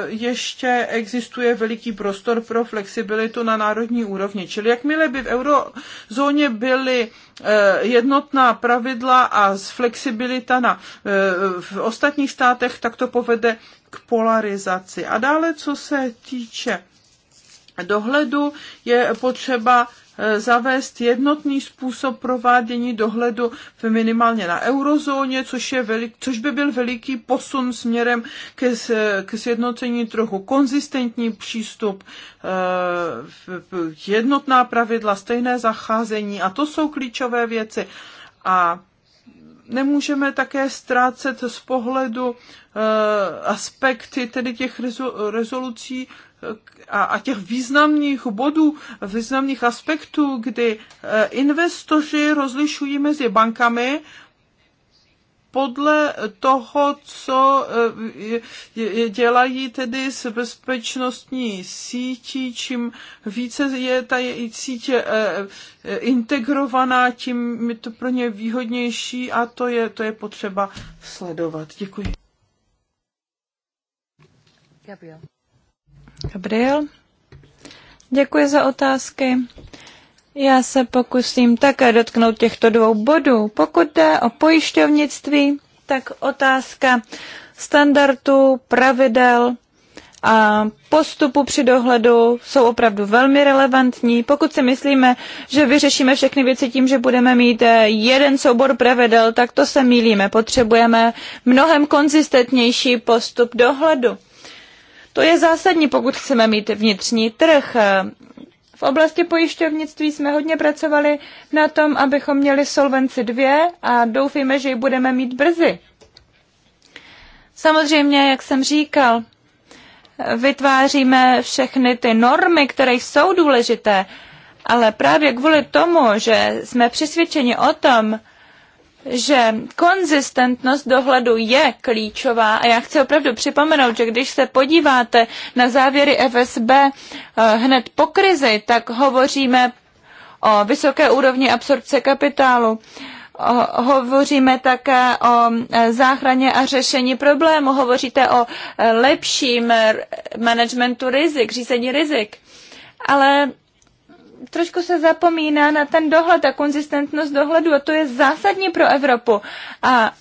ještě existuje veliký prostor pro flexibilitu na národní úrovni. Čili jakmile by v eurozóně byly Eh, jednotná pravidla a flexibilita na, eh, v ostatních státech, tak to povede k polarizaci. A dále, co se týče dohledu, je potřeba Eh, zavést jednotný způsob provádění dohledu v minimálně na eurozóně, což, je velik, což by byl veliký posun směrem ke, k sjednocení trochu konzistentní přístup, eh, jednotná pravidla, stejné zacházení a to jsou klíčové věci. A nemůžeme také ztrácet z pohledu eh, aspekty tedy těch rezolucí a, a těch významných bodů, významných aspektů, kdy eh, investoři rozlišují mezi bankami, podle toho, co eh, dělají tedy s bezpečnostní sítí, čím více je ta sítě eh, integrovaná, tím je to pro ně výhodnější a to je, to je potřeba sledovat. Děkuji. Gabriel. Gabriel. Děkuji za otázky. Já se pokusím také dotknout těchto dvou bodů. Pokud jde o pojišťovnictví, tak otázka standardů, pravidel a postupu při dohledu jsou opravdu velmi relevantní. Pokud si myslíme, že vyřešíme všechny věci tím, že budeme mít eh, jeden soubor pravidel, tak to se mílíme. Potřebujeme mnohem konzistentnější postup dohledu. To je zásadní, pokud chceme mít vnitřní trh. V oblasti pojišťovnictví jsme hodně pracovali na tom, abychom měli Solvenci dvě a doufíme, že ji budeme mít brzy. Samozřejmě, jak jsem říkal, vytváříme všechny ty normy, které jsou důležité, ale právě kvůli tomu, že jsme přesvědčeni o tom, že konzistentnost dohledu je klíčová a já chci opravdu připomenout, že když se podíváte na závěry FSB eh, hned po krizi, tak hovoříme o vysoké úrovni absorpce kapitálu. Hovoříme také o eh, záchraně a řešení problému. Hovoříte o eh, lepším managementu rizik, řízení rizik. Ale trošku se zapomíná na ten dohled a konzistentnost dohledu a to je zásadní pro Evropu. A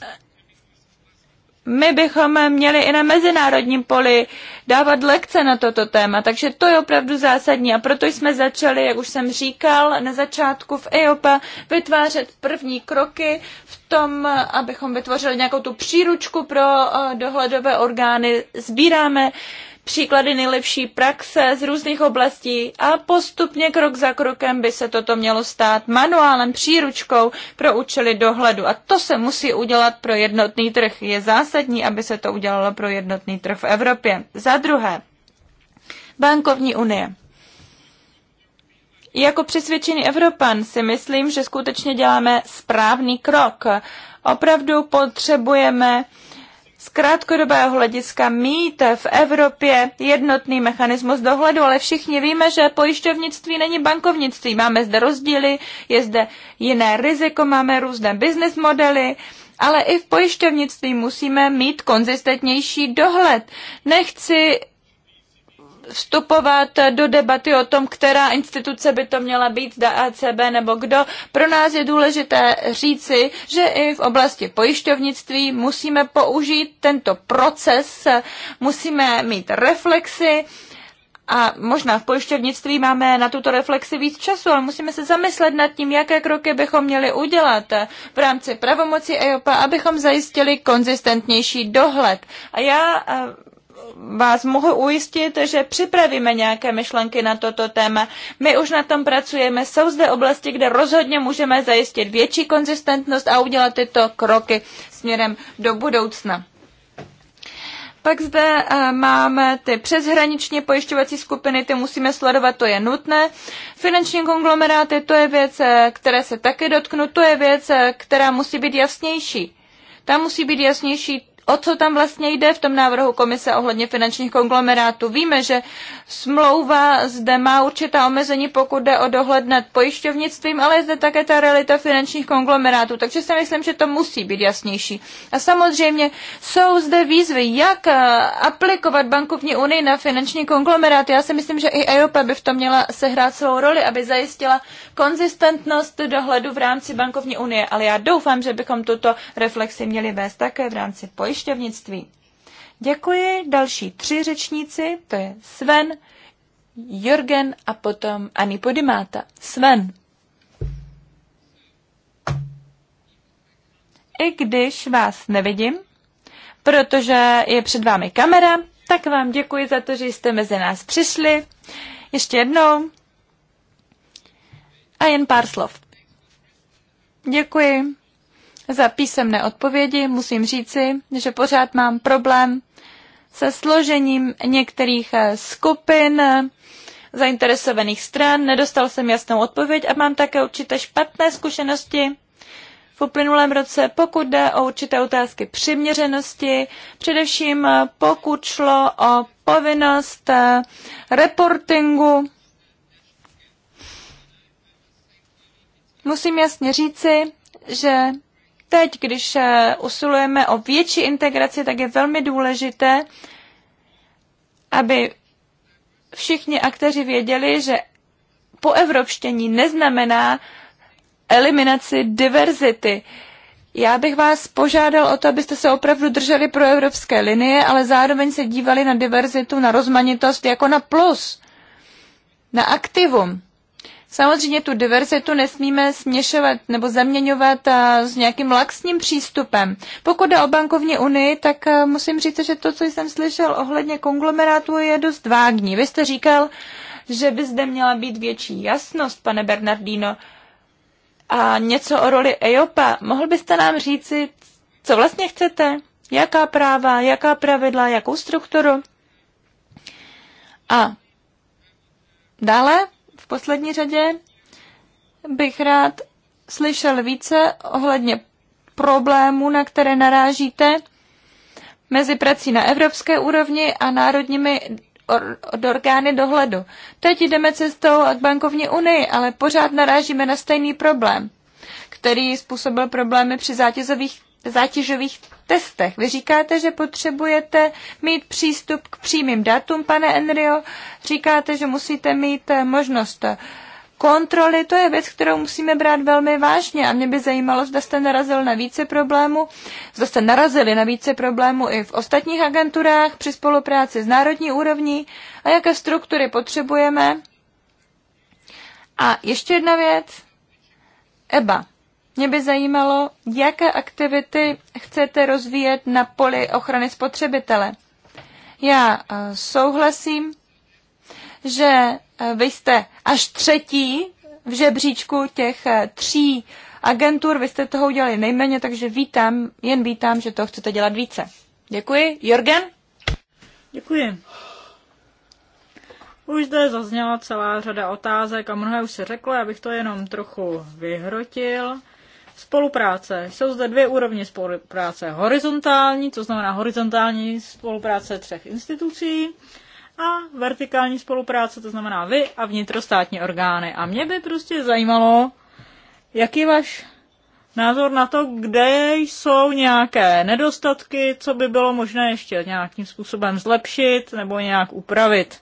my bychom měli i na mezinárodním poli dávat lekce na toto téma, takže to je opravdu zásadní a proto jsme začali, jak už jsem říkal, na začátku v EOPA vytvářet první kroky v tom, abychom vytvořili nějakou tu příručku pro eh, dohledové orgány. Sbíráme uh, příklady nejlepší praxe z různých oblastí a postupně krok za krokem by se toto mělo stát manuálem, příručkou pro účely dohledu. A to se musí udělat pro jednotný trh. Je zásadní, aby se to udělalo pro jednotný trh v Evropě. Za druhé, bankovní unie. Jako přesvědčený Evropan si myslím, že skutečně děláme správný krok. Opravdu potřebujeme z krátkodobého hlediska mít v Evropě jednotný mechanismus dohledu, ale všichni víme, že pojišťovnictví není bankovnictví. Máme zde rozdíly, je zde jiné riziko, máme různé business modely, ale i v pojišťovnictví musíme mít konzistentnější dohled. Nechci vstupovat do debaty o tom, která instituce by to měla být, zda ACB nebo kdo. Pro nás je důležité říci, že i v oblasti pojišťovnictví musíme použít tento proces, musíme mít reflexy, a možná v pojišťovnictví máme na tuto reflexi víc času, ale musíme se zamyslet nad tím, jaké kroky bychom měli udělat v rámci pravomoci EOPA, abychom zajistili konzistentnější dohled. A já eh, vás mohu ujistit, že připravíme nějaké myšlenky na toto téma. My už na tom pracujeme, jsou zde oblasti, kde rozhodně můžeme zajistit větší konzistentnost a udělat tyto kroky směrem do budoucna. Pak zde eh, máme ty přeshraničně pojišťovací skupiny, ty musíme sledovat, to je nutné. Finanční konglomeráty, to je věc, eh, které se také dotknu, to je věc, eh, která musí být jasnější. Tam musí být jasnější o co tam vlastně jde v tom návrhu komise ohledně finančních konglomerátů. Víme, že smlouva zde má určitá omezení, pokud jde o dohled nad pojišťovnictvím, ale je zde také ta realita finančních konglomerátů, takže si myslím, že to musí být jasnější. A samozřejmě jsou zde výzvy, jak eh, aplikovat bankovní unii na finanční konglomeráty. Já si myslím, že i EOP by v tom měla sehrát svou roli, aby zajistila konzistentnost dohledu v rámci bankovní unie, ale já doufám, že bychom tuto reflexi měli vést také v rámci pojišťovnictví pojišťovnictví. Děkuji další tři řečníci, to je Sven, Jorgen a potom Ani Podimáta. Sven. I když vás nevidím, protože je před vámi kamera, tak vám děkuji za to, že jste mezi nás přišli. Ještě jednou. A jen pár slov. Děkuji za písemné odpovědi. Musím říci, že pořád mám problém se složením některých eh, skupin eh, zainteresovaných stran. Nedostal jsem jasnou odpověď a mám také určité špatné zkušenosti v uplynulém roce, pokud jde o určité otázky přiměřenosti, především eh, pokud šlo o povinnost reportingu. Musím jasně říci, že teď, když eh, usilujeme o větší integraci, tak je velmi důležité, aby všichni akteři věděli, že poevropštění neznamená eliminaci diverzity. Já bych vás požádal o to, abyste se opravdu drželi pro evropské linie, ale zároveň se dívali na diverzitu, na rozmanitost jako na plus, na aktivum. Samozřejmě tu diverzitu nesmíme směšovat nebo zaměňovat eh, s nějakým laxním přístupem. Pokud jde o bankovní unii, tak eh, musím říct, že to, co jsem slyšel ohledně konglomerátu, je dost vágní. Vy jste říkal, že by zde měla být větší jasnost, pane Bernardino, a něco o roli EIOPA. Mohl byste nám říci, co vlastně chcete? Jaká práva, jaká pravidla, jakou strukturu? A dále poslední řadě bych rád slyšel více ohledně problémů, na které narážíte mezi prací na evropské úrovni a národními or, od orgány dohledu. Teď jdeme cestou k bankovní unii, ale pořád narážíme na stejný problém, který způsobil problémy při zátěžových, zátěžových testech. Vy říkáte, že potřebujete mít přístup k přímým datům, pane Enrio. Říkáte, že musíte mít eh, možnost kontroly, to je věc, kterou musíme brát velmi vážně a mě by zajímalo, zda jste narazil na více problémů, zda jste narazili na více problémů i v ostatních agenturách při spolupráci s národní úrovní a jaké struktury potřebujeme. A ještě jedna věc, EBA. Mě by zajímalo, jaké aktivity chcete rozvíjet na poli ochrany spotřebitele. Já eh, souhlasím, že eh, vy jste až třetí v žebříčku těch eh, tří agentur. Vy jste toho udělali nejméně, takže vítám, jen vítám, že to chcete dělat více. Děkuji. Jorgen? Děkuji. Už zde zazněla celá řada otázek a mnohé už se řeklo, abych to jenom trochu vyhrotil. Spolupráce. Jsou zde dvě úrovně spolupráce. Horizontální, to znamená horizontální spolupráce třech institucí a vertikální spolupráce, to znamená vy a vnitrostátní orgány. A mě by prostě zajímalo, jaký je váš názor na to, kde jsou nějaké nedostatky, co by bylo možné ještě nějakým způsobem zlepšit nebo nějak upravit.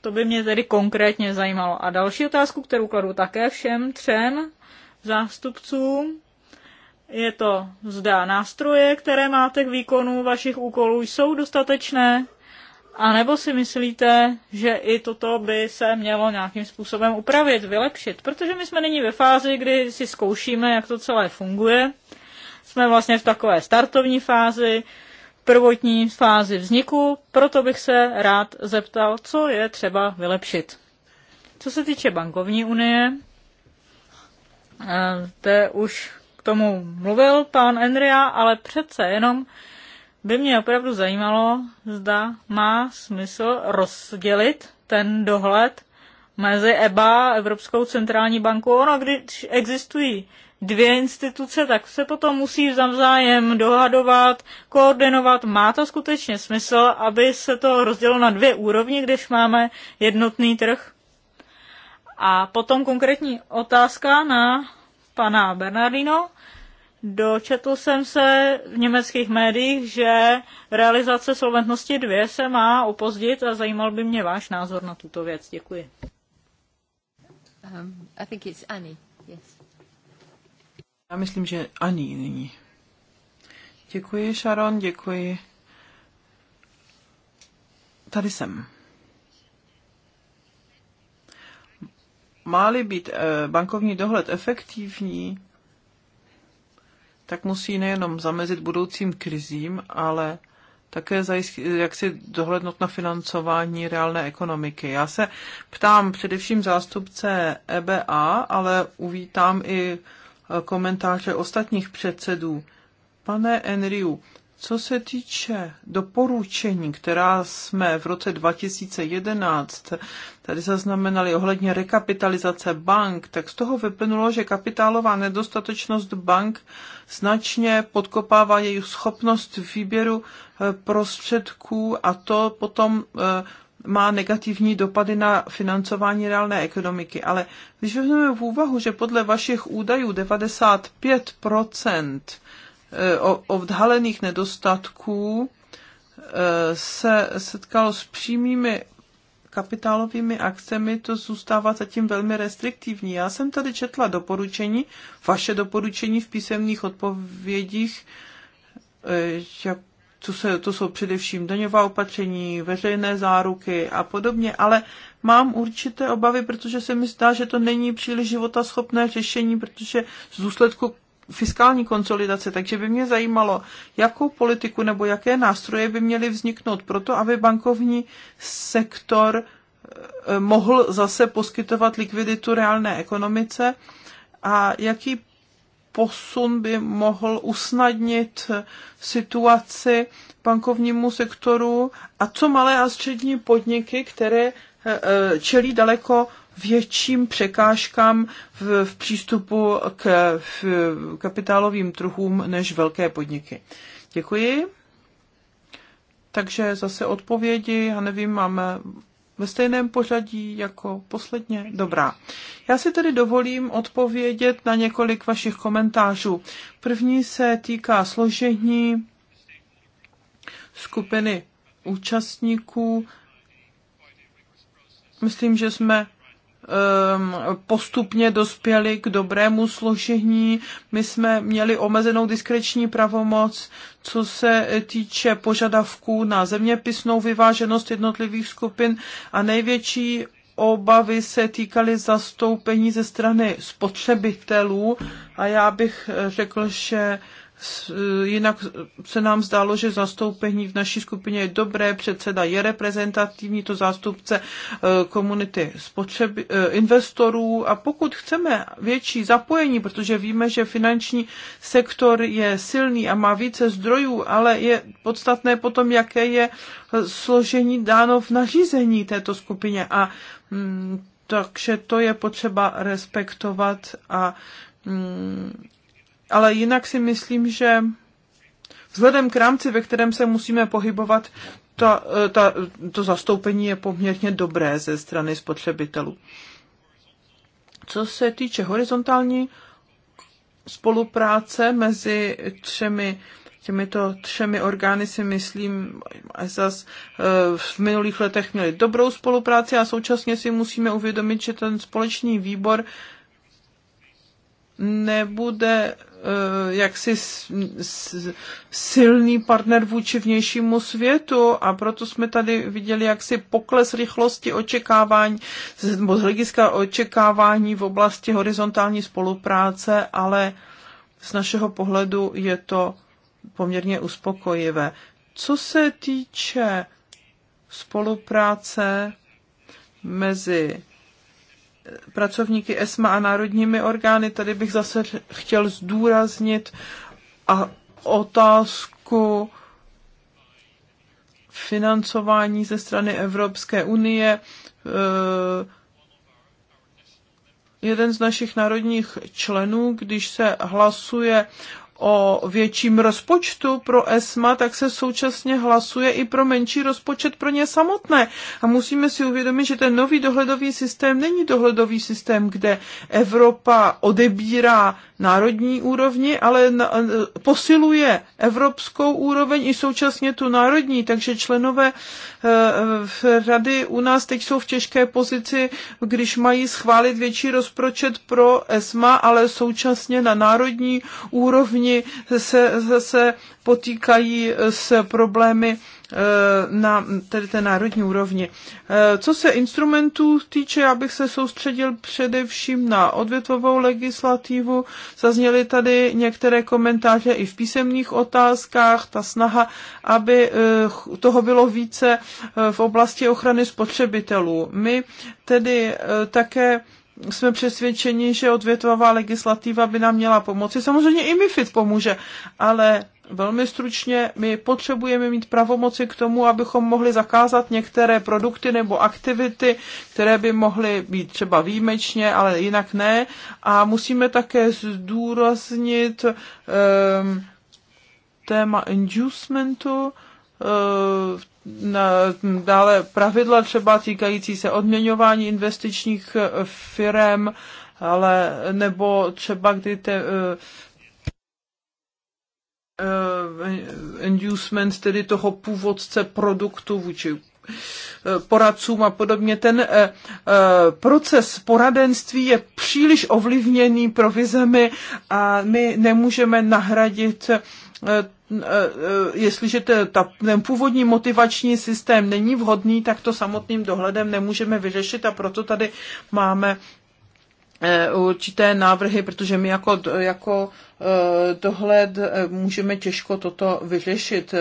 To by mě tedy konkrétně zajímalo. A další otázku, kterou kladu také všem třem zástupcům. Je to zda nástroje, které máte k výkonu vašich úkolů, jsou dostatečné, a nebo si myslíte, že i toto by se mělo nějakým způsobem upravit, vylepšit? Protože my jsme nyní ve fázi, kdy si zkoušíme, jak to celé funguje. Jsme vlastně v takové startovní fázi, prvotní fázi vzniku, proto bych se rád zeptal, co je třeba vylepšit. Co se týče bankovní unie, zde už k tomu mluvil pan Enria, ale přece jenom by mě opravdu zajímalo, zda má smysl rozdělit ten dohled mezi EBA, a Evropskou centrální banku. Ono, když existují dvě instituce, tak se potom musí vzájem dohadovat, koordinovat. Má to skutečně smysl, aby se to rozdělilo na dvě úrovně, když máme jednotný trh? A potom konkrétní otázka na pana Bernardino. Dočetl jsem se v německých médiích, že realizace solventnosti 2 se má upozdit. a zajímal by mě váš názor na tuto věc. Děkuji. Um, I think it's Annie. Yes. Já myslím, že ani nyní. Děkuji, Sharon, děkuji. Tady jsem. Máli být eh, bankovní dohled efektivní, tak musí nejenom zamezit budoucím krizím, ale také zajistit, jak si dohlednout na financování reálné ekonomiky. Já se ptám především zástupce EBA, ale uvítám i eh, komentáře ostatních předsedů. Pane Enriu, co se týče doporučení, která jsme v roce 2011 tady zaznamenali ohledně rekapitalizace bank, tak z toho vyplynulo, že kapitálová nedostatečnost bank značně podkopává jejich schopnost výběru eh, prostředků a to potom eh, má negativní dopady na financování reálné ekonomiky. Ale když vezmeme v úvahu, že podle vašich údajů 95 Eh, odhalených nedostatků eh, se setkalo s přímými kapitálovými akcemi, to zůstává zatím velmi restriktivní. Já jsem tady četla doporučení, vaše doporučení v písemných odpovědích, eh, jak co se, to jsou především daňová opatření, veřejné záruky a podobně, ale mám určité obavy, protože se mi zdá, že to není příliš životaschopné řešení, protože z důsledku fiskální konsolidace, takže by mě zajímalo, jakou politiku nebo jaké nástroje by měly vzniknout proto, aby bankovní sektor eh, mohl zase poskytovat likviditu reálné ekonomice a jaký posun by mohl usnadnit situaci bankovnímu sektoru a co malé a střední podniky, které eh, eh, čelí daleko větším překážkám v, v přístupu k v kapitálovým trhům než velké podniky. Děkuji. Takže zase odpovědi, já nevím, máme ve stejném pořadí jako posledně? Dobrá. Já si tedy dovolím odpovědět na několik vašich komentářů. První se týká složení skupiny účastníků. Myslím, že jsme Um, postupně dospěli k dobrému složení. My jsme měli omezenou diskreční pravomoc, co se týče požadavků na zeměpisnou vyváženost jednotlivých skupin a největší obavy se týkaly zastoupení ze strany spotřebitelů a já bych řekl, že Eh, jinak se nám zdálo, že zastoupení v naší skupině je dobré, předseda je reprezentativní, to zástupce eh, komunity spotřeby, eh, investorů a pokud chceme větší zapojení, protože víme, že finanční sektor je silný a má více zdrojů, ale je podstatné potom, jaké je složení dáno v nařízení této skupině a mm, takže to je potřeba respektovat a mm, ale jinak si myslím, že vzhledem k rámci, ve kterém se musíme pohybovat, ta, eh, ta, to zastoupení je poměrně dobré ze strany spotřebitelů. Co se týče horizontální spolupráce mezi třemi těmito třemi orgány si myslím, zas eh, v minulých letech měli dobrou spolupráci a současně si musíme uvědomit, že ten společný výbor nebude Eh, jaksi silný partner vůči vnějšímu světu a proto jsme tady viděli jaksi pokles rychlosti očekávání, nebo z hlediska očekávání v oblasti horizontální spolupráce, ale z našeho pohledu je to poměrně uspokojivé. Co se týče spolupráce mezi pracovníky ESMA a národními orgány. Tady bych zase chtěl zdůraznit a otázku financování ze strany Evropské unie. E, jeden z našich národních členů, když se hlasuje o větším rozpočtu pro ESMA, tak se současně hlasuje i pro menší rozpočet pro ně samotné. A musíme si uvědomit, že ten nový dohledový systém není dohledový systém, kde Evropa odebírá národní úrovni, ale na, posiluje evropskou úroveň i současně tu národní. Takže členové eh, v rady u nás teď jsou v těžké pozici, když mají schválit větší rozpočet pro ESMA, ale současně na národní úrovni oni se zase potýkají s problémy eh, na tedy té národní úrovni. Eh, co se instrumentů týče, abych se soustředil především na odvětvovou legislativu. Zazněly tady některé komentáře i v písemných otázkách. Ta snaha, aby eh, toho bylo více v oblasti ochrany spotřebitelů. My tedy také jsme přesvědčeni, že odvětvová legislativa by nám měla pomoci. Samozřejmě i MIFID pomůže, ale velmi stručně, my potřebujeme mít pravomoci k tomu, abychom mohli zakázat některé produkty nebo aktivity, které by mohly být třeba výjimečně, ale jinak ne. A musíme také zdůraznit um, téma inducementu, ehm, na, dále pravidla třeba týkající se odměňování investičních eh, firm, ale nebo třeba kdy te, uh, eh, eh, inducement, tedy toho původce produktu vůči poradcům a podobně. Ten proces poradenství je příliš ovlivněný provizemi a my nemůžeme nahradit Eh, eh, eh, jestliže ten původní motivační systém není vhodný, tak to samotným dohledem nemůžeme vyřešit a proto tady máme určité návrhy, protože my jako, jako dohled můžeme těžko toto vyřešit,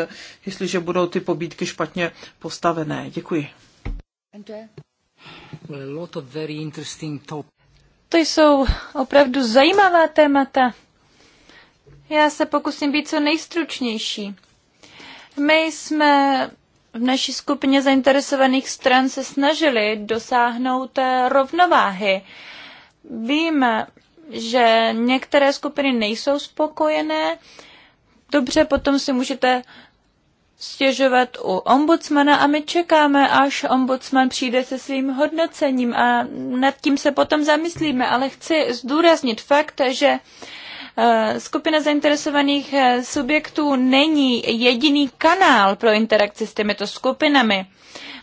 jestliže budou ty pobídky špatně postavené. Děkuji. To jsou opravdu zajímavá témata. Já se pokusím být co nejstručnější. My jsme v naší skupině zainteresovaných stran se snažili dosáhnout eh, rovnováhy. Víme, že některé skupiny nejsou spokojené. Dobře, potom si můžete stěžovat u ombudsmana a my čekáme, až ombudsman přijde se svým hodnocením a nad tím se potom zamyslíme. Ale chci zdůraznit fakt, že Eh, skupina zainteresovaných eh, subjektů není jediný kanál pro interakci s těmito skupinami.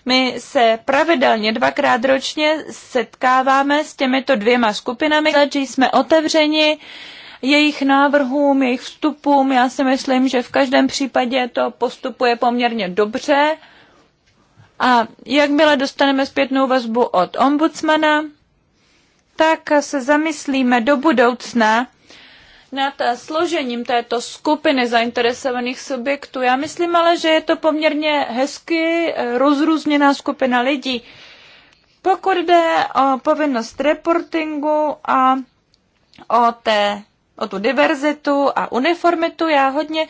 My se pravidelně dvakrát ročně setkáváme s těmito dvěma skupinami, že jsme otevřeni jejich návrhům, jejich vstupům. Já si myslím, že v každém případě to postupuje poměrně dobře. A jakmile dostaneme zpětnou vazbu od ombudsmana, tak se zamyslíme do budoucna nad eh, složením této skupiny zainteresovaných subjektů. Já myslím ale, že je to poměrně hezky eh, rozrůzněná skupina lidí. Pokud jde o povinnost reportingu a o, té, o tu diverzitu a uniformitu, já hodně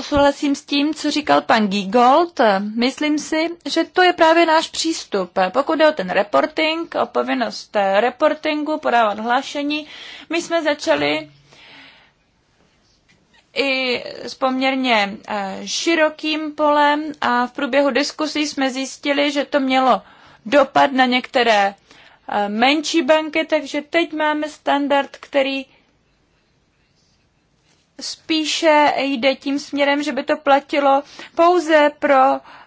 souhlasím s tím, co říkal pan Giegold. Myslím si, že to je právě náš přístup. Pokud jde o ten reporting, o povinnost eh, reportingu, podávat hlášení, my jsme začali i s poměrně eh, širokým polem a v průběhu diskusí jsme zjistili, že to mělo dopad na některé eh, menší banky, takže teď máme standard, který spíše jde tím směrem, že by to platilo pouze pro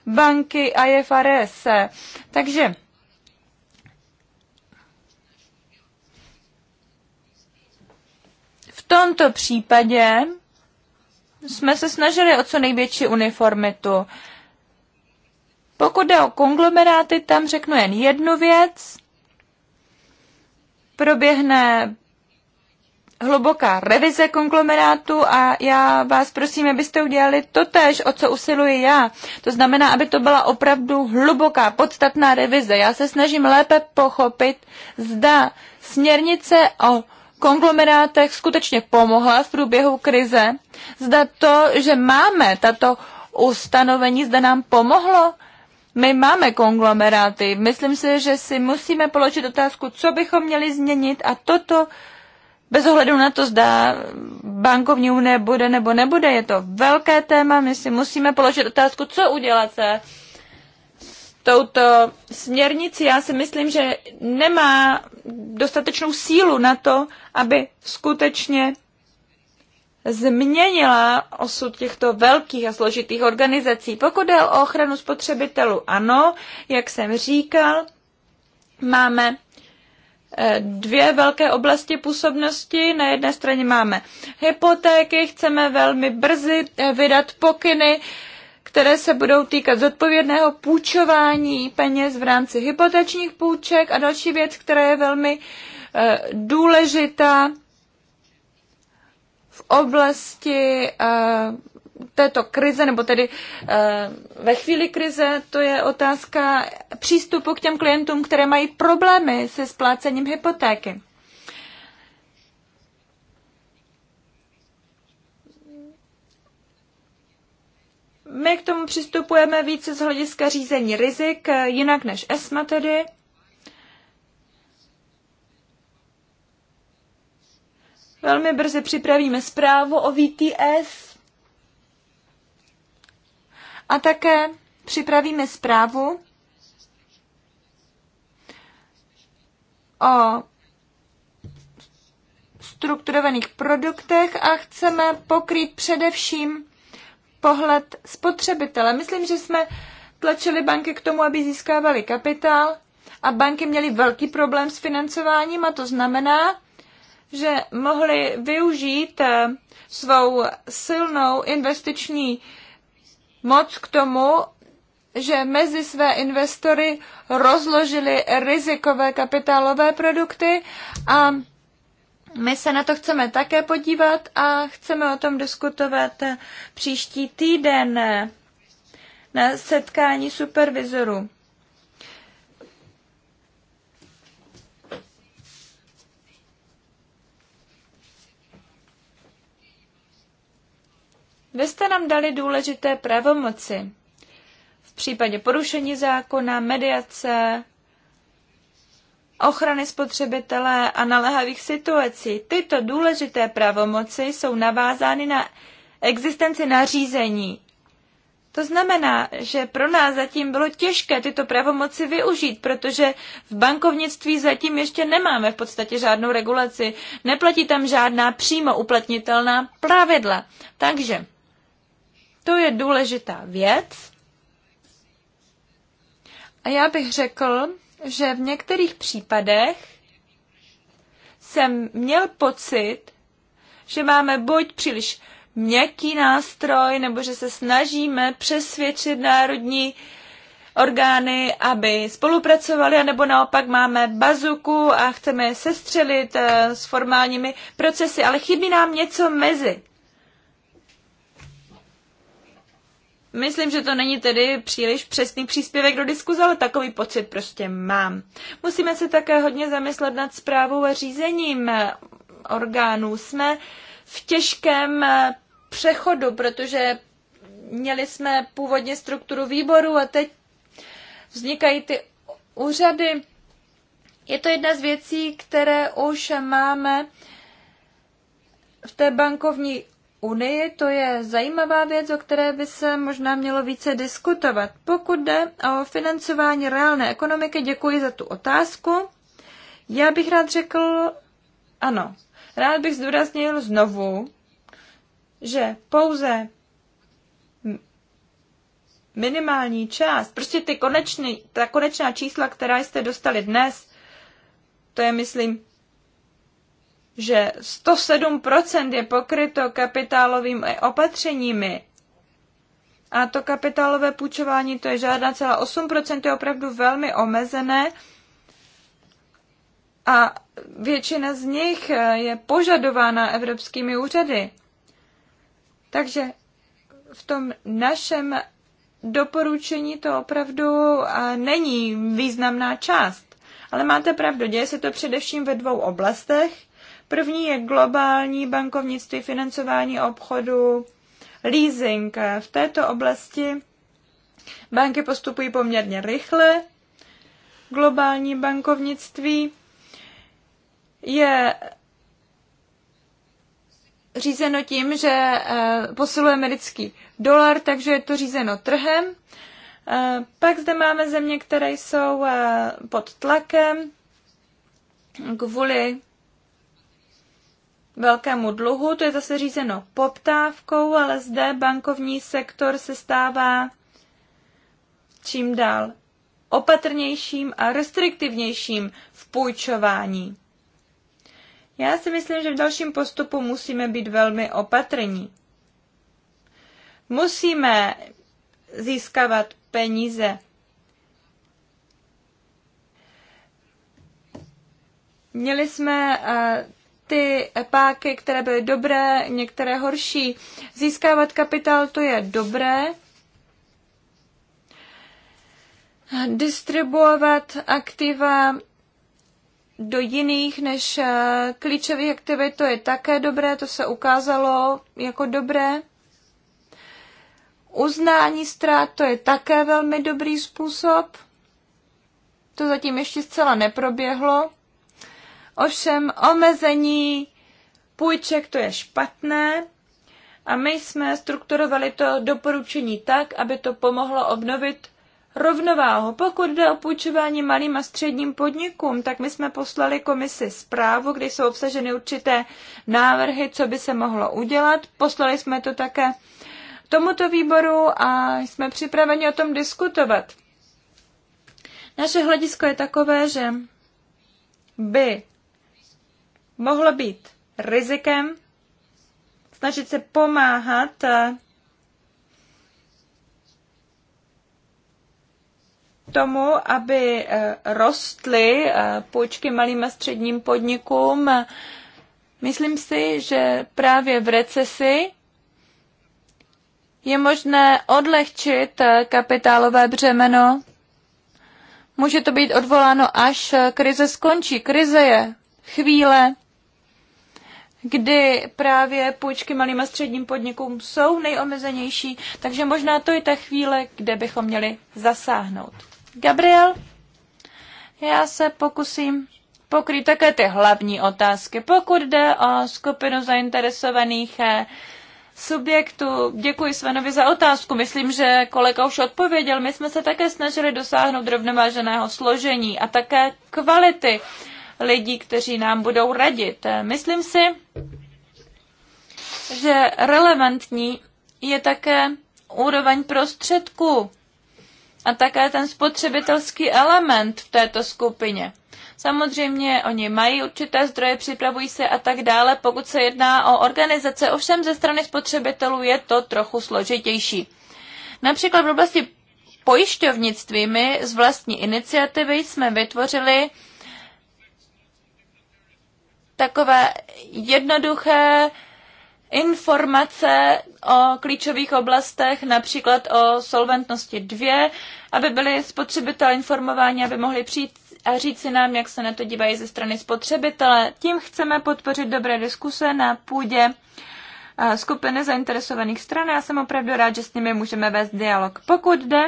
banky IFRS. Takže v tomto případě jsme se snažili o co největší uniformitu. Pokud jde o konglomeráty, tam řeknu jen jednu věc. Proběhne hluboká revize konglomerátu a já vás prosím, abyste udělali to tež, o co usiluji já. To znamená, aby to byla opravdu hluboká, podstatná revize. Já se snažím lépe pochopit, zda směrnice o konglomerátech skutečně pomohla v průběhu krize, zda to, že máme tato ustanovení, zda nám pomohlo. My máme konglomeráty. Myslím si, že si musíme položit otázku, co bychom měli změnit a toto bez ohledu na to, zda bankovní unie bude nebo nebude, je to velké téma. My si musíme položit otázku, co udělat se touto směrnici, já si myslím, že nemá dostatečnou sílu na to, aby skutečně změnila osud těchto velkých a složitých organizací. Pokud jde o ochranu spotřebitelů, ano, jak jsem říkal, máme eh, dvě velké oblasti působnosti. Na jedné straně máme hypotéky, chceme velmi brzy eh, vydat pokyny, které se budou týkat zodpovědného půjčování peněz v rámci hypotečních půjček a další věc, která je velmi eh, důležitá v oblasti eh, této krize, nebo tedy eh, ve chvíli krize, to je otázka přístupu k těm klientům, které mají problémy se splácením hypotéky. My k tomu přistupujeme více z hlediska řízení rizik, jinak než ESMA tedy. Velmi brzy připravíme zprávu o VTS a také připravíme zprávu o strukturovaných produktech a chceme pokrýt především pohled spotřebitele. Myslím, že jsme tlačili banky k tomu, aby získávali kapitál a banky měly velký problém s financováním a to znamená, že mohly využít eh, svou silnou investiční moc k tomu, že mezi své investory rozložili rizikové kapitálové produkty a my se na to chceme také podívat a chceme o tom diskutovat příští týden na setkání supervizorů. Vy jste nám dali důležité pravomoci v případě porušení zákona, mediace, ochrany spotřebitele a naléhavých situací. Tyto důležité pravomoci jsou navázány na existenci nařízení. To znamená, že pro nás zatím bylo těžké tyto pravomoci využít, protože v bankovnictví zatím ještě nemáme v podstatě žádnou regulaci, neplatí tam žádná přímo uplatnitelná pravidla. Takže to je důležitá věc. A já bych řekl, že v některých případech jsem měl pocit, že máme buď příliš měkký nástroj, nebo že se snažíme přesvědčit národní orgány, aby spolupracovali, anebo naopak máme bazuku a chceme je sestřelit eh, s formálními procesy, ale chybí nám něco mezi. Myslím, že to není tedy příliš přesný příspěvek do diskuze, ale takový pocit prostě mám. Musíme se také hodně zamyslet nad zprávou a řízením orgánů. Jsme v těžkém přechodu, protože měli jsme původně strukturu výboru a teď vznikají ty úřady. Je to jedna z věcí, které už máme v té bankovní unii, to je zajímavá věc, o které by se možná mělo více diskutovat. Pokud jde o financování reálné ekonomiky, děkuji za tu otázku. Já bych rád řekl, ano, rád bych zdůraznil znovu, že pouze minimální část, prostě ty konečný, ta konečná čísla, která jste dostali dnes, to je, myslím, že 107% je pokryto kapitálovými opatřeními, a to kapitálové půjčování, to je žádná celá 8%, je opravdu velmi omezené a většina z nich eh, je požadována evropskými úřady. Takže v tom našem doporučení to opravdu eh, není významná část. Ale máte pravdu, děje se to především ve dvou oblastech – První je globální bankovnictví, financování obchodu, leasing. V této oblasti banky postupují poměrně rychle. Globální bankovnictví je řízeno tím, že eh, posiluje americký dolar, takže je to řízeno trhem. Eh, pak zde máme země, které jsou eh, pod tlakem kvůli velkému dluhu, to je zase řízeno poptávkou, ale zde bankovní sektor se stává čím dál opatrnějším a restriktivnějším v půjčování. Já si myslím, že v dalším postupu musíme být velmi opatrní. Musíme získávat peníze. Měli jsme eh, ty páky, které byly dobré, některé horší. Získávat kapitál, to je dobré. Distribuovat aktiva do jiných než eh, klíčových aktivit, to je také dobré, to se ukázalo jako dobré. Uznání ztrát, to je také velmi dobrý způsob. To zatím ještě zcela neproběhlo. Ovšem omezení půjček to je špatné a my jsme strukturovali to doporučení tak, aby to pomohlo obnovit rovnováhu. Pokud jde o půjčování malým a středním podnikům, tak my jsme poslali komisi zprávu, kde jsou obsaženy určité návrhy, co by se mohlo udělat. Poslali jsme to také tomuto výboru a jsme připraveni o tom diskutovat. Naše hledisko je takové, že by mohlo být rizikem snažit se pomáhat eh, tomu, aby eh, rostly eh, půjčky malým a středním podnikům. Myslím si, že právě v recesi je možné odlehčit kapitálové břemeno. Může to být odvoláno, až krize skončí. Krize je chvíle, kdy právě půjčky malým a středním podnikům jsou nejomezenější, takže možná to je ta chvíle, kde bychom měli zasáhnout. Gabriel, já se pokusím pokryt také ty hlavní otázky. Pokud jde o skupinu zainteresovaných eh, subjektů, děkuji Svenovi za otázku. Myslím, že kolega už odpověděl. My jsme se také snažili dosáhnout rovnováženého složení a také kvality. Uh, lidí, kteří nám budou radit. Myslím si, že relevantní je také úroveň prostředků a také ten spotřebitelský element v této skupině. Samozřejmě oni mají určité zdroje, připravují se a tak dále. Pokud se jedná o organizace, ovšem ze strany spotřebitelů je to trochu složitější. Například v oblasti pojišťovnictví my z vlastní iniciativy jsme vytvořili takové jednoduché informace o klíčových oblastech, například o solventnosti 2, aby byli spotřebitel informováni, aby mohli přijít a si nám, jak se na to dívají ze strany spotřebitele. Tím chceme podpořit dobré diskuse na půdě eh, skupiny zainteresovaných stran. Já jsem opravdu rád, že s nimi můžeme vést dialog. Pokud jde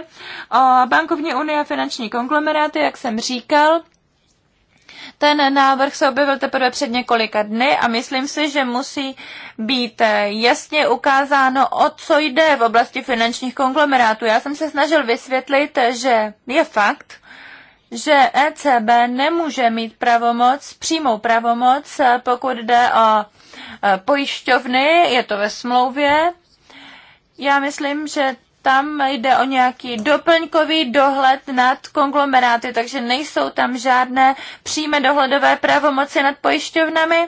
o bankovní unie a finanční konglomeráty, jak jsem říkal, ten návrh se objevil teprve před několika dny a myslím si, že musí být eh, jasně ukázáno, o co jde v oblasti finančních konglomerátů. Já jsem se snažil vysvětlit, že je fakt, že ECB nemůže mít pravomoc, přímou pravomoc, eh, pokud jde o eh, pojišťovny, je to ve smlouvě. Já myslím, že tam jde o nějaký doplňkový dohled nad konglomeráty, takže nejsou tam žádné přímé dohledové pravomoci nad pojišťovnami.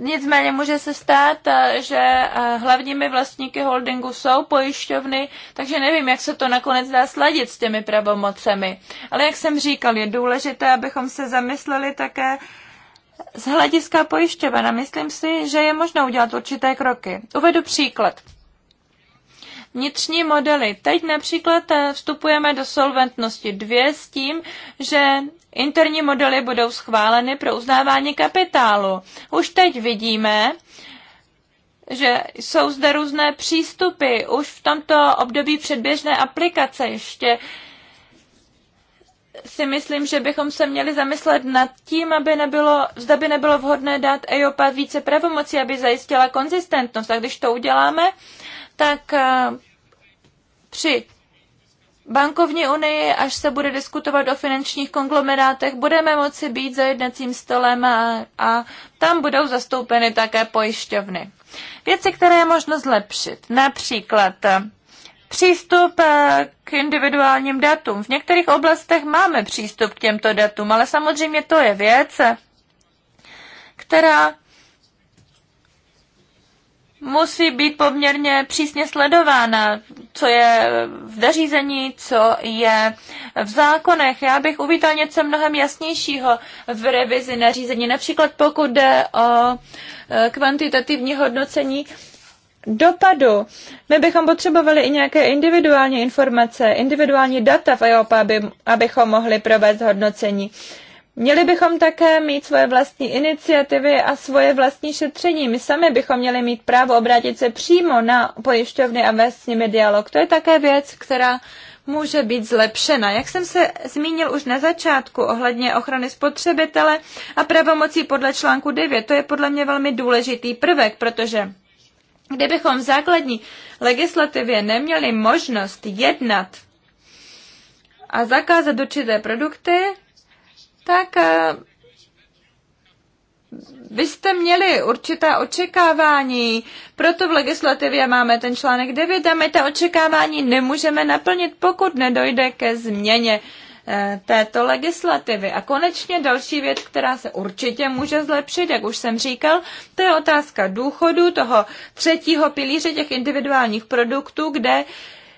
Nicméně může se stát, eh, že eh, hlavními vlastníky holdingu jsou pojišťovny, takže nevím, jak se to nakonec dá sladit s těmi pravomocemi. Ale jak jsem říkal, je důležité, abychom se zamysleli také z hlediska pojišťovna. myslím si, že je možno udělat určité kroky. Uvedu příklad vnitřní modely. Teď například eh, vstupujeme do solventnosti 2 s tím, že interní modely budou schváleny pro uznávání kapitálu. Už teď vidíme, že jsou zde různé přístupy. Už v tomto období předběžné aplikace ještě si myslím, že bychom se měli zamyslet nad tím, aby nebylo, zda by nebylo vhodné dát EIOPA více pravomocí, aby zajistila konzistentnost. A když to uděláme, tak eh, při bankovní unii, až se bude diskutovat o finančních konglomerátech, budeme moci být za jednacím stolem a, a tam budou zastoupeny také pojišťovny. Věci, které je možno zlepšit, například eh, přístup eh, k individuálním datům. V některých oblastech máme přístup k těmto datům, ale samozřejmě to je věc, která musí být poměrně přísně sledována, co je v zařízení, co je v zákonech. Já bych uvítal něco mnohem jasnějšího v revizi nařízení, například pokud jde o e, kvantitativní hodnocení dopadu. My bychom potřebovali i nějaké individuální informace, individuální data v EOPA, aby, abychom mohli provést hodnocení. Měli bychom také mít svoje vlastní iniciativy a svoje vlastní šetření. My sami bychom měli mít právo obrátit se přímo na pojišťovny a vést s nimi dialog. To je také věc, která může být zlepšena. Jak jsem se zmínil už na začátku ohledně ochrany spotřebitele a pravomocí podle článku 9, to je podle mě velmi důležitý prvek, protože kdybychom v základní legislativě neměli možnost jednat a zakázat určité produkty, tak eh, vy jste měli určitá očekávání, proto v legislativě máme ten článek 9 a my ta očekávání nemůžeme naplnit, pokud nedojde ke změně eh, této legislativy. A konečně další věc, která se určitě může zlepšit, jak už jsem říkal, to je otázka důchodu toho třetího pilíře těch individuálních produktů, kde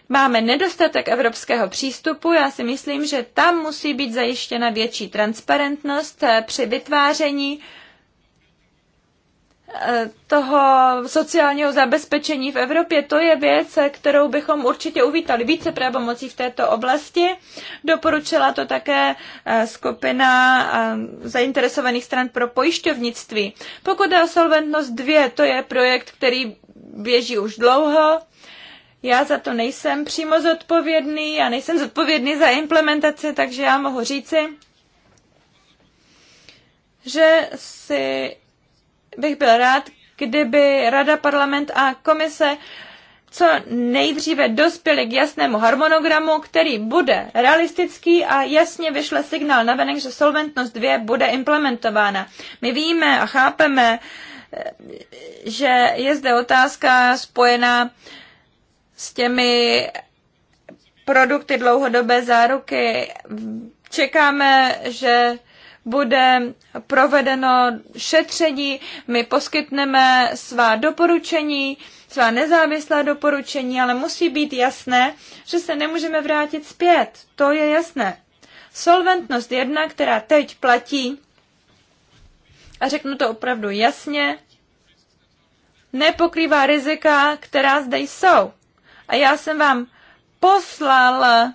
máme nedostatek evropského přístupu. Já si myslím, že tam musí být zajištěna větší transparentnost eh, při vytváření eh, toho sociálního zabezpečení v Evropě, to je věc, eh, kterou bychom určitě uvítali. Více pravomocí v této oblasti. Doporučila to také skupina zainteresovaných stran pro pojišťovnictví. Pokud je o solventnost 2, to je projekt, který běží už dlouho. Já za to nejsem přímo zodpovědný a nejsem zodpovědný za implementaci, takže já mohu říci, že si bych byl rád, kdyby Rada, Parlament a Komise co nejdříve dospěli k jasnému harmonogramu, který bude realistický a jasně vyšle signál venek, že Solventnost 2 bude implementována. My víme a chápeme, eh, že je zde otázka spojená uh, s těmi produkty dlouhodobé záruky. Čekáme, že bude provedeno šetření, my poskytneme svá doporučení, svá nezávislá doporučení, ale musí být jasné, že se nemůžeme vrátit zpět. To je jasné. Solventnost jedna, která teď platí, a řeknu to opravdu jasně, nepokrývá rizika, která zde jsou. A já jsem vám poslal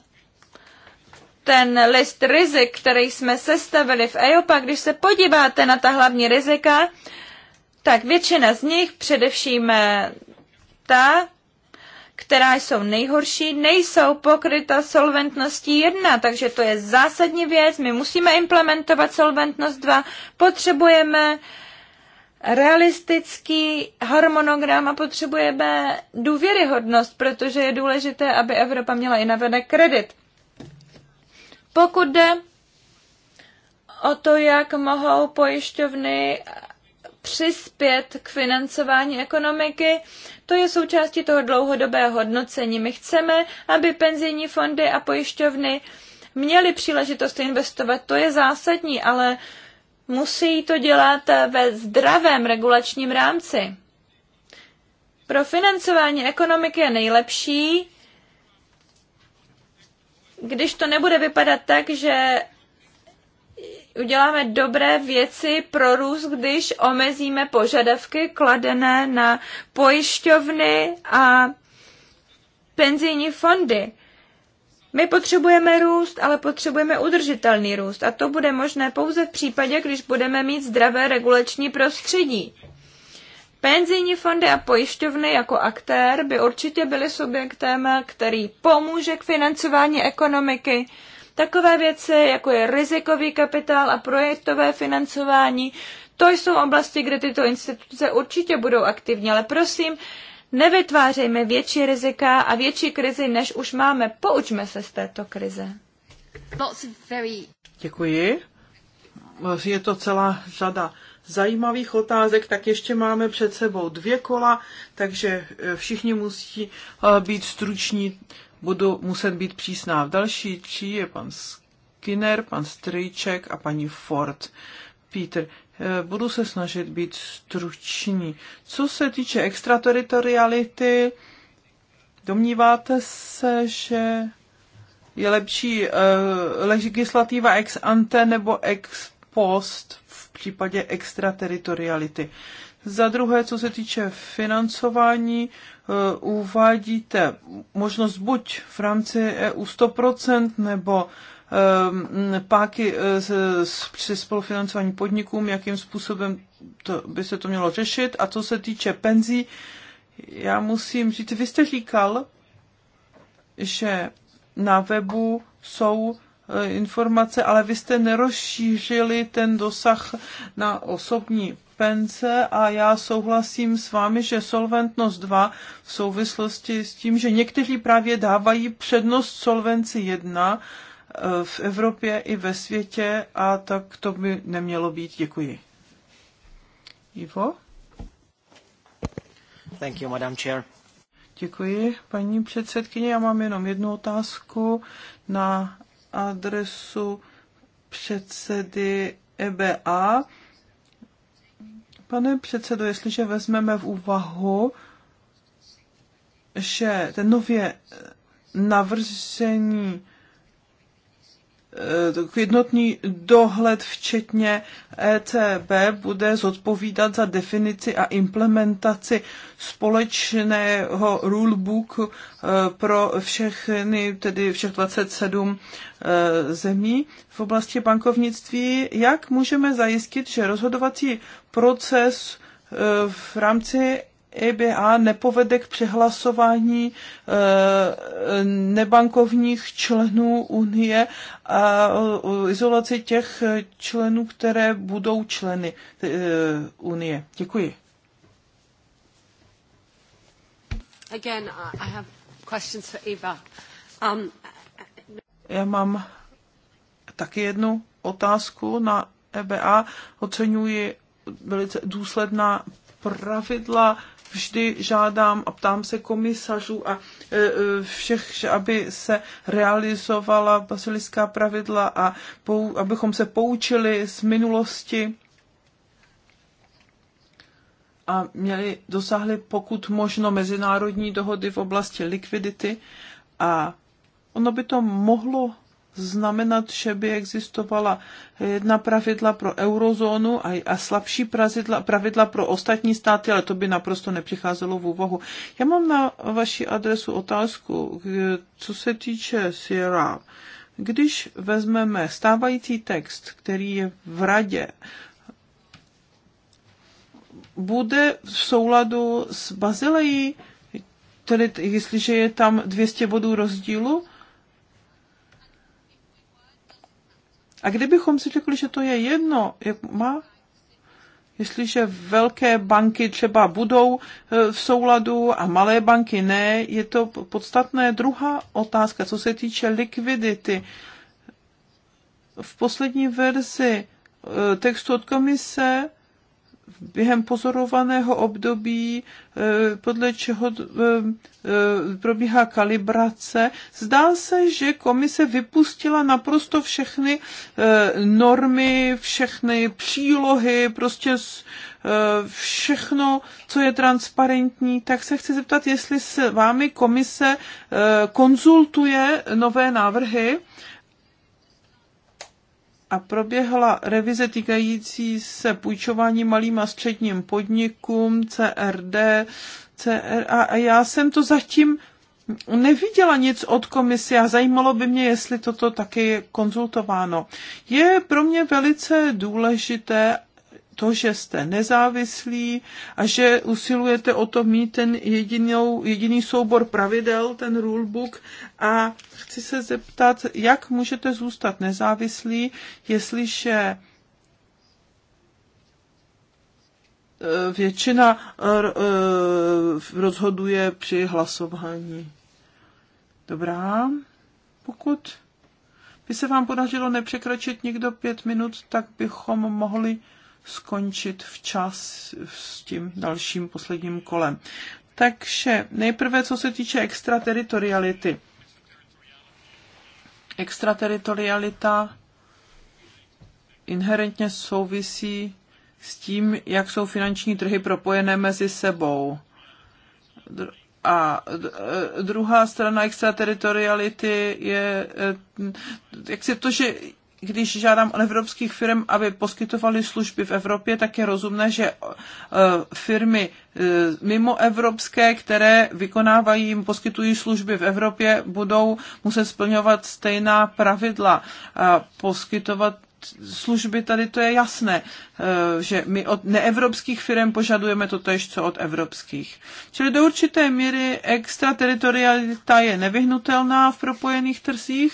ten list rizik, který jsme sestavili v EOPA, když se podíváte na ta hlavní rizika, tak většina z nich, především eh, ta, která jsou nejhorší, nejsou pokryta solventností 1, takže to je zásadní věc. My musíme implementovat solventnost 2, potřebujeme uh, realistický harmonogram a potřebujeme důvěryhodnost, protože je důležité, aby Evropa měla i navenek kredit. Pokud jde o to, jak mohou pojišťovny přispět k financování ekonomiky, to je součástí toho dlouhodobého hodnocení. My chceme, aby penzijní fondy a pojišťovny měly příležitost investovat, to je zásadní, ale musí to dělat eh, ve zdravém regulačním rámci. Pro financování ekonomiky je nejlepší, když to nebude vypadat tak, že uděláme dobré věci pro růst, když omezíme požadavky kladené na pojišťovny a penzijní fondy. My potřebujeme růst, ale potřebujeme udržitelný růst a to bude možné pouze v případě, když budeme mít zdravé regulační prostředí. Penzijní fondy a pojišťovny jako aktér by určitě byly subjektem, který pomůže k financování ekonomiky. Takové věci, jako je rizikový kapitál a projektové financování, to jsou oblasti, kde tyto instituce určitě budou aktivní, ale prosím, Nevytvářejme větší rizika a větší krizi, než už máme. Poučme se z této krize. Děkuji. Je to celá řada zajímavých otázek, tak ještě máme před sebou dvě kola, takže eh, všichni musí eh, být struční, budu muset být přísná. V další tří je pan Skinner, pan Strejček a paní Ford. Peter, Eh, budu se snažit být stručný. Co se týče extrateritoriality, domníváte se, že je lepší eh, legislativa ex ante nebo ex post v případě extrateritoriality? Za druhé, co se týče financování, eh, uvádíte možnost buď v rámci EU 100% nebo Ehm, páky eh, při spolufinancování podnikům, jakým způsobem to, by se to mělo řešit. A co se týče penzí, já musím říct, vy jste říkal, že na webu jsou eh, informace, ale vy jste nerozšířili ten dosah na osobní penze a já souhlasím s vámi, že Solventnost 2 v souvislosti s tím, že někteří právě dávají přednost Solvenci 1, Eh, v Evropě i ve světě a tak to by nemělo být. Děkuji. Ivo? Thank you, Madam Chair. Děkuji, paní předsedkyně. Já mám jenom jednu otázku na adresu předsedy EBA. Pane předsedo, jestliže vezmeme v úvahu, že ten nově navržení Eh, jednotný dohled, včetně ECB, bude zodpovídat za definici a implementaci společného rulebook eh, pro všechny, tedy všech 27 eh, zemí v oblasti bankovnictví. Jak můžeme zajistit, že rozhodovací proces v rámci EBA nepovede k přehlasování e, nebankovních členů Unie a izolaci těch členů, které budou členy e, Unie. Děkuji. Again, I have questions for Eva. Um, Já mám taky jednu otázku na EBA. Oceňuji velice důsledná pravidla vždy žádám a ptám se komisařů a e, e, všech, aby se realizovala basilická pravidla a pou, abychom se poučili z minulosti a měli, dosáhli pokud možno mezinárodní dohody v oblasti likvidity a ono by to mohlo znamenat, že by existovala jedna pravidla pro eurozónu a, a slabší pravidla, pravidla pro ostatní státy, ale to by naprosto nepřicházelo v úvahu. Já mám na vaši adresu otázku, co se týče Sierra. Když vezmeme stávající text, který je v radě, bude v souladu s Bazilejí, tedy jestliže je tam 200 bodů rozdílu, A kdybychom si řekli, že to je jedno, jak má, jestliže velké banky třeba budou e, v souladu a malé banky ne, je to podstatné. Druhá otázka, co se týče likvidity. V poslední verzi e, textu od komise během pozorovaného období, eh, podle čeho eh, eh, probíhá kalibrace. Zdá se, že komise vypustila naprosto všechny normy, všechny přílohy, prostě všechno, co je transparentní, tak se chci zeptat, jestli s vámi komise konzultuje nové návrhy a proběhla revize týkající se půjčování malým a středním podnikům, CRD, CR a já jsem to zatím neviděla nic od komise a zajímalo by mě, jestli toto taky je konzultováno. Je pro mě velice důležité, to, že jste nezávislí a že usilujete o to mít ten jedinou, jediný soubor pravidel, ten rulebook. A chci se zeptat, jak můžete zůstat nezávislí, jestliže e, většina e, rozhoduje při hlasování. Dobrá, pokud by se vám podařilo nepřekročit nikdo pět minut, tak bychom mohli skončit včas s tím dalším posledním kolem. Takže nejprve, co se týče extrateritoriality. Extrateritorialita inherentně souvisí s tím, jak jsou finanční trhy propojené mezi sebou. A druhá strana extrateritoriality je eh, jak si to, že když žádám od evropských firm, aby poskytovali služby v Evropě, tak je rozumné, že e, firmy e, mimo evropské, které vykonávají, jim poskytují služby v Evropě, budou muset splňovat stejná pravidla a poskytovat služby, tady to je jasné, eh, že my od neevropských firm požadujeme to tež, co od evropských. Čili do určité míry extrateritorialita je nevyhnutelná v propojených trzích.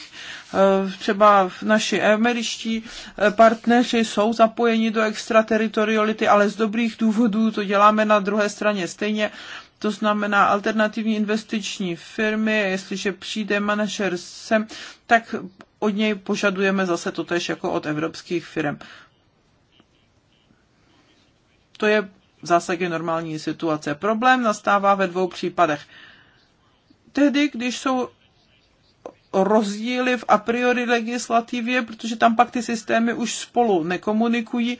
Eh, třeba naši američtí eh, partneři jsou zapojeni do extrateritoriality, ale z dobrých důvodů to děláme na druhé straně stejně. To znamená alternativní investiční firmy, jestliže přijde manažer sem, tak od něj požadujeme zase totež jako od evropských firm. To je v zásadě normální situace. Problém nastává ve dvou případech. Tehdy, když jsou rozdíly v a priori legislativě, protože tam pak ty systémy už spolu nekomunikují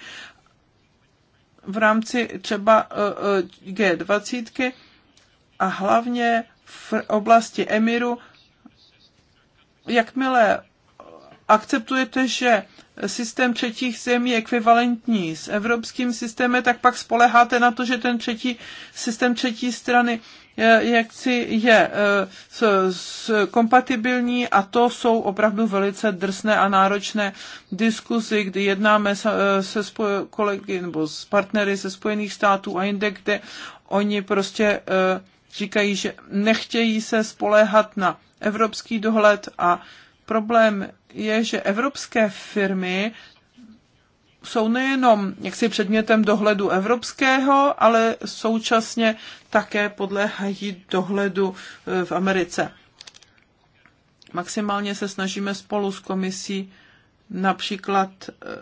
v rámci třeba eh, eh, G20 a hlavně v oblasti Emiru, jakmile akceptujete, že systém třetích zemí je ekvivalentní s evropským systémem, tak pak spoleháte na to, že ten třetí systém třetí strany eh, je, je, eh, je s, s, kompatibilní a to jsou opravdu velice drsné a náročné diskuzi, kdy jednáme eh, se, se spoj, kolegy nebo s partnery ze Spojených států a jinde, kde oni prostě říkají, že nechtějí se spoléhat na evropský dohled a problém je, že evropské firmy jsou nejenom jaksi předmětem dohledu evropského, ale současně také podléhají dohledu e, v Americe. Maximálně se snažíme spolu s komisí například e, e,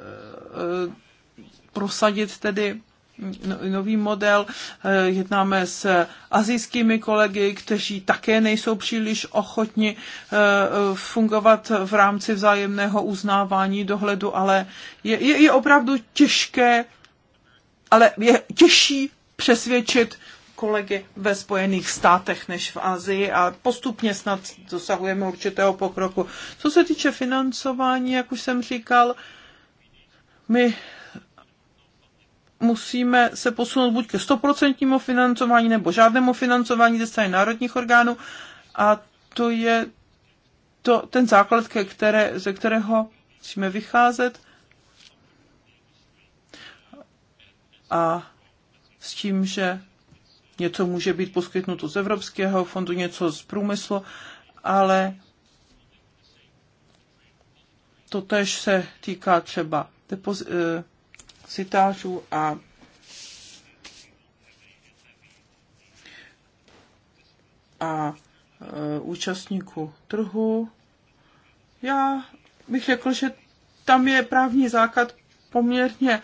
prosadit tedy No, nový model. Eh, jednáme s azijskými kolegy, kteří také nejsou příliš ochotni eh, fungovat v rámci vzájemného uznávání dohledu, ale je, je, je opravdu těžké, ale je těžší přesvědčit kolegy ve Spojených státech než v Azii a postupně snad dosahujeme určitého pokroku. Co se týče financování, jak už jsem říkal, my musíme se posunout buď ke stoprocentnímu financování nebo žádnému financování ze strany národních orgánů a to je to, ten základ, ke které, ze kterého musíme vycházet a s tím, že něco může být poskytnuto z Evropského fondu, něco z průmyslu, ale to tež se týká třeba eh, sitářů a a e, účastníků trhu. Já bych řekl, že tam je právní základ poměrně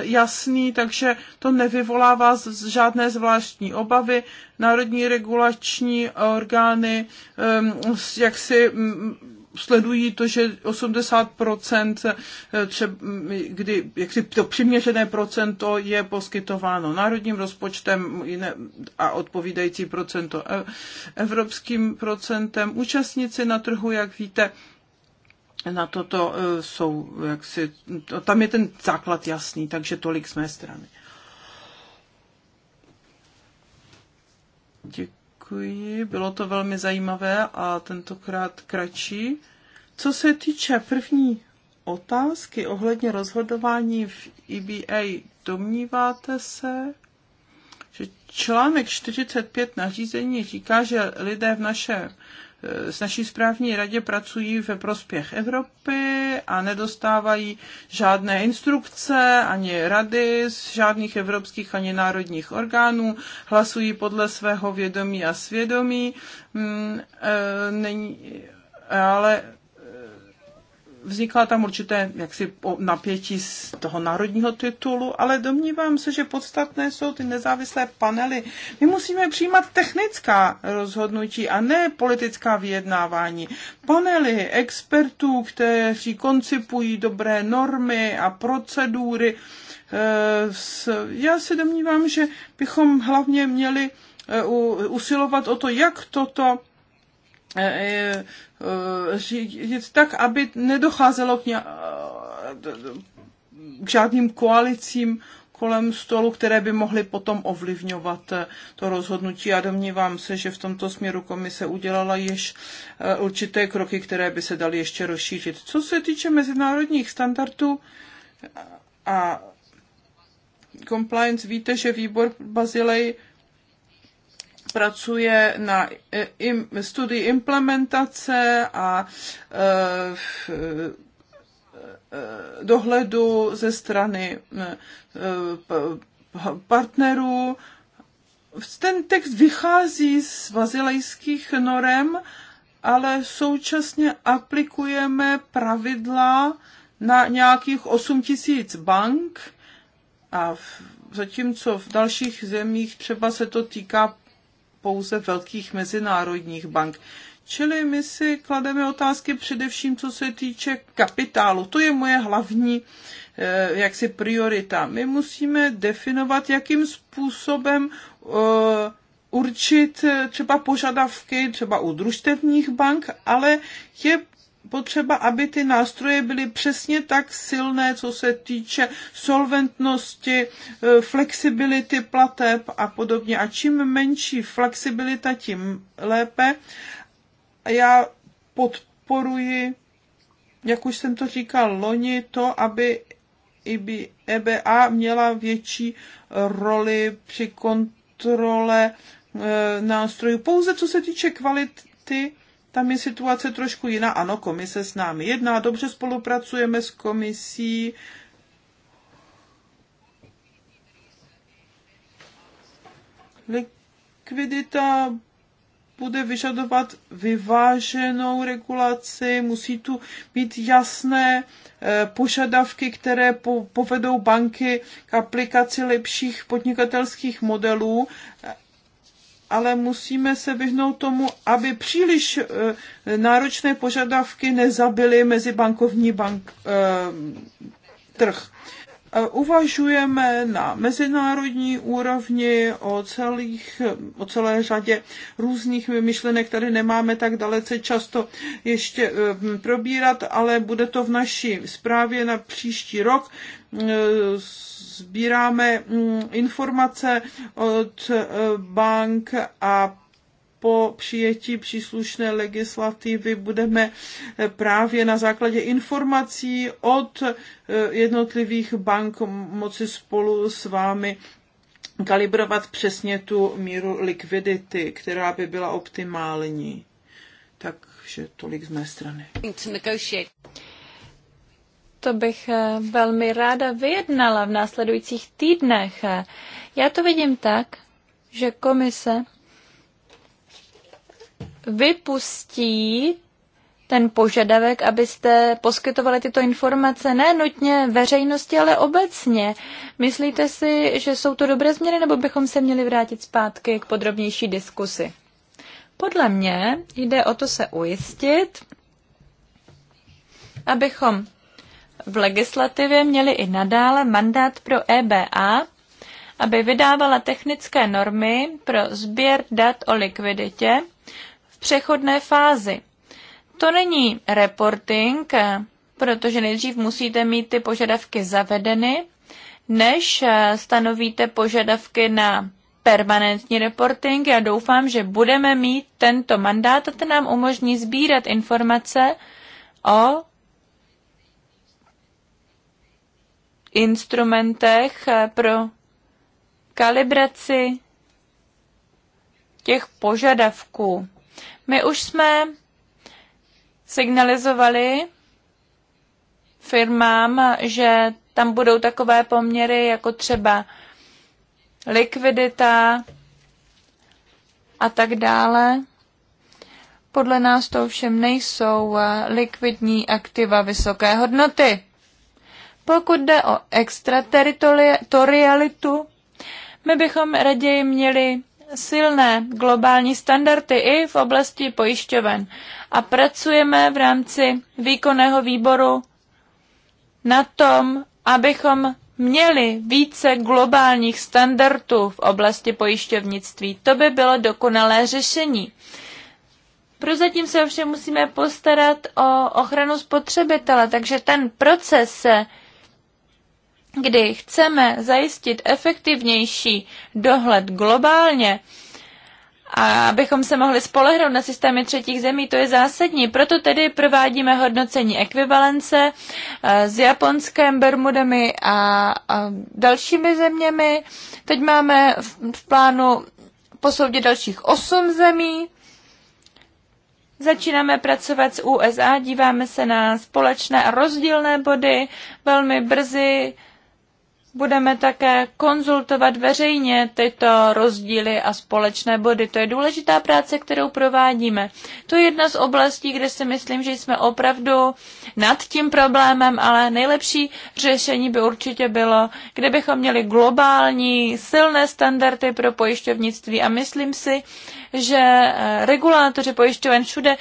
jasný, takže to nevyvolává z, žádné zvláštní obavy. Národní regulační orgány e, jak si sledují to, že 80% eh, třeba, kdy jak si to přiměřené procento je poskytováno národním rozpočtem a odpovídající procento e- evropským procentem. Účastníci na trhu, jak víte, na toto eh, jsou, jak si, tam je ten základ jasný, takže tolik z mé strany. Děkuji. Děkuji, bylo to velmi zajímavé a tentokrát kratší. Co se týče první otázky ohledně rozhodování v EBA, domníváte se, že článek 45 nařízení říká, že lidé v našem Eh, s naší správní radě pracují ve prospěch Evropy a nedostávají žádné instrukce ani rady z žádných evropských ani národních orgánů, hlasují podle svého vědomí a svědomí. Hmm, eh, není, ale vznikla tam určité jaksi napětí z toho národního titulu, ale domnívám se, že podstatné jsou ty nezávislé panely. My musíme přijímat technická rozhodnutí a ne politická vyjednávání. Panely expertů, kteří koncipují dobré normy a procedury. Eh, já se domnívám, že bychom hlavně měli eh, usilovat o to, jak toto Eh, eh, eh, řídit tak, aby nedocházelo k, nějak, k žádným koalicím kolem stolu, které by mohly potom ovlivňovat to rozhodnutí. A domnívám se, že v tomto směru komise udělala již určité kroky, které by se daly ještě rozšířit. Co se týče mezinárodních standardů a compliance, víte, že výbor Bazilej pracuje na e, studii implementace a e, e, dohledu ze strany partnerů. Ten text vychází z vazilejských norem, ale současně aplikujeme pravidla na nějakých 8 tisíc bank a v, zatímco v dalších zemích třeba se to týká pouze velkých mezinárodních bank. Čili my si klademe otázky především, co se týče kapitálu. To je moje hlavní eh, jaksi priorita. My musíme definovat, jakým způsobem eh, určit eh, třeba požadavky třeba u družstevních bank, ale je potřeba, aby ty nástroje byly přesně tak silné, co se týče solventnosti, eh, flexibility plateb a podobně. A čím menší flexibilita, tím lépe. Já podporuji, jak už jsem to říkal loni, to, aby EBA měla větší eh, roli při kontrole eh, nástrojů. Pouze co se týče kvality tam je situace trošku jiná. Ano, komise s námi jedná, dobře spolupracujeme s komisí. Likvidita bude vyžadovat vyváženou regulaci, musí tu být jasné eh, požadavky, které povedou banky k aplikaci lepších podnikatelských modelů ale musíme se vyhnout tomu, aby příliš eh, náročné požadavky nezabily mezibankovní bank, eh, trh uvažujeme na mezinárodní úrovni o, celých, o celé řadě různých myšlenek, které nemáme tak dalece často ještě eh, probírat, ale bude to v naší zprávě na příští rok. Eh, sbíráme mm, informace od eh, bank a po přijetí příslušné legislativy budeme eh, právě na základě informací od eh, jednotlivých bank moci spolu s vámi kalibrovat přesně tu míru likvidity, která by byla optimální. Takže tolik z mé strany. To bych eh, velmi ráda vyjednala v následujících týdnech. Já to vidím tak, že komise vypustí ten požadavek, abyste poskytovali tyto informace ne nutně veřejnosti, ale obecně. Myslíte si, že jsou to dobré změny, nebo bychom se měli vrátit zpátky k podrobnější diskusi? Podle mě jde o to se ujistit, abychom v legislativě měli i nadále mandát pro EBA, aby vydávala technické normy pro sběr dat o likviditě, přechodné fázi. To není reporting, protože nejdřív musíte mít ty požadavky zavedeny, než stanovíte požadavky na permanentní reporting. Já doufám, že budeme mít tento mandát a ten nám umožní sbírat informace o instrumentech pro kalibraci těch požadavků my už jsme signalizovali firmám, že tam budou takové poměry jako třeba likvidita a tak dále. Podle nás to ovšem nejsou eh, likvidní aktiva vysoké hodnoty. Pokud jde o extraterritorialitu, my bychom raději měli silné globální standardy i v oblasti pojišťoven a pracujeme v rámci výkonného výboru na tom, abychom měli více globálních standardů v oblasti pojišťovnictví. To by bylo dokonalé řešení. Prozatím se ovšem musíme postarat o ochranu spotřebitele, takže ten proces se kdy chceme zajistit efektivnější dohled globálně, a abychom se mohli spolehnout na systémy třetích zemí, to je zásadní. Proto tedy provádíme hodnocení ekvivalence e, s Japonskem, Bermudami a, dalšími zeměmi. Teď máme v plánu posoudit dalších osm zemí. Začínáme pracovat s USA, díváme se na společné a rozdílné body. Velmi brzy budeme také konzultovat veřejně tyto rozdíly a společné body. To je důležitá práce, kterou provádíme. To je jedna z oblastí, kde si myslím, že jsme opravdu nad tím problémem, ale nejlepší řešení by určitě bylo, kdybychom měli globální silné standardy pro pojišťovnictví a myslím si, že eh, regulátoři pojišťoven všude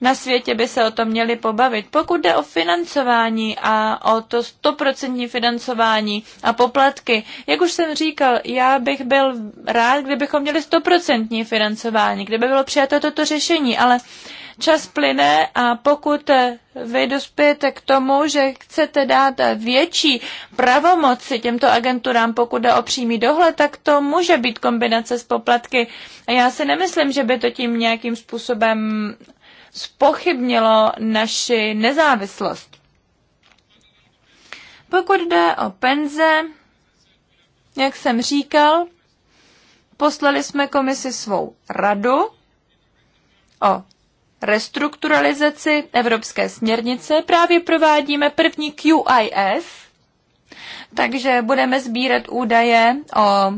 na světě by se o tom měli pobavit. Pokud jde o financování a o to stoprocentní financování a poplatky, jak už jsem říkal, já bych byl rád, kdybychom měli stoprocentní financování, kdyby bylo přijato toto řešení, ale čas plyne a pokud vy dospějete k tomu, že chcete dát větší pravomoci těmto agenturám, pokud jde o přímý dohled, tak to může být kombinace s poplatky. A já si nemyslím, že by to tím nějakým způsobem spochybnilo naši nezávislost. Pokud jde o penze, jak jsem říkal, poslali jsme komisi svou radu o restrukturalizaci Evropské směrnice. Právě provádíme první QIS, takže budeme sbírat údaje o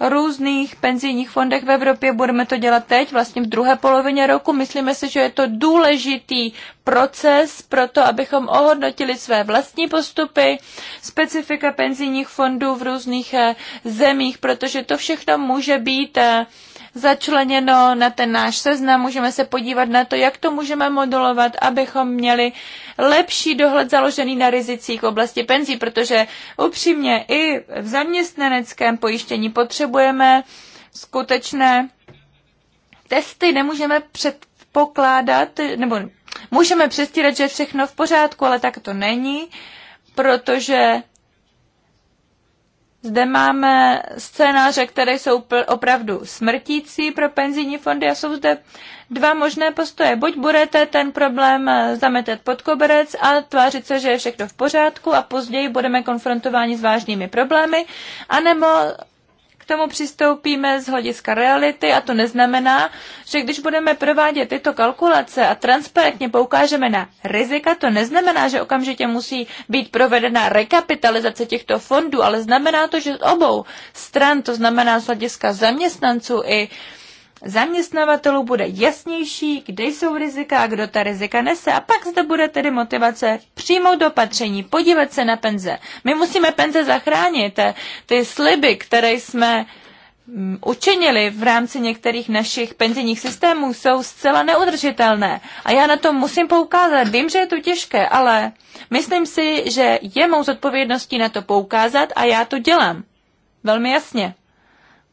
různých penzijních fondech v Evropě. Budeme to dělat teď, vlastně v druhé polovině roku. Myslíme si, že je to důležitý proces pro to, abychom ohodnotili své vlastní postupy, specifika penzijních fondů v různých eh, zemích, protože to všechno může být eh, začleněno na ten náš seznam, můžeme se podívat na to, jak to můžeme modulovat, abychom měli lepší dohled založený na rizicích v oblasti penzí, protože upřímně i v zaměstnaneckém pojištění potřebujeme skutečné testy, nemůžeme předpokládat, nebo můžeme přestírat, že je všechno v pořádku, ale tak to není, protože zde máme scénáře, které jsou opravdu smrtící pro penzijní fondy a jsou zde dva možné postoje. Buď budete ten problém eh, zametet pod koberec a tvářit se, že je všechno v pořádku a později budeme konfrontováni s vážnými problémy, anebo k tomu přistoupíme z hlediska reality a to neznamená, že když budeme provádět tyto kalkulace a transparentně poukážeme na rizika, to neznamená, že okamžitě musí být provedena rekapitalizace těchto fondů, ale znamená to, že z obou stran, to znamená z hlediska zaměstnanců i uh, zaměstnavatelů bude jasnější, kde jsou rizika a kdo ta rizika nese. A pak zde bude tedy motivace přijmout opatření, podívat se na penze. My musíme penze zachránit. Ty sliby, které jsme mm, učinili v rámci některých našich penzijních systémů, jsou zcela neudržitelné. A já na to musím poukázat. Vím, že je to těžké, ale myslím si, že je mou zodpovědností na to poukázat a já to dělám. Velmi jasně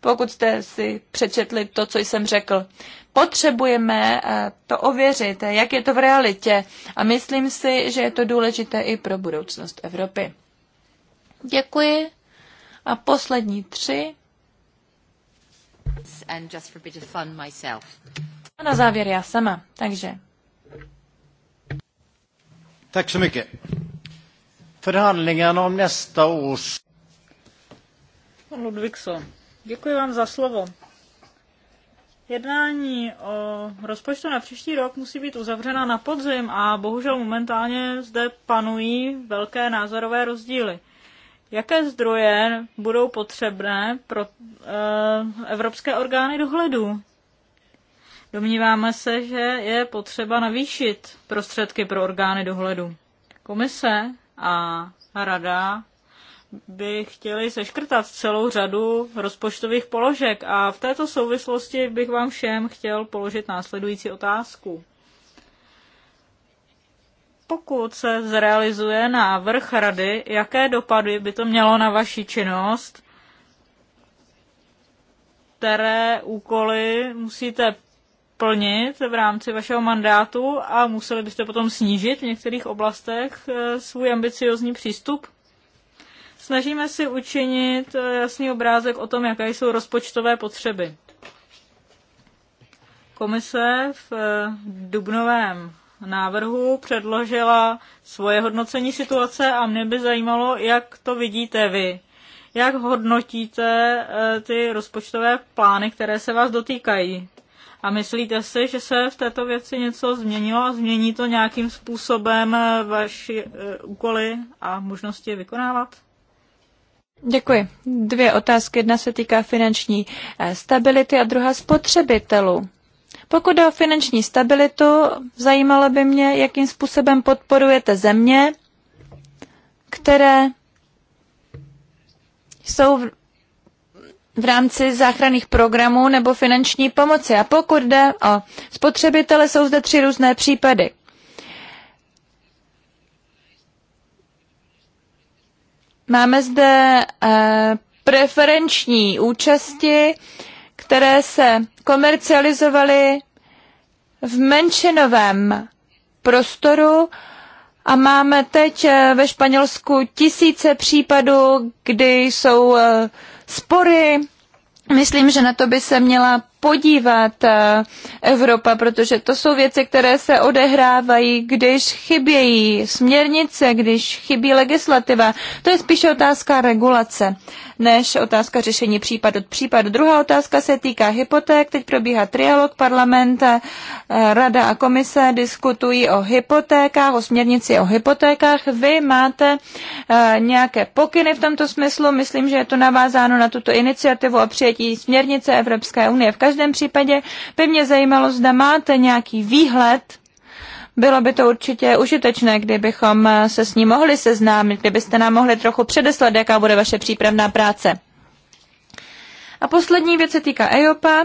pokud jste si přečetli to, co jsem řekl. Potřebujeme eh, to ověřit, jak je to v realitě a myslím si, že je to důležité i pro budoucnost Evropy. Děkuji. A poslední tři. And just for a bit of fun myself. A na závěr já sama, takže. Tak så mycket. Förhandlingarna om nästa års... Ludvigsson. Děkuji vám za slovo. Jednání o rozpočtu na příští rok musí být uzavřena na podzim a bohužel momentálně zde panují velké názorové rozdíly. Jaké zdroje budou potřebné pro eh, evropské orgány dohledu? Domníváme se, že je potřeba navýšit prostředky pro orgány dohledu. Komise a rada by chtěli seškrtat celou řadu rozpočtových položek a v této souvislosti bych vám všem chtěl položit následující otázku. Pokud se zrealizuje návrh rady, jaké dopady by to mělo na vaši činnost, které úkoly musíte plnit v rámci vašeho mandátu a museli byste potom snížit v některých oblastech eh, svůj ambiciozní přístup? Snažíme si učinit eh, jasný obrázek o tom, jaké jsou rozpočtové potřeby. Komise v eh, dubnovém návrhu předložila svoje hodnocení situace a mě by zajímalo, jak to vidíte vy. Jak hodnotíte eh, ty rozpočtové plány, které se vás dotýkají? A myslíte si, že se v této věci něco změnilo a změní to nějakým způsobem vaše úkoly a možnosti vykonávat? Děkuji. Dvě otázky. Jedna se týká finanční eh, stability a druhá spotřebitelů. Pokud jde o finanční stabilitu, zajímalo by mě, jakým způsobem podporujete země, které jsou v rámci záchranných programů nebo finanční pomoci. A pokud jde o spotřebitele, jsou zde tři různé případy. Máme zde eh, preferenční účasti, které se komercializovaly v menšinovém prostoru a máme teď eh, ve Španělsku tisíce případů, kdy jsou eh, spory. Myslím, že na to by se měla podívat eh, Evropa, protože to jsou věci, které se odehrávají, když chybějí směrnice, když chybí legislativa. To je spíše otázka regulace, než otázka řešení případ od případu. Druhá otázka se týká hypoték. Teď probíhá trialog, Parlamenta, eh, rada a komise diskutují o hypotékách, o směrnici o hypotékách. Vy máte eh, nějaké pokyny v tomto smyslu. Myslím, že je to navázáno na tuto iniciativu o přijetí směrnice Evropské unie. V každém případě by mě zajímalo, zda máte nějaký výhled, bylo by to určitě užitečné, kdybychom se s ní mohli seznámit, kdybyste nám mohli trochu předeslat, jaká bude vaše přípravná práce. A poslední věc se týká EOPA.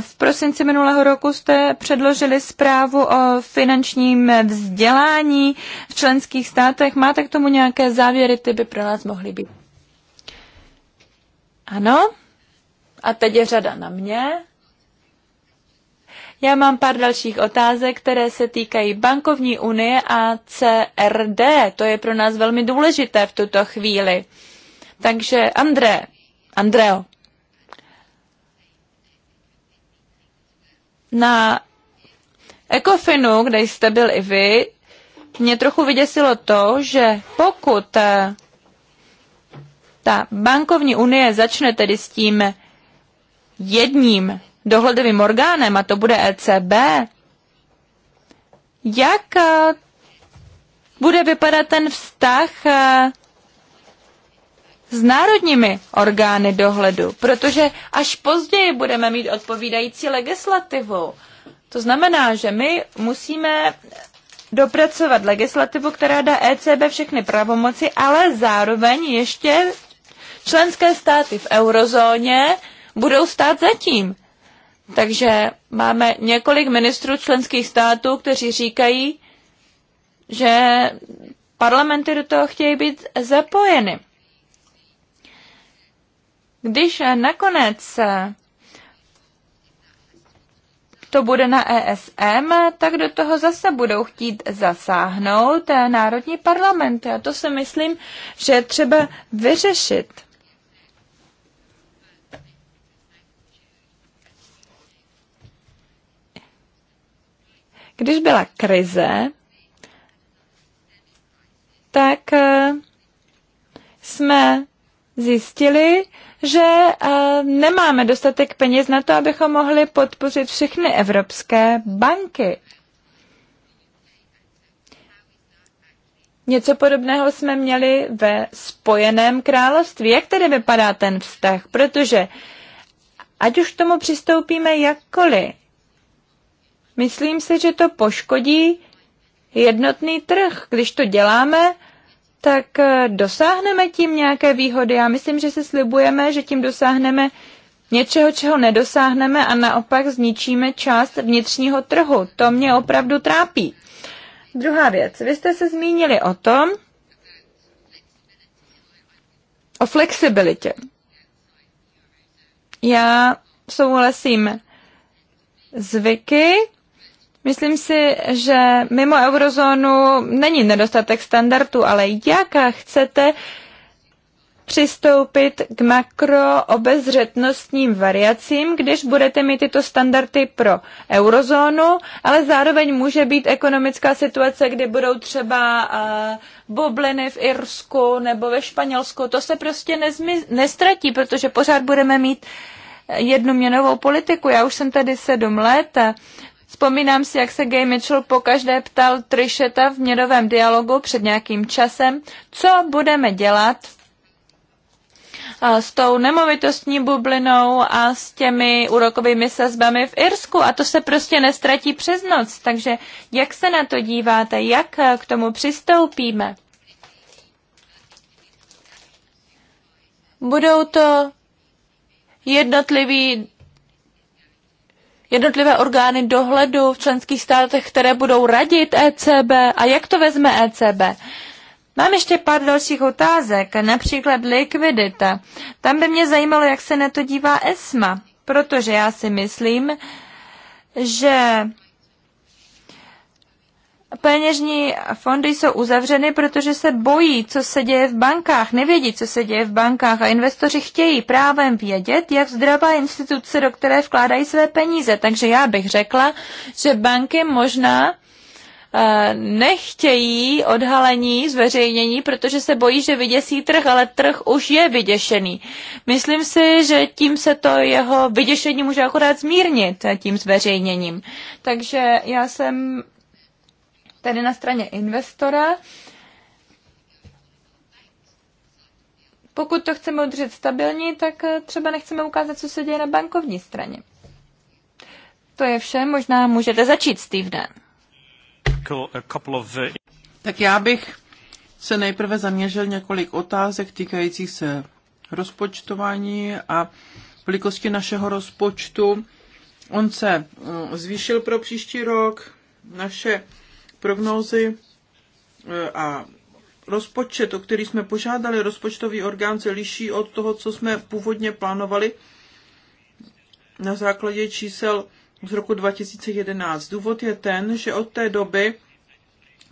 V prosinci minulého roku jste předložili zprávu o finančním vzdělání v členských státech. Máte k tomu nějaké závěry, ty by pro nás mohly být? Ano? A teď je řada na mě. Já mám pár dalších otázek, které se týkají bankovní unie a CRD. To je pro nás velmi důležité v tuto chvíli. Takže André, Andreo, na Ecofinu, kde jste byl i vy, mě trochu vyděsilo to, že pokud eh, ta bankovní unie začne tedy s tím jedním dohledovým orgánem, a to bude ECB, jak eh, bude vypadat ten vztah eh, s národními orgány dohledu, protože až později budeme mít odpovídající legislativu. To znamená, že my musíme dopracovat legislativu, která dá ECB všechny pravomoci, ale zároveň ještě členské státy v eurozóně budou stát zatím. Takže máme několik ministrů členských států, kteří říkají, že parlamenty do toho chtějí být zapojeny. Když nakonec to bude na ESM, tak do toho zase budou chtít zasáhnout národní parlamenty. A to si myslím, že je třeba vyřešit. Když byla krize, tak eh, jsme zjistili, že eh, nemáme dostatek peněz na to, abychom mohli podpořit všechny evropské banky. Něco podobného jsme měli ve Spojeném království. Jak tedy vypadá ten vztah? Protože ať už k tomu přistoupíme jakkoliv, Myslím si, že to poškodí jednotný trh. Když to děláme, tak eh, dosáhneme tím nějaké výhody. Já myslím, že si slibujeme, že tím dosáhneme něčeho, čeho nedosáhneme a naopak zničíme část vnitřního trhu. To mě opravdu trápí. Druhá věc. Vy jste se zmínili o tom, o flexibilitě. Já souhlasím zvyky, Myslím si, že mimo eurozónu není nedostatek standardů, ale jak chcete přistoupit k makroobezřetnostním variacím, když budete mít tyto standardy pro eurozónu, ale zároveň může být ekonomická situace, kdy budou třeba uh, bubliny v Irsku nebo ve Španělsku. To se prostě nezmi- nestratí, protože pořád budeme mít jednu měnovou politiku. Já už jsem tady sedm let Vzpomínám si, jak se Gay Mitchell pokaždé ptal Trisheta v měrovém dialogu před nějakým časem, co budeme dělat s tou nemovitostní bublinou a s těmi úrokovými sazbami v Irsku a to se prostě nestratí přes noc. Takže jak se na to díváte, jak eh, k tomu přistoupíme? Budou to jednotliví jednotlivé orgány dohledu v členských státech, které budou radit ECB a jak to vezme ECB. Mám ještě pár dalších otázek, například likvidita. Tam by mě zajímalo, jak se na to dívá ESMA, protože já si myslím, že peněžní fondy jsou uzavřeny, protože se bojí, co se děje v bankách, nevědí, co se děje v bankách a investoři chtějí právem vědět, jak zdravá instituce, do které vkládají své peníze. Takže já bych řekla, že banky možná eh, nechtějí odhalení, zveřejnění, protože se bojí, že vyděsí trh, ale trh už je vyděšený. Myslím si, že tím se to jeho vyděšení může akorát zmírnit eh, tím zveřejněním. Takže já jsem tedy na straně investora. Pokud to chceme udržet stabilní, tak eh, třeba nechceme ukázat, co se děje na bankovní straně. To je vše, možná můžete začít, Steve. Uh, tak já bych se nejprve zaměřil několik otázek týkajících se rozpočtování a velikosti našeho rozpočtu. On se mm, zvýšil pro příští rok. Naše prognózy eh, a rozpočet, o který jsme požádali, rozpočtový orgán se liší od toho, co jsme původně plánovali na základě čísel z roku 2011. Důvod je ten, že od té doby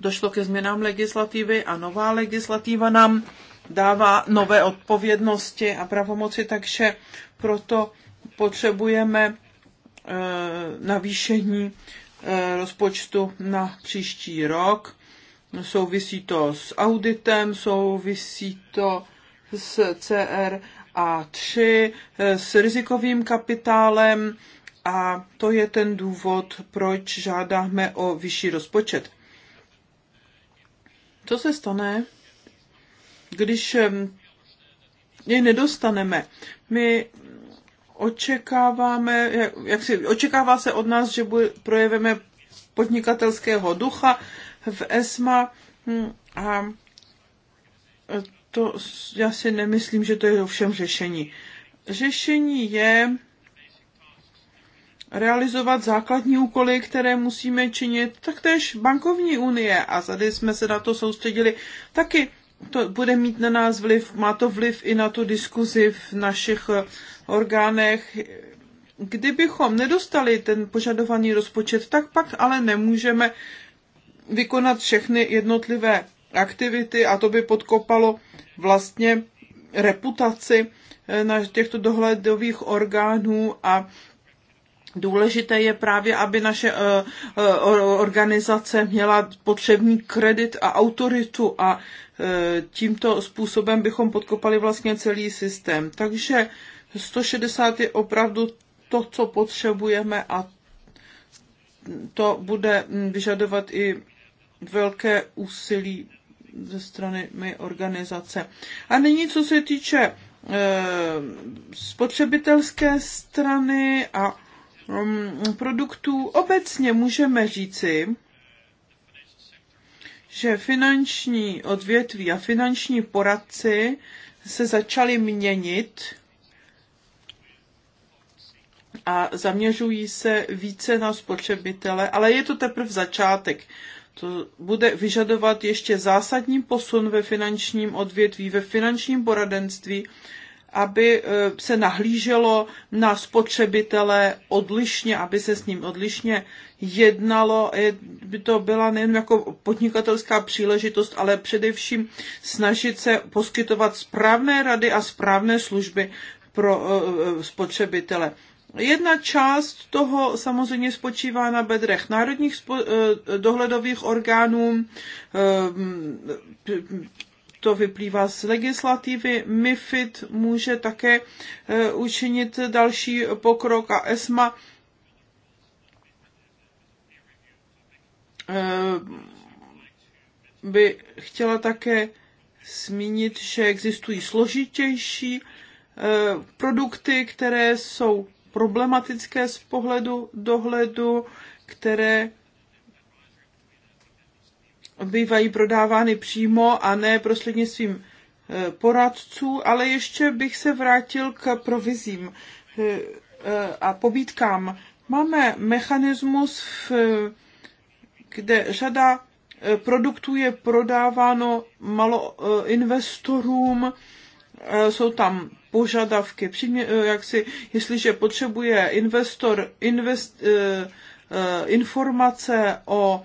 došlo ke změnám legislativy a nová legislativa nám dává nové odpovědnosti a pravomoci, takže proto potřebujeme eh, navýšení Eh, rozpočtu na příští rok. Souvisí to s auditem, souvisí to s CR a 3, eh, s rizikovým kapitálem a to je ten důvod, proč žádáme o vyšší rozpočet. Co se stane, když eh, jej nedostaneme? My očekáváme, jak si, očekává se od nás, že bude, projeveme podnikatelského ducha v ESMA hm, a to já si nemyslím, že to je ovšem řešení. Řešení je realizovat základní úkoly, které musíme činit, taktéž bankovní unie. A tady jsme se na to soustředili taky. To bude mít na nás vliv, má to vliv i na tu diskuzi v našich orgánech. Kdybychom nedostali ten požadovaný rozpočet, tak pak ale nemůžeme vykonat všechny jednotlivé aktivity a to by podkopalo vlastně reputaci eh, na těchto dohledových orgánů a Důležité je právě, aby naše eh, eh, organizace měla potřebný kredit a autoritu a tímto způsobem bychom podkopali vlastně celý systém. Takže 160 je opravdu to, co potřebujeme a to bude vyžadovat i velké úsilí ze strany mé organizace. A nyní, co se týče e, spotřebitelské strany a um, produktů, obecně můžeme říci, že finanční odvětví a finanční poradci se začali měnit a zaměřují se více na spotřebitele, ale je to teprve začátek. To bude vyžadovat ještě zásadní posun ve finančním odvětví, ve finančním poradenství, aby eh, se nahlíželo na spotřebitele odlišně, aby se s ním odlišně jednalo. By to byla nejen jako podnikatelská příležitost, ale především snažit se poskytovat správné rady a správné služby pro eh, eh, spotřebitele. Jedna část toho samozřejmě spočívá na bedrech národních spo- eh, dohledových orgánů, eh, to vyplývá z legislativy. MIFID může také eh, učinit další pokrok a ESMA by chtěla také zmínit, že existují složitější produkty, které jsou problematické z pohledu dohledu, které bývají prodávány přímo a ne prostřednictvím eh, poradců, ale ještě bych se vrátil k provizím eh, a pobítkám. Máme mechanismus, kde řada eh, produktů je prodáváno malo investorům, jsou tam požadavky. přímě, eh, jak si, jestliže potřebuje investor invest, eh, eh, informace o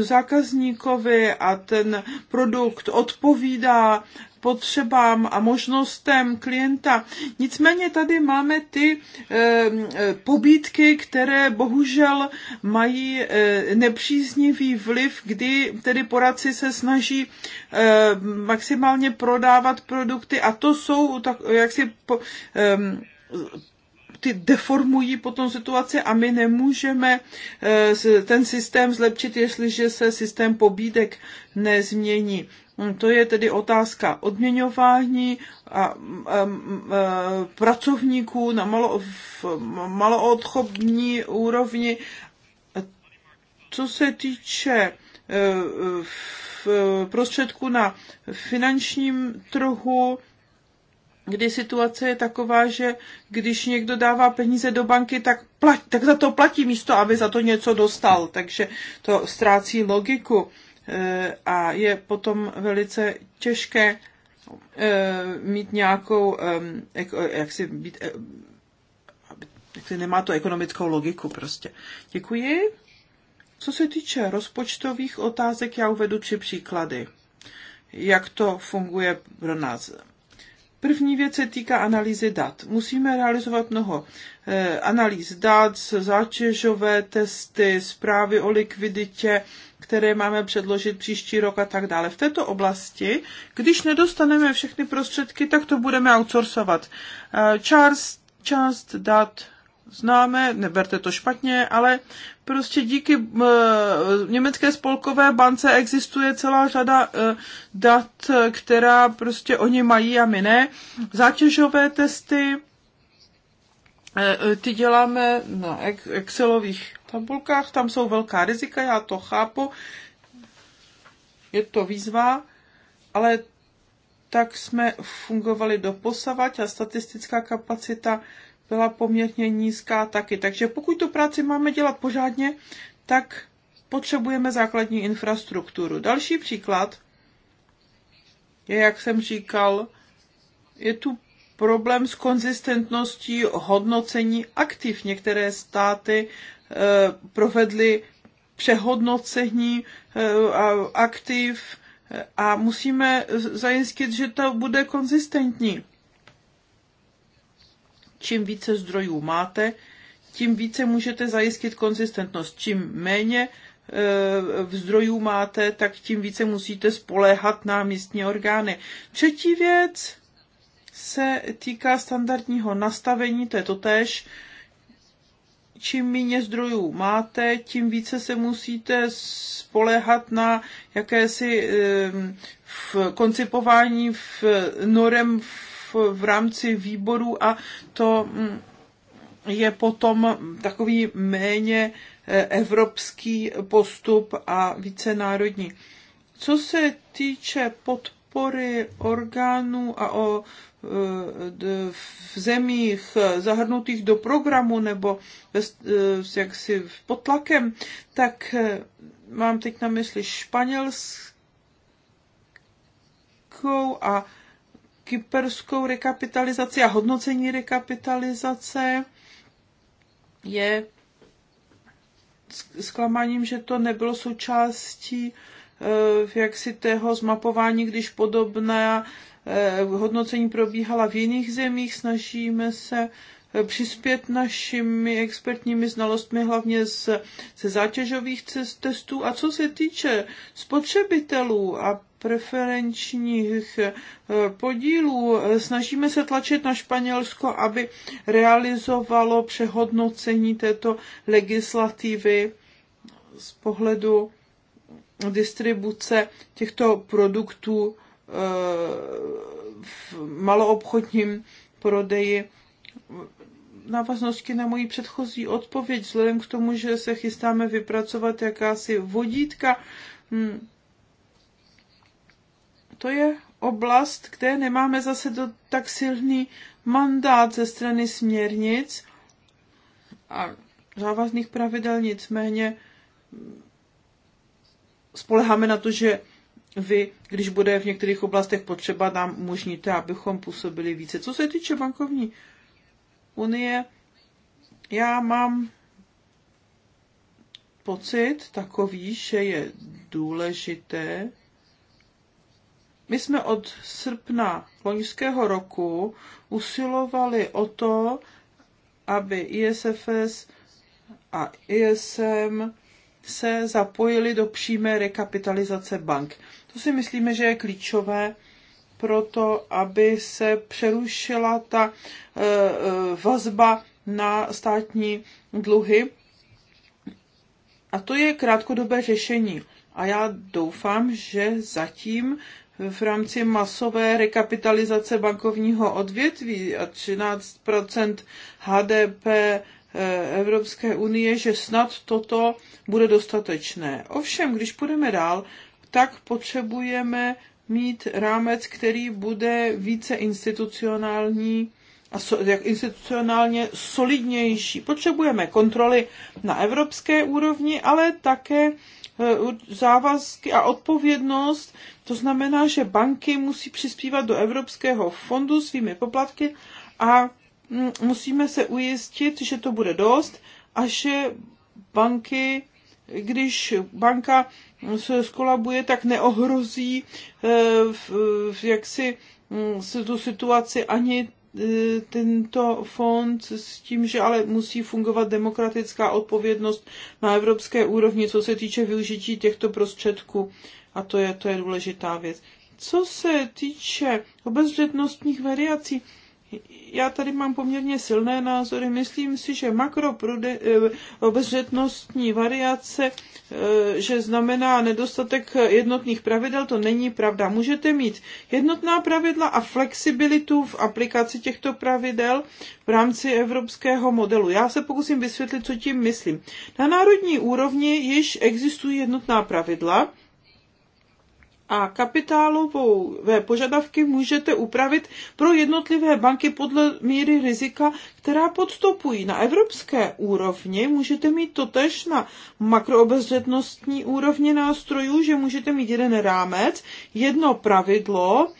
zákazníkovi a ten produkt odpovídá potřebám a možnostem klienta. Nicméně tady máme ty pobídky, které bohužel mají eh, nepříznivý vliv, kdy tedy poradci se snaží eh, maximálně prodávat produkty a to jsou tak, jaksi po, ty deformují potom situaci a my nemůžeme eh, ten systém zlepšit, jestliže se systém pobídek nezmění. Mm, to je tedy otázka odměňování a, a, mm, a mm, eh, pracovníků na malo, v maloodchobní úrovni. Co se týče eh, prostředků na finančním trhu, kdy situace je taková, že když někdo dává peníze do banky, tak, plat, tak za to platí místo, aby za to něco dostal. Takže to ztrácí logiku e, a je potom velice těžké e, mít nějakou, e, jak si být, jak si nemá to ekonomickou logiku prostě. Děkuji. Co se týče rozpočtových otázek, já uvedu tři příklady, jak to funguje pro nás. První věc se týká analýzy dat. Musíme realizovat mnoho eh, analýz dat, zátěžové testy, zprávy o likviditě, které máme předložit příští rok a tak dále. V této oblasti, když nedostaneme všechny prostředky, tak to budeme outsourcovat. Eh, část, část dat známe, neberte to špatně, ale prostě díky e, německé spolkové bance existuje celá řada e, dat, která prostě oni mají a my ne. Zátěžové testy, e, ty děláme na Excelových tabulkách, tam jsou velká rizika, já to chápu, je to výzva, ale tak jsme fungovali do posavať a statistická kapacita byla poměrně nízká taky. Takže pokud tu práci máme dělat pořádně, tak potřebujeme základní infrastrukturu. Další příklad je, jak jsem říkal, je tu problém s konzistentností hodnocení aktiv. Některé státy eh, provedly přehodnocení eh, aktiv eh, a musíme zajistit, že to bude konzistentní čím více zdrojů máte, tím více můžete zajistit konzistentnost. Čím méně e, v zdrojů máte, tak tím více musíte spoléhat na místní orgány. Třetí věc se týká standardního nastavení, to je to tež. Čím méně zdrojů máte, tím více se musíte spoléhat na jakési e, v koncipování v norem v v, rámci výboru a to mm, je potom takový méně eh, evropský postup a více národní. Co se týče podpory orgánů a o, eh, v zemích zahrnutých do programu nebo bez, eh, jaksi pod tlakem, tak mám teď na mysli Španělskou a kyperskou rekapitalizaci a hodnocení rekapitalizace je zklamáním, že to nebylo součástí eh, jaksi tého zmapování, když podobné eh, hodnocení probíhala v jiných zemích. Snažíme se eh, přispět našimi expertními znalostmi, hlavně z, ze zátěžových testů. A co se týče spotřebitelů a preferenčních eh, podílů. Snažíme se tlačit na Španělsko, aby realizovalo přehodnocení této legislativy z pohledu distribuce těchto produktů eh, v maloobchodním prodeji návaznosti na moji předchozí odpověď, vzhledem k tomu, že se chystáme vypracovat jakási vodítka, hm, to je oblast, kde nemáme zase do tak silný mandát ze strany směrnic a závazných pravidel, nicméně spoleháme na to, že vy, když bude v některých oblastech potřeba, nám umožníte, abychom působili více. Co se týče bankovní unie, já mám pocit takový, že je důležité, my jsme od srpna loňského roku usilovali o to, aby ISFS a ISM se zapojili do přímé rekapitalizace bank. To si myslíme, že je klíčové pro to, aby se přerušila ta e, e, vazba na státní dluhy. A to je krátkodobé řešení. A já doufám, že zatím v rámci masové rekapitalizace bankovního odvětví a 13 HDP eh, Evropské unie, že snad toto bude dostatečné. Ovšem, když půjdeme dál, tak potřebujeme mít rámec, který bude více institucionální a so, jak institucionálně solidnější. Potřebujeme kontroly na evropské úrovni, ale také E, závazky a odpovědnost. To znamená, že banky musí přispívat do Evropského fondu svými poplatky a mm, musíme se ujistit, že to bude dost a že banky, když banka se skolabuje, tak neohrozí e, jaksi mm, tu situaci ani E, tento fond s tím, že ale musí fungovat demokratická odpovědnost na evropské úrovni, co se týče využití těchto prostředků. A to je, to je důležitá věc. Co se týče obezřetnostních variací, já tady mám poměrně silné názory. Myslím si, že makroobezřetnostní eh, variace, eh, že znamená nedostatek jednotných pravidel, to není pravda. Můžete mít jednotná pravidla a flexibilitu v aplikaci těchto pravidel v rámci evropského modelu. Já se pokusím vysvětlit, co tím myslím. Na národní úrovni již existují jednotná pravidla, a kapitálové požadavky můžete upravit pro jednotlivé banky podle míry rizika, která podstupují. Na evropské úrovni můžete mít totež na makroobezřetnostní úrovni nástrojů, že můžete mít jeden rámec, jedno pravidlo,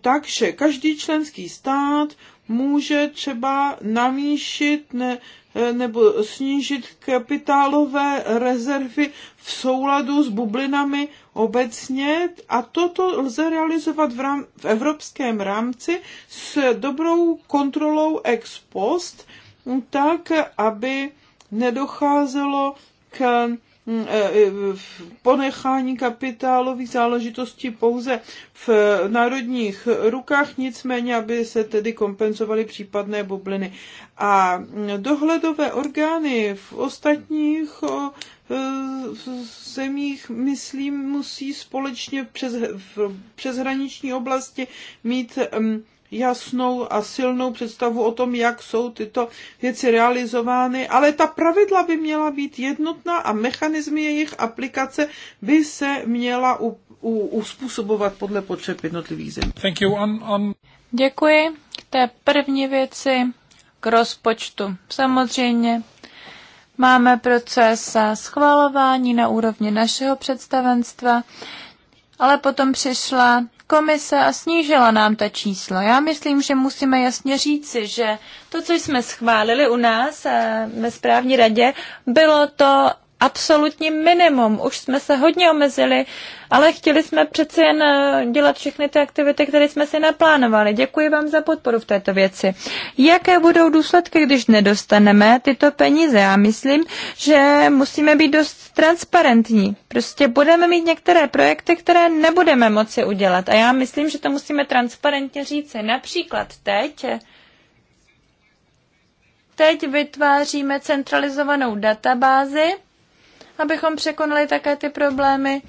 takže každý členský stát může třeba navýšit ne, nebo snížit kapitálové rezervy v souladu s bublinami obecně a toto lze realizovat v, rám, v evropském rámci s dobrou kontrolou ex post, tak, aby nedocházelo k mm, e, e, ponechání kapitálových záležitostí pouze v národních rukách, nicméně, aby se tedy kompenzovaly případné bubliny. A dohledové orgány v ostatních Eh, zemích, myslím, musí společně přes, v přeshraniční oblasti mít jasnou a silnou představu o tom, jak jsou tyto věci realizovány, ale ta pravidla by měla být jednotná a mechanismy jejich aplikace by se měla u, u, uspůsobovat podle potřeb jednotlivých zemí. Thank you. On, on... Děkuji. K té první věci, k rozpočtu. Samozřejmě Máme proces schvalování na úrovni našeho představenstva, ale potom přišla komise a snížila nám ta čísla. Já myslím, že musíme jasně říci, že to, co jsme schválili u nás ve správní radě, bylo to absolutní minimum. Už jsme se hodně omezili, ale chtěli jsme přeci jen eh, dělat všechny ty aktivity, které jsme si naplánovali. Děkuji vám za podporu v této věci. Jaké budou důsledky, když nedostaneme tyto peníze? Já myslím, že musíme být dost transparentní. Prostě budeme mít některé projekty, které nebudeme moci udělat. A já myslím, že to musíme transparentně říci. Například teď teď vytváříme centralizovanou databázi, abychom překonali také ty problémy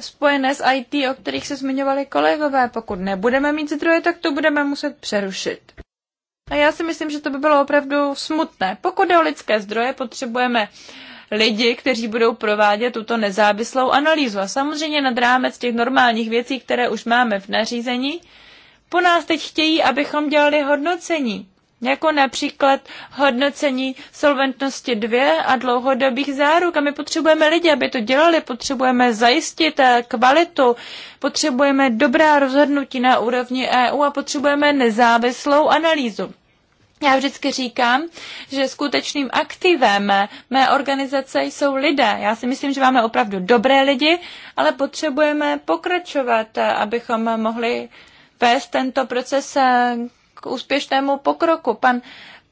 spojené s IT, o kterých se zmiňovali kolegové. Pokud nebudeme mít zdroje, tak to budeme muset přerušit. A já si myslím, že to by bylo opravdu smutné. Pokud je o lidské zdroje, potřebujeme lidi, kteří budou provádět tuto nezávislou analýzu. A samozřejmě nad rámec těch normálních věcí, které už máme v nařízení, po nás teď chtějí, abychom dělali hodnocení jako například hodnocení solventnosti 2 a dlouhodobých záruk. A my potřebujeme lidi, aby to dělali, potřebujeme zajistit eh, kvalitu, potřebujeme dobrá rozhodnutí na úrovni EU a potřebujeme nezávislou analýzu. Já vždycky říkám, že skutečným aktivem mé organizace jsou lidé. Já si myslím, že máme opravdu dobré lidi, ale potřebujeme pokračovat, eh, abychom mohli vést tento proces eh, k úspěšnému pokroku. Pan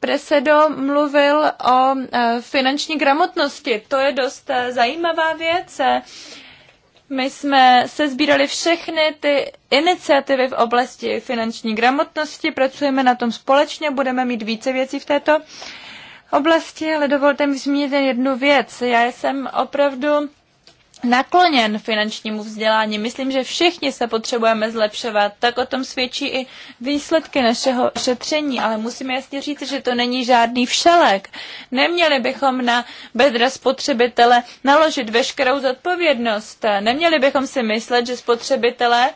Presedo mluvil o e, finanční gramotnosti. To je dost e, zajímavá věc. E, my jsme se sbírali všechny ty iniciativy v oblasti finanční gramotnosti, pracujeme na tom společně, budeme mít více věcí v této oblasti, ale dovolte mi zmínit jednu věc. Já jsem opravdu nakloněn finančnímu vzdělání. Myslím, že všichni se potřebujeme zlepšovat. Tak o tom svědčí i výsledky našeho šetření, ale musím jasně říct, že to není žádný všelek. Neměli bychom na bedra spotřebitele naložit veškerou zodpovědnost. Neměli bychom si myslet, že spotřebitelé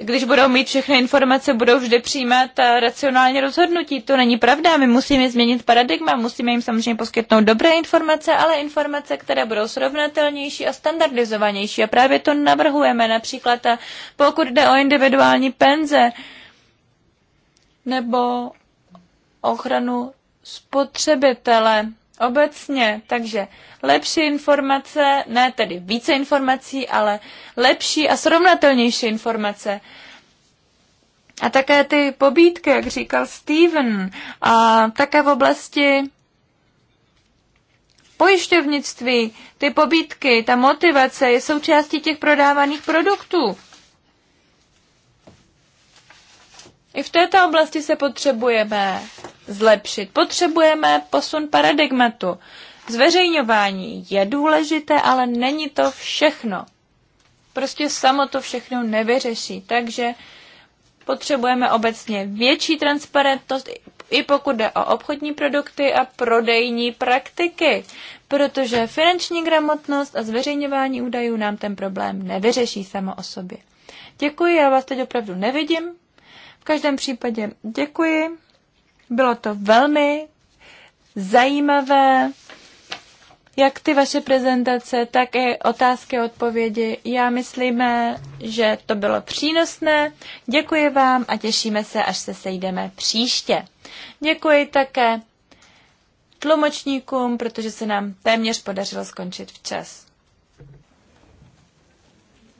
když budou mít všechny informace, budou vždy přijímat eh, racionální rozhodnutí. To není pravda. My musíme změnit paradigma, musíme jim samozřejmě poskytnout dobré informace, ale informace, které budou srovnatelnější a standardizovanější. A právě to navrhujeme například, eh, pokud jde o individuální penze nebo ochranu spotřebitele obecně. Takže lepší informace, ne tedy více informací, ale lepší a srovnatelnější informace. A také ty pobídky, jak říkal Steven, a také v oblasti pojišťovnictví, ty pobídky, ta motivace je součástí těch prodávaných produktů. I v této oblasti se potřebujeme zlepšit. Potřebujeme posun paradigmatu. Zveřejňování je důležité, ale není to všechno. Prostě samo to všechno nevyřeší. Takže potřebujeme obecně větší transparentnost, i pokud jde o obchodní produkty a prodejní praktiky, protože finanční gramotnost a zveřejňování údajů nám ten problém nevyřeší samo o sobě. Děkuji, já vás teď opravdu nevidím. V každém případě děkuji. Bylo to velmi zajímavé, jak ty vaše prezentace, tak i otázky a odpovědi. Já myslím, že to bylo přínosné. Děkuji vám a těšíme se, až se sejdeme příště. Děkuji také tlumočníkům, protože se nám téměř podařilo skončit včas.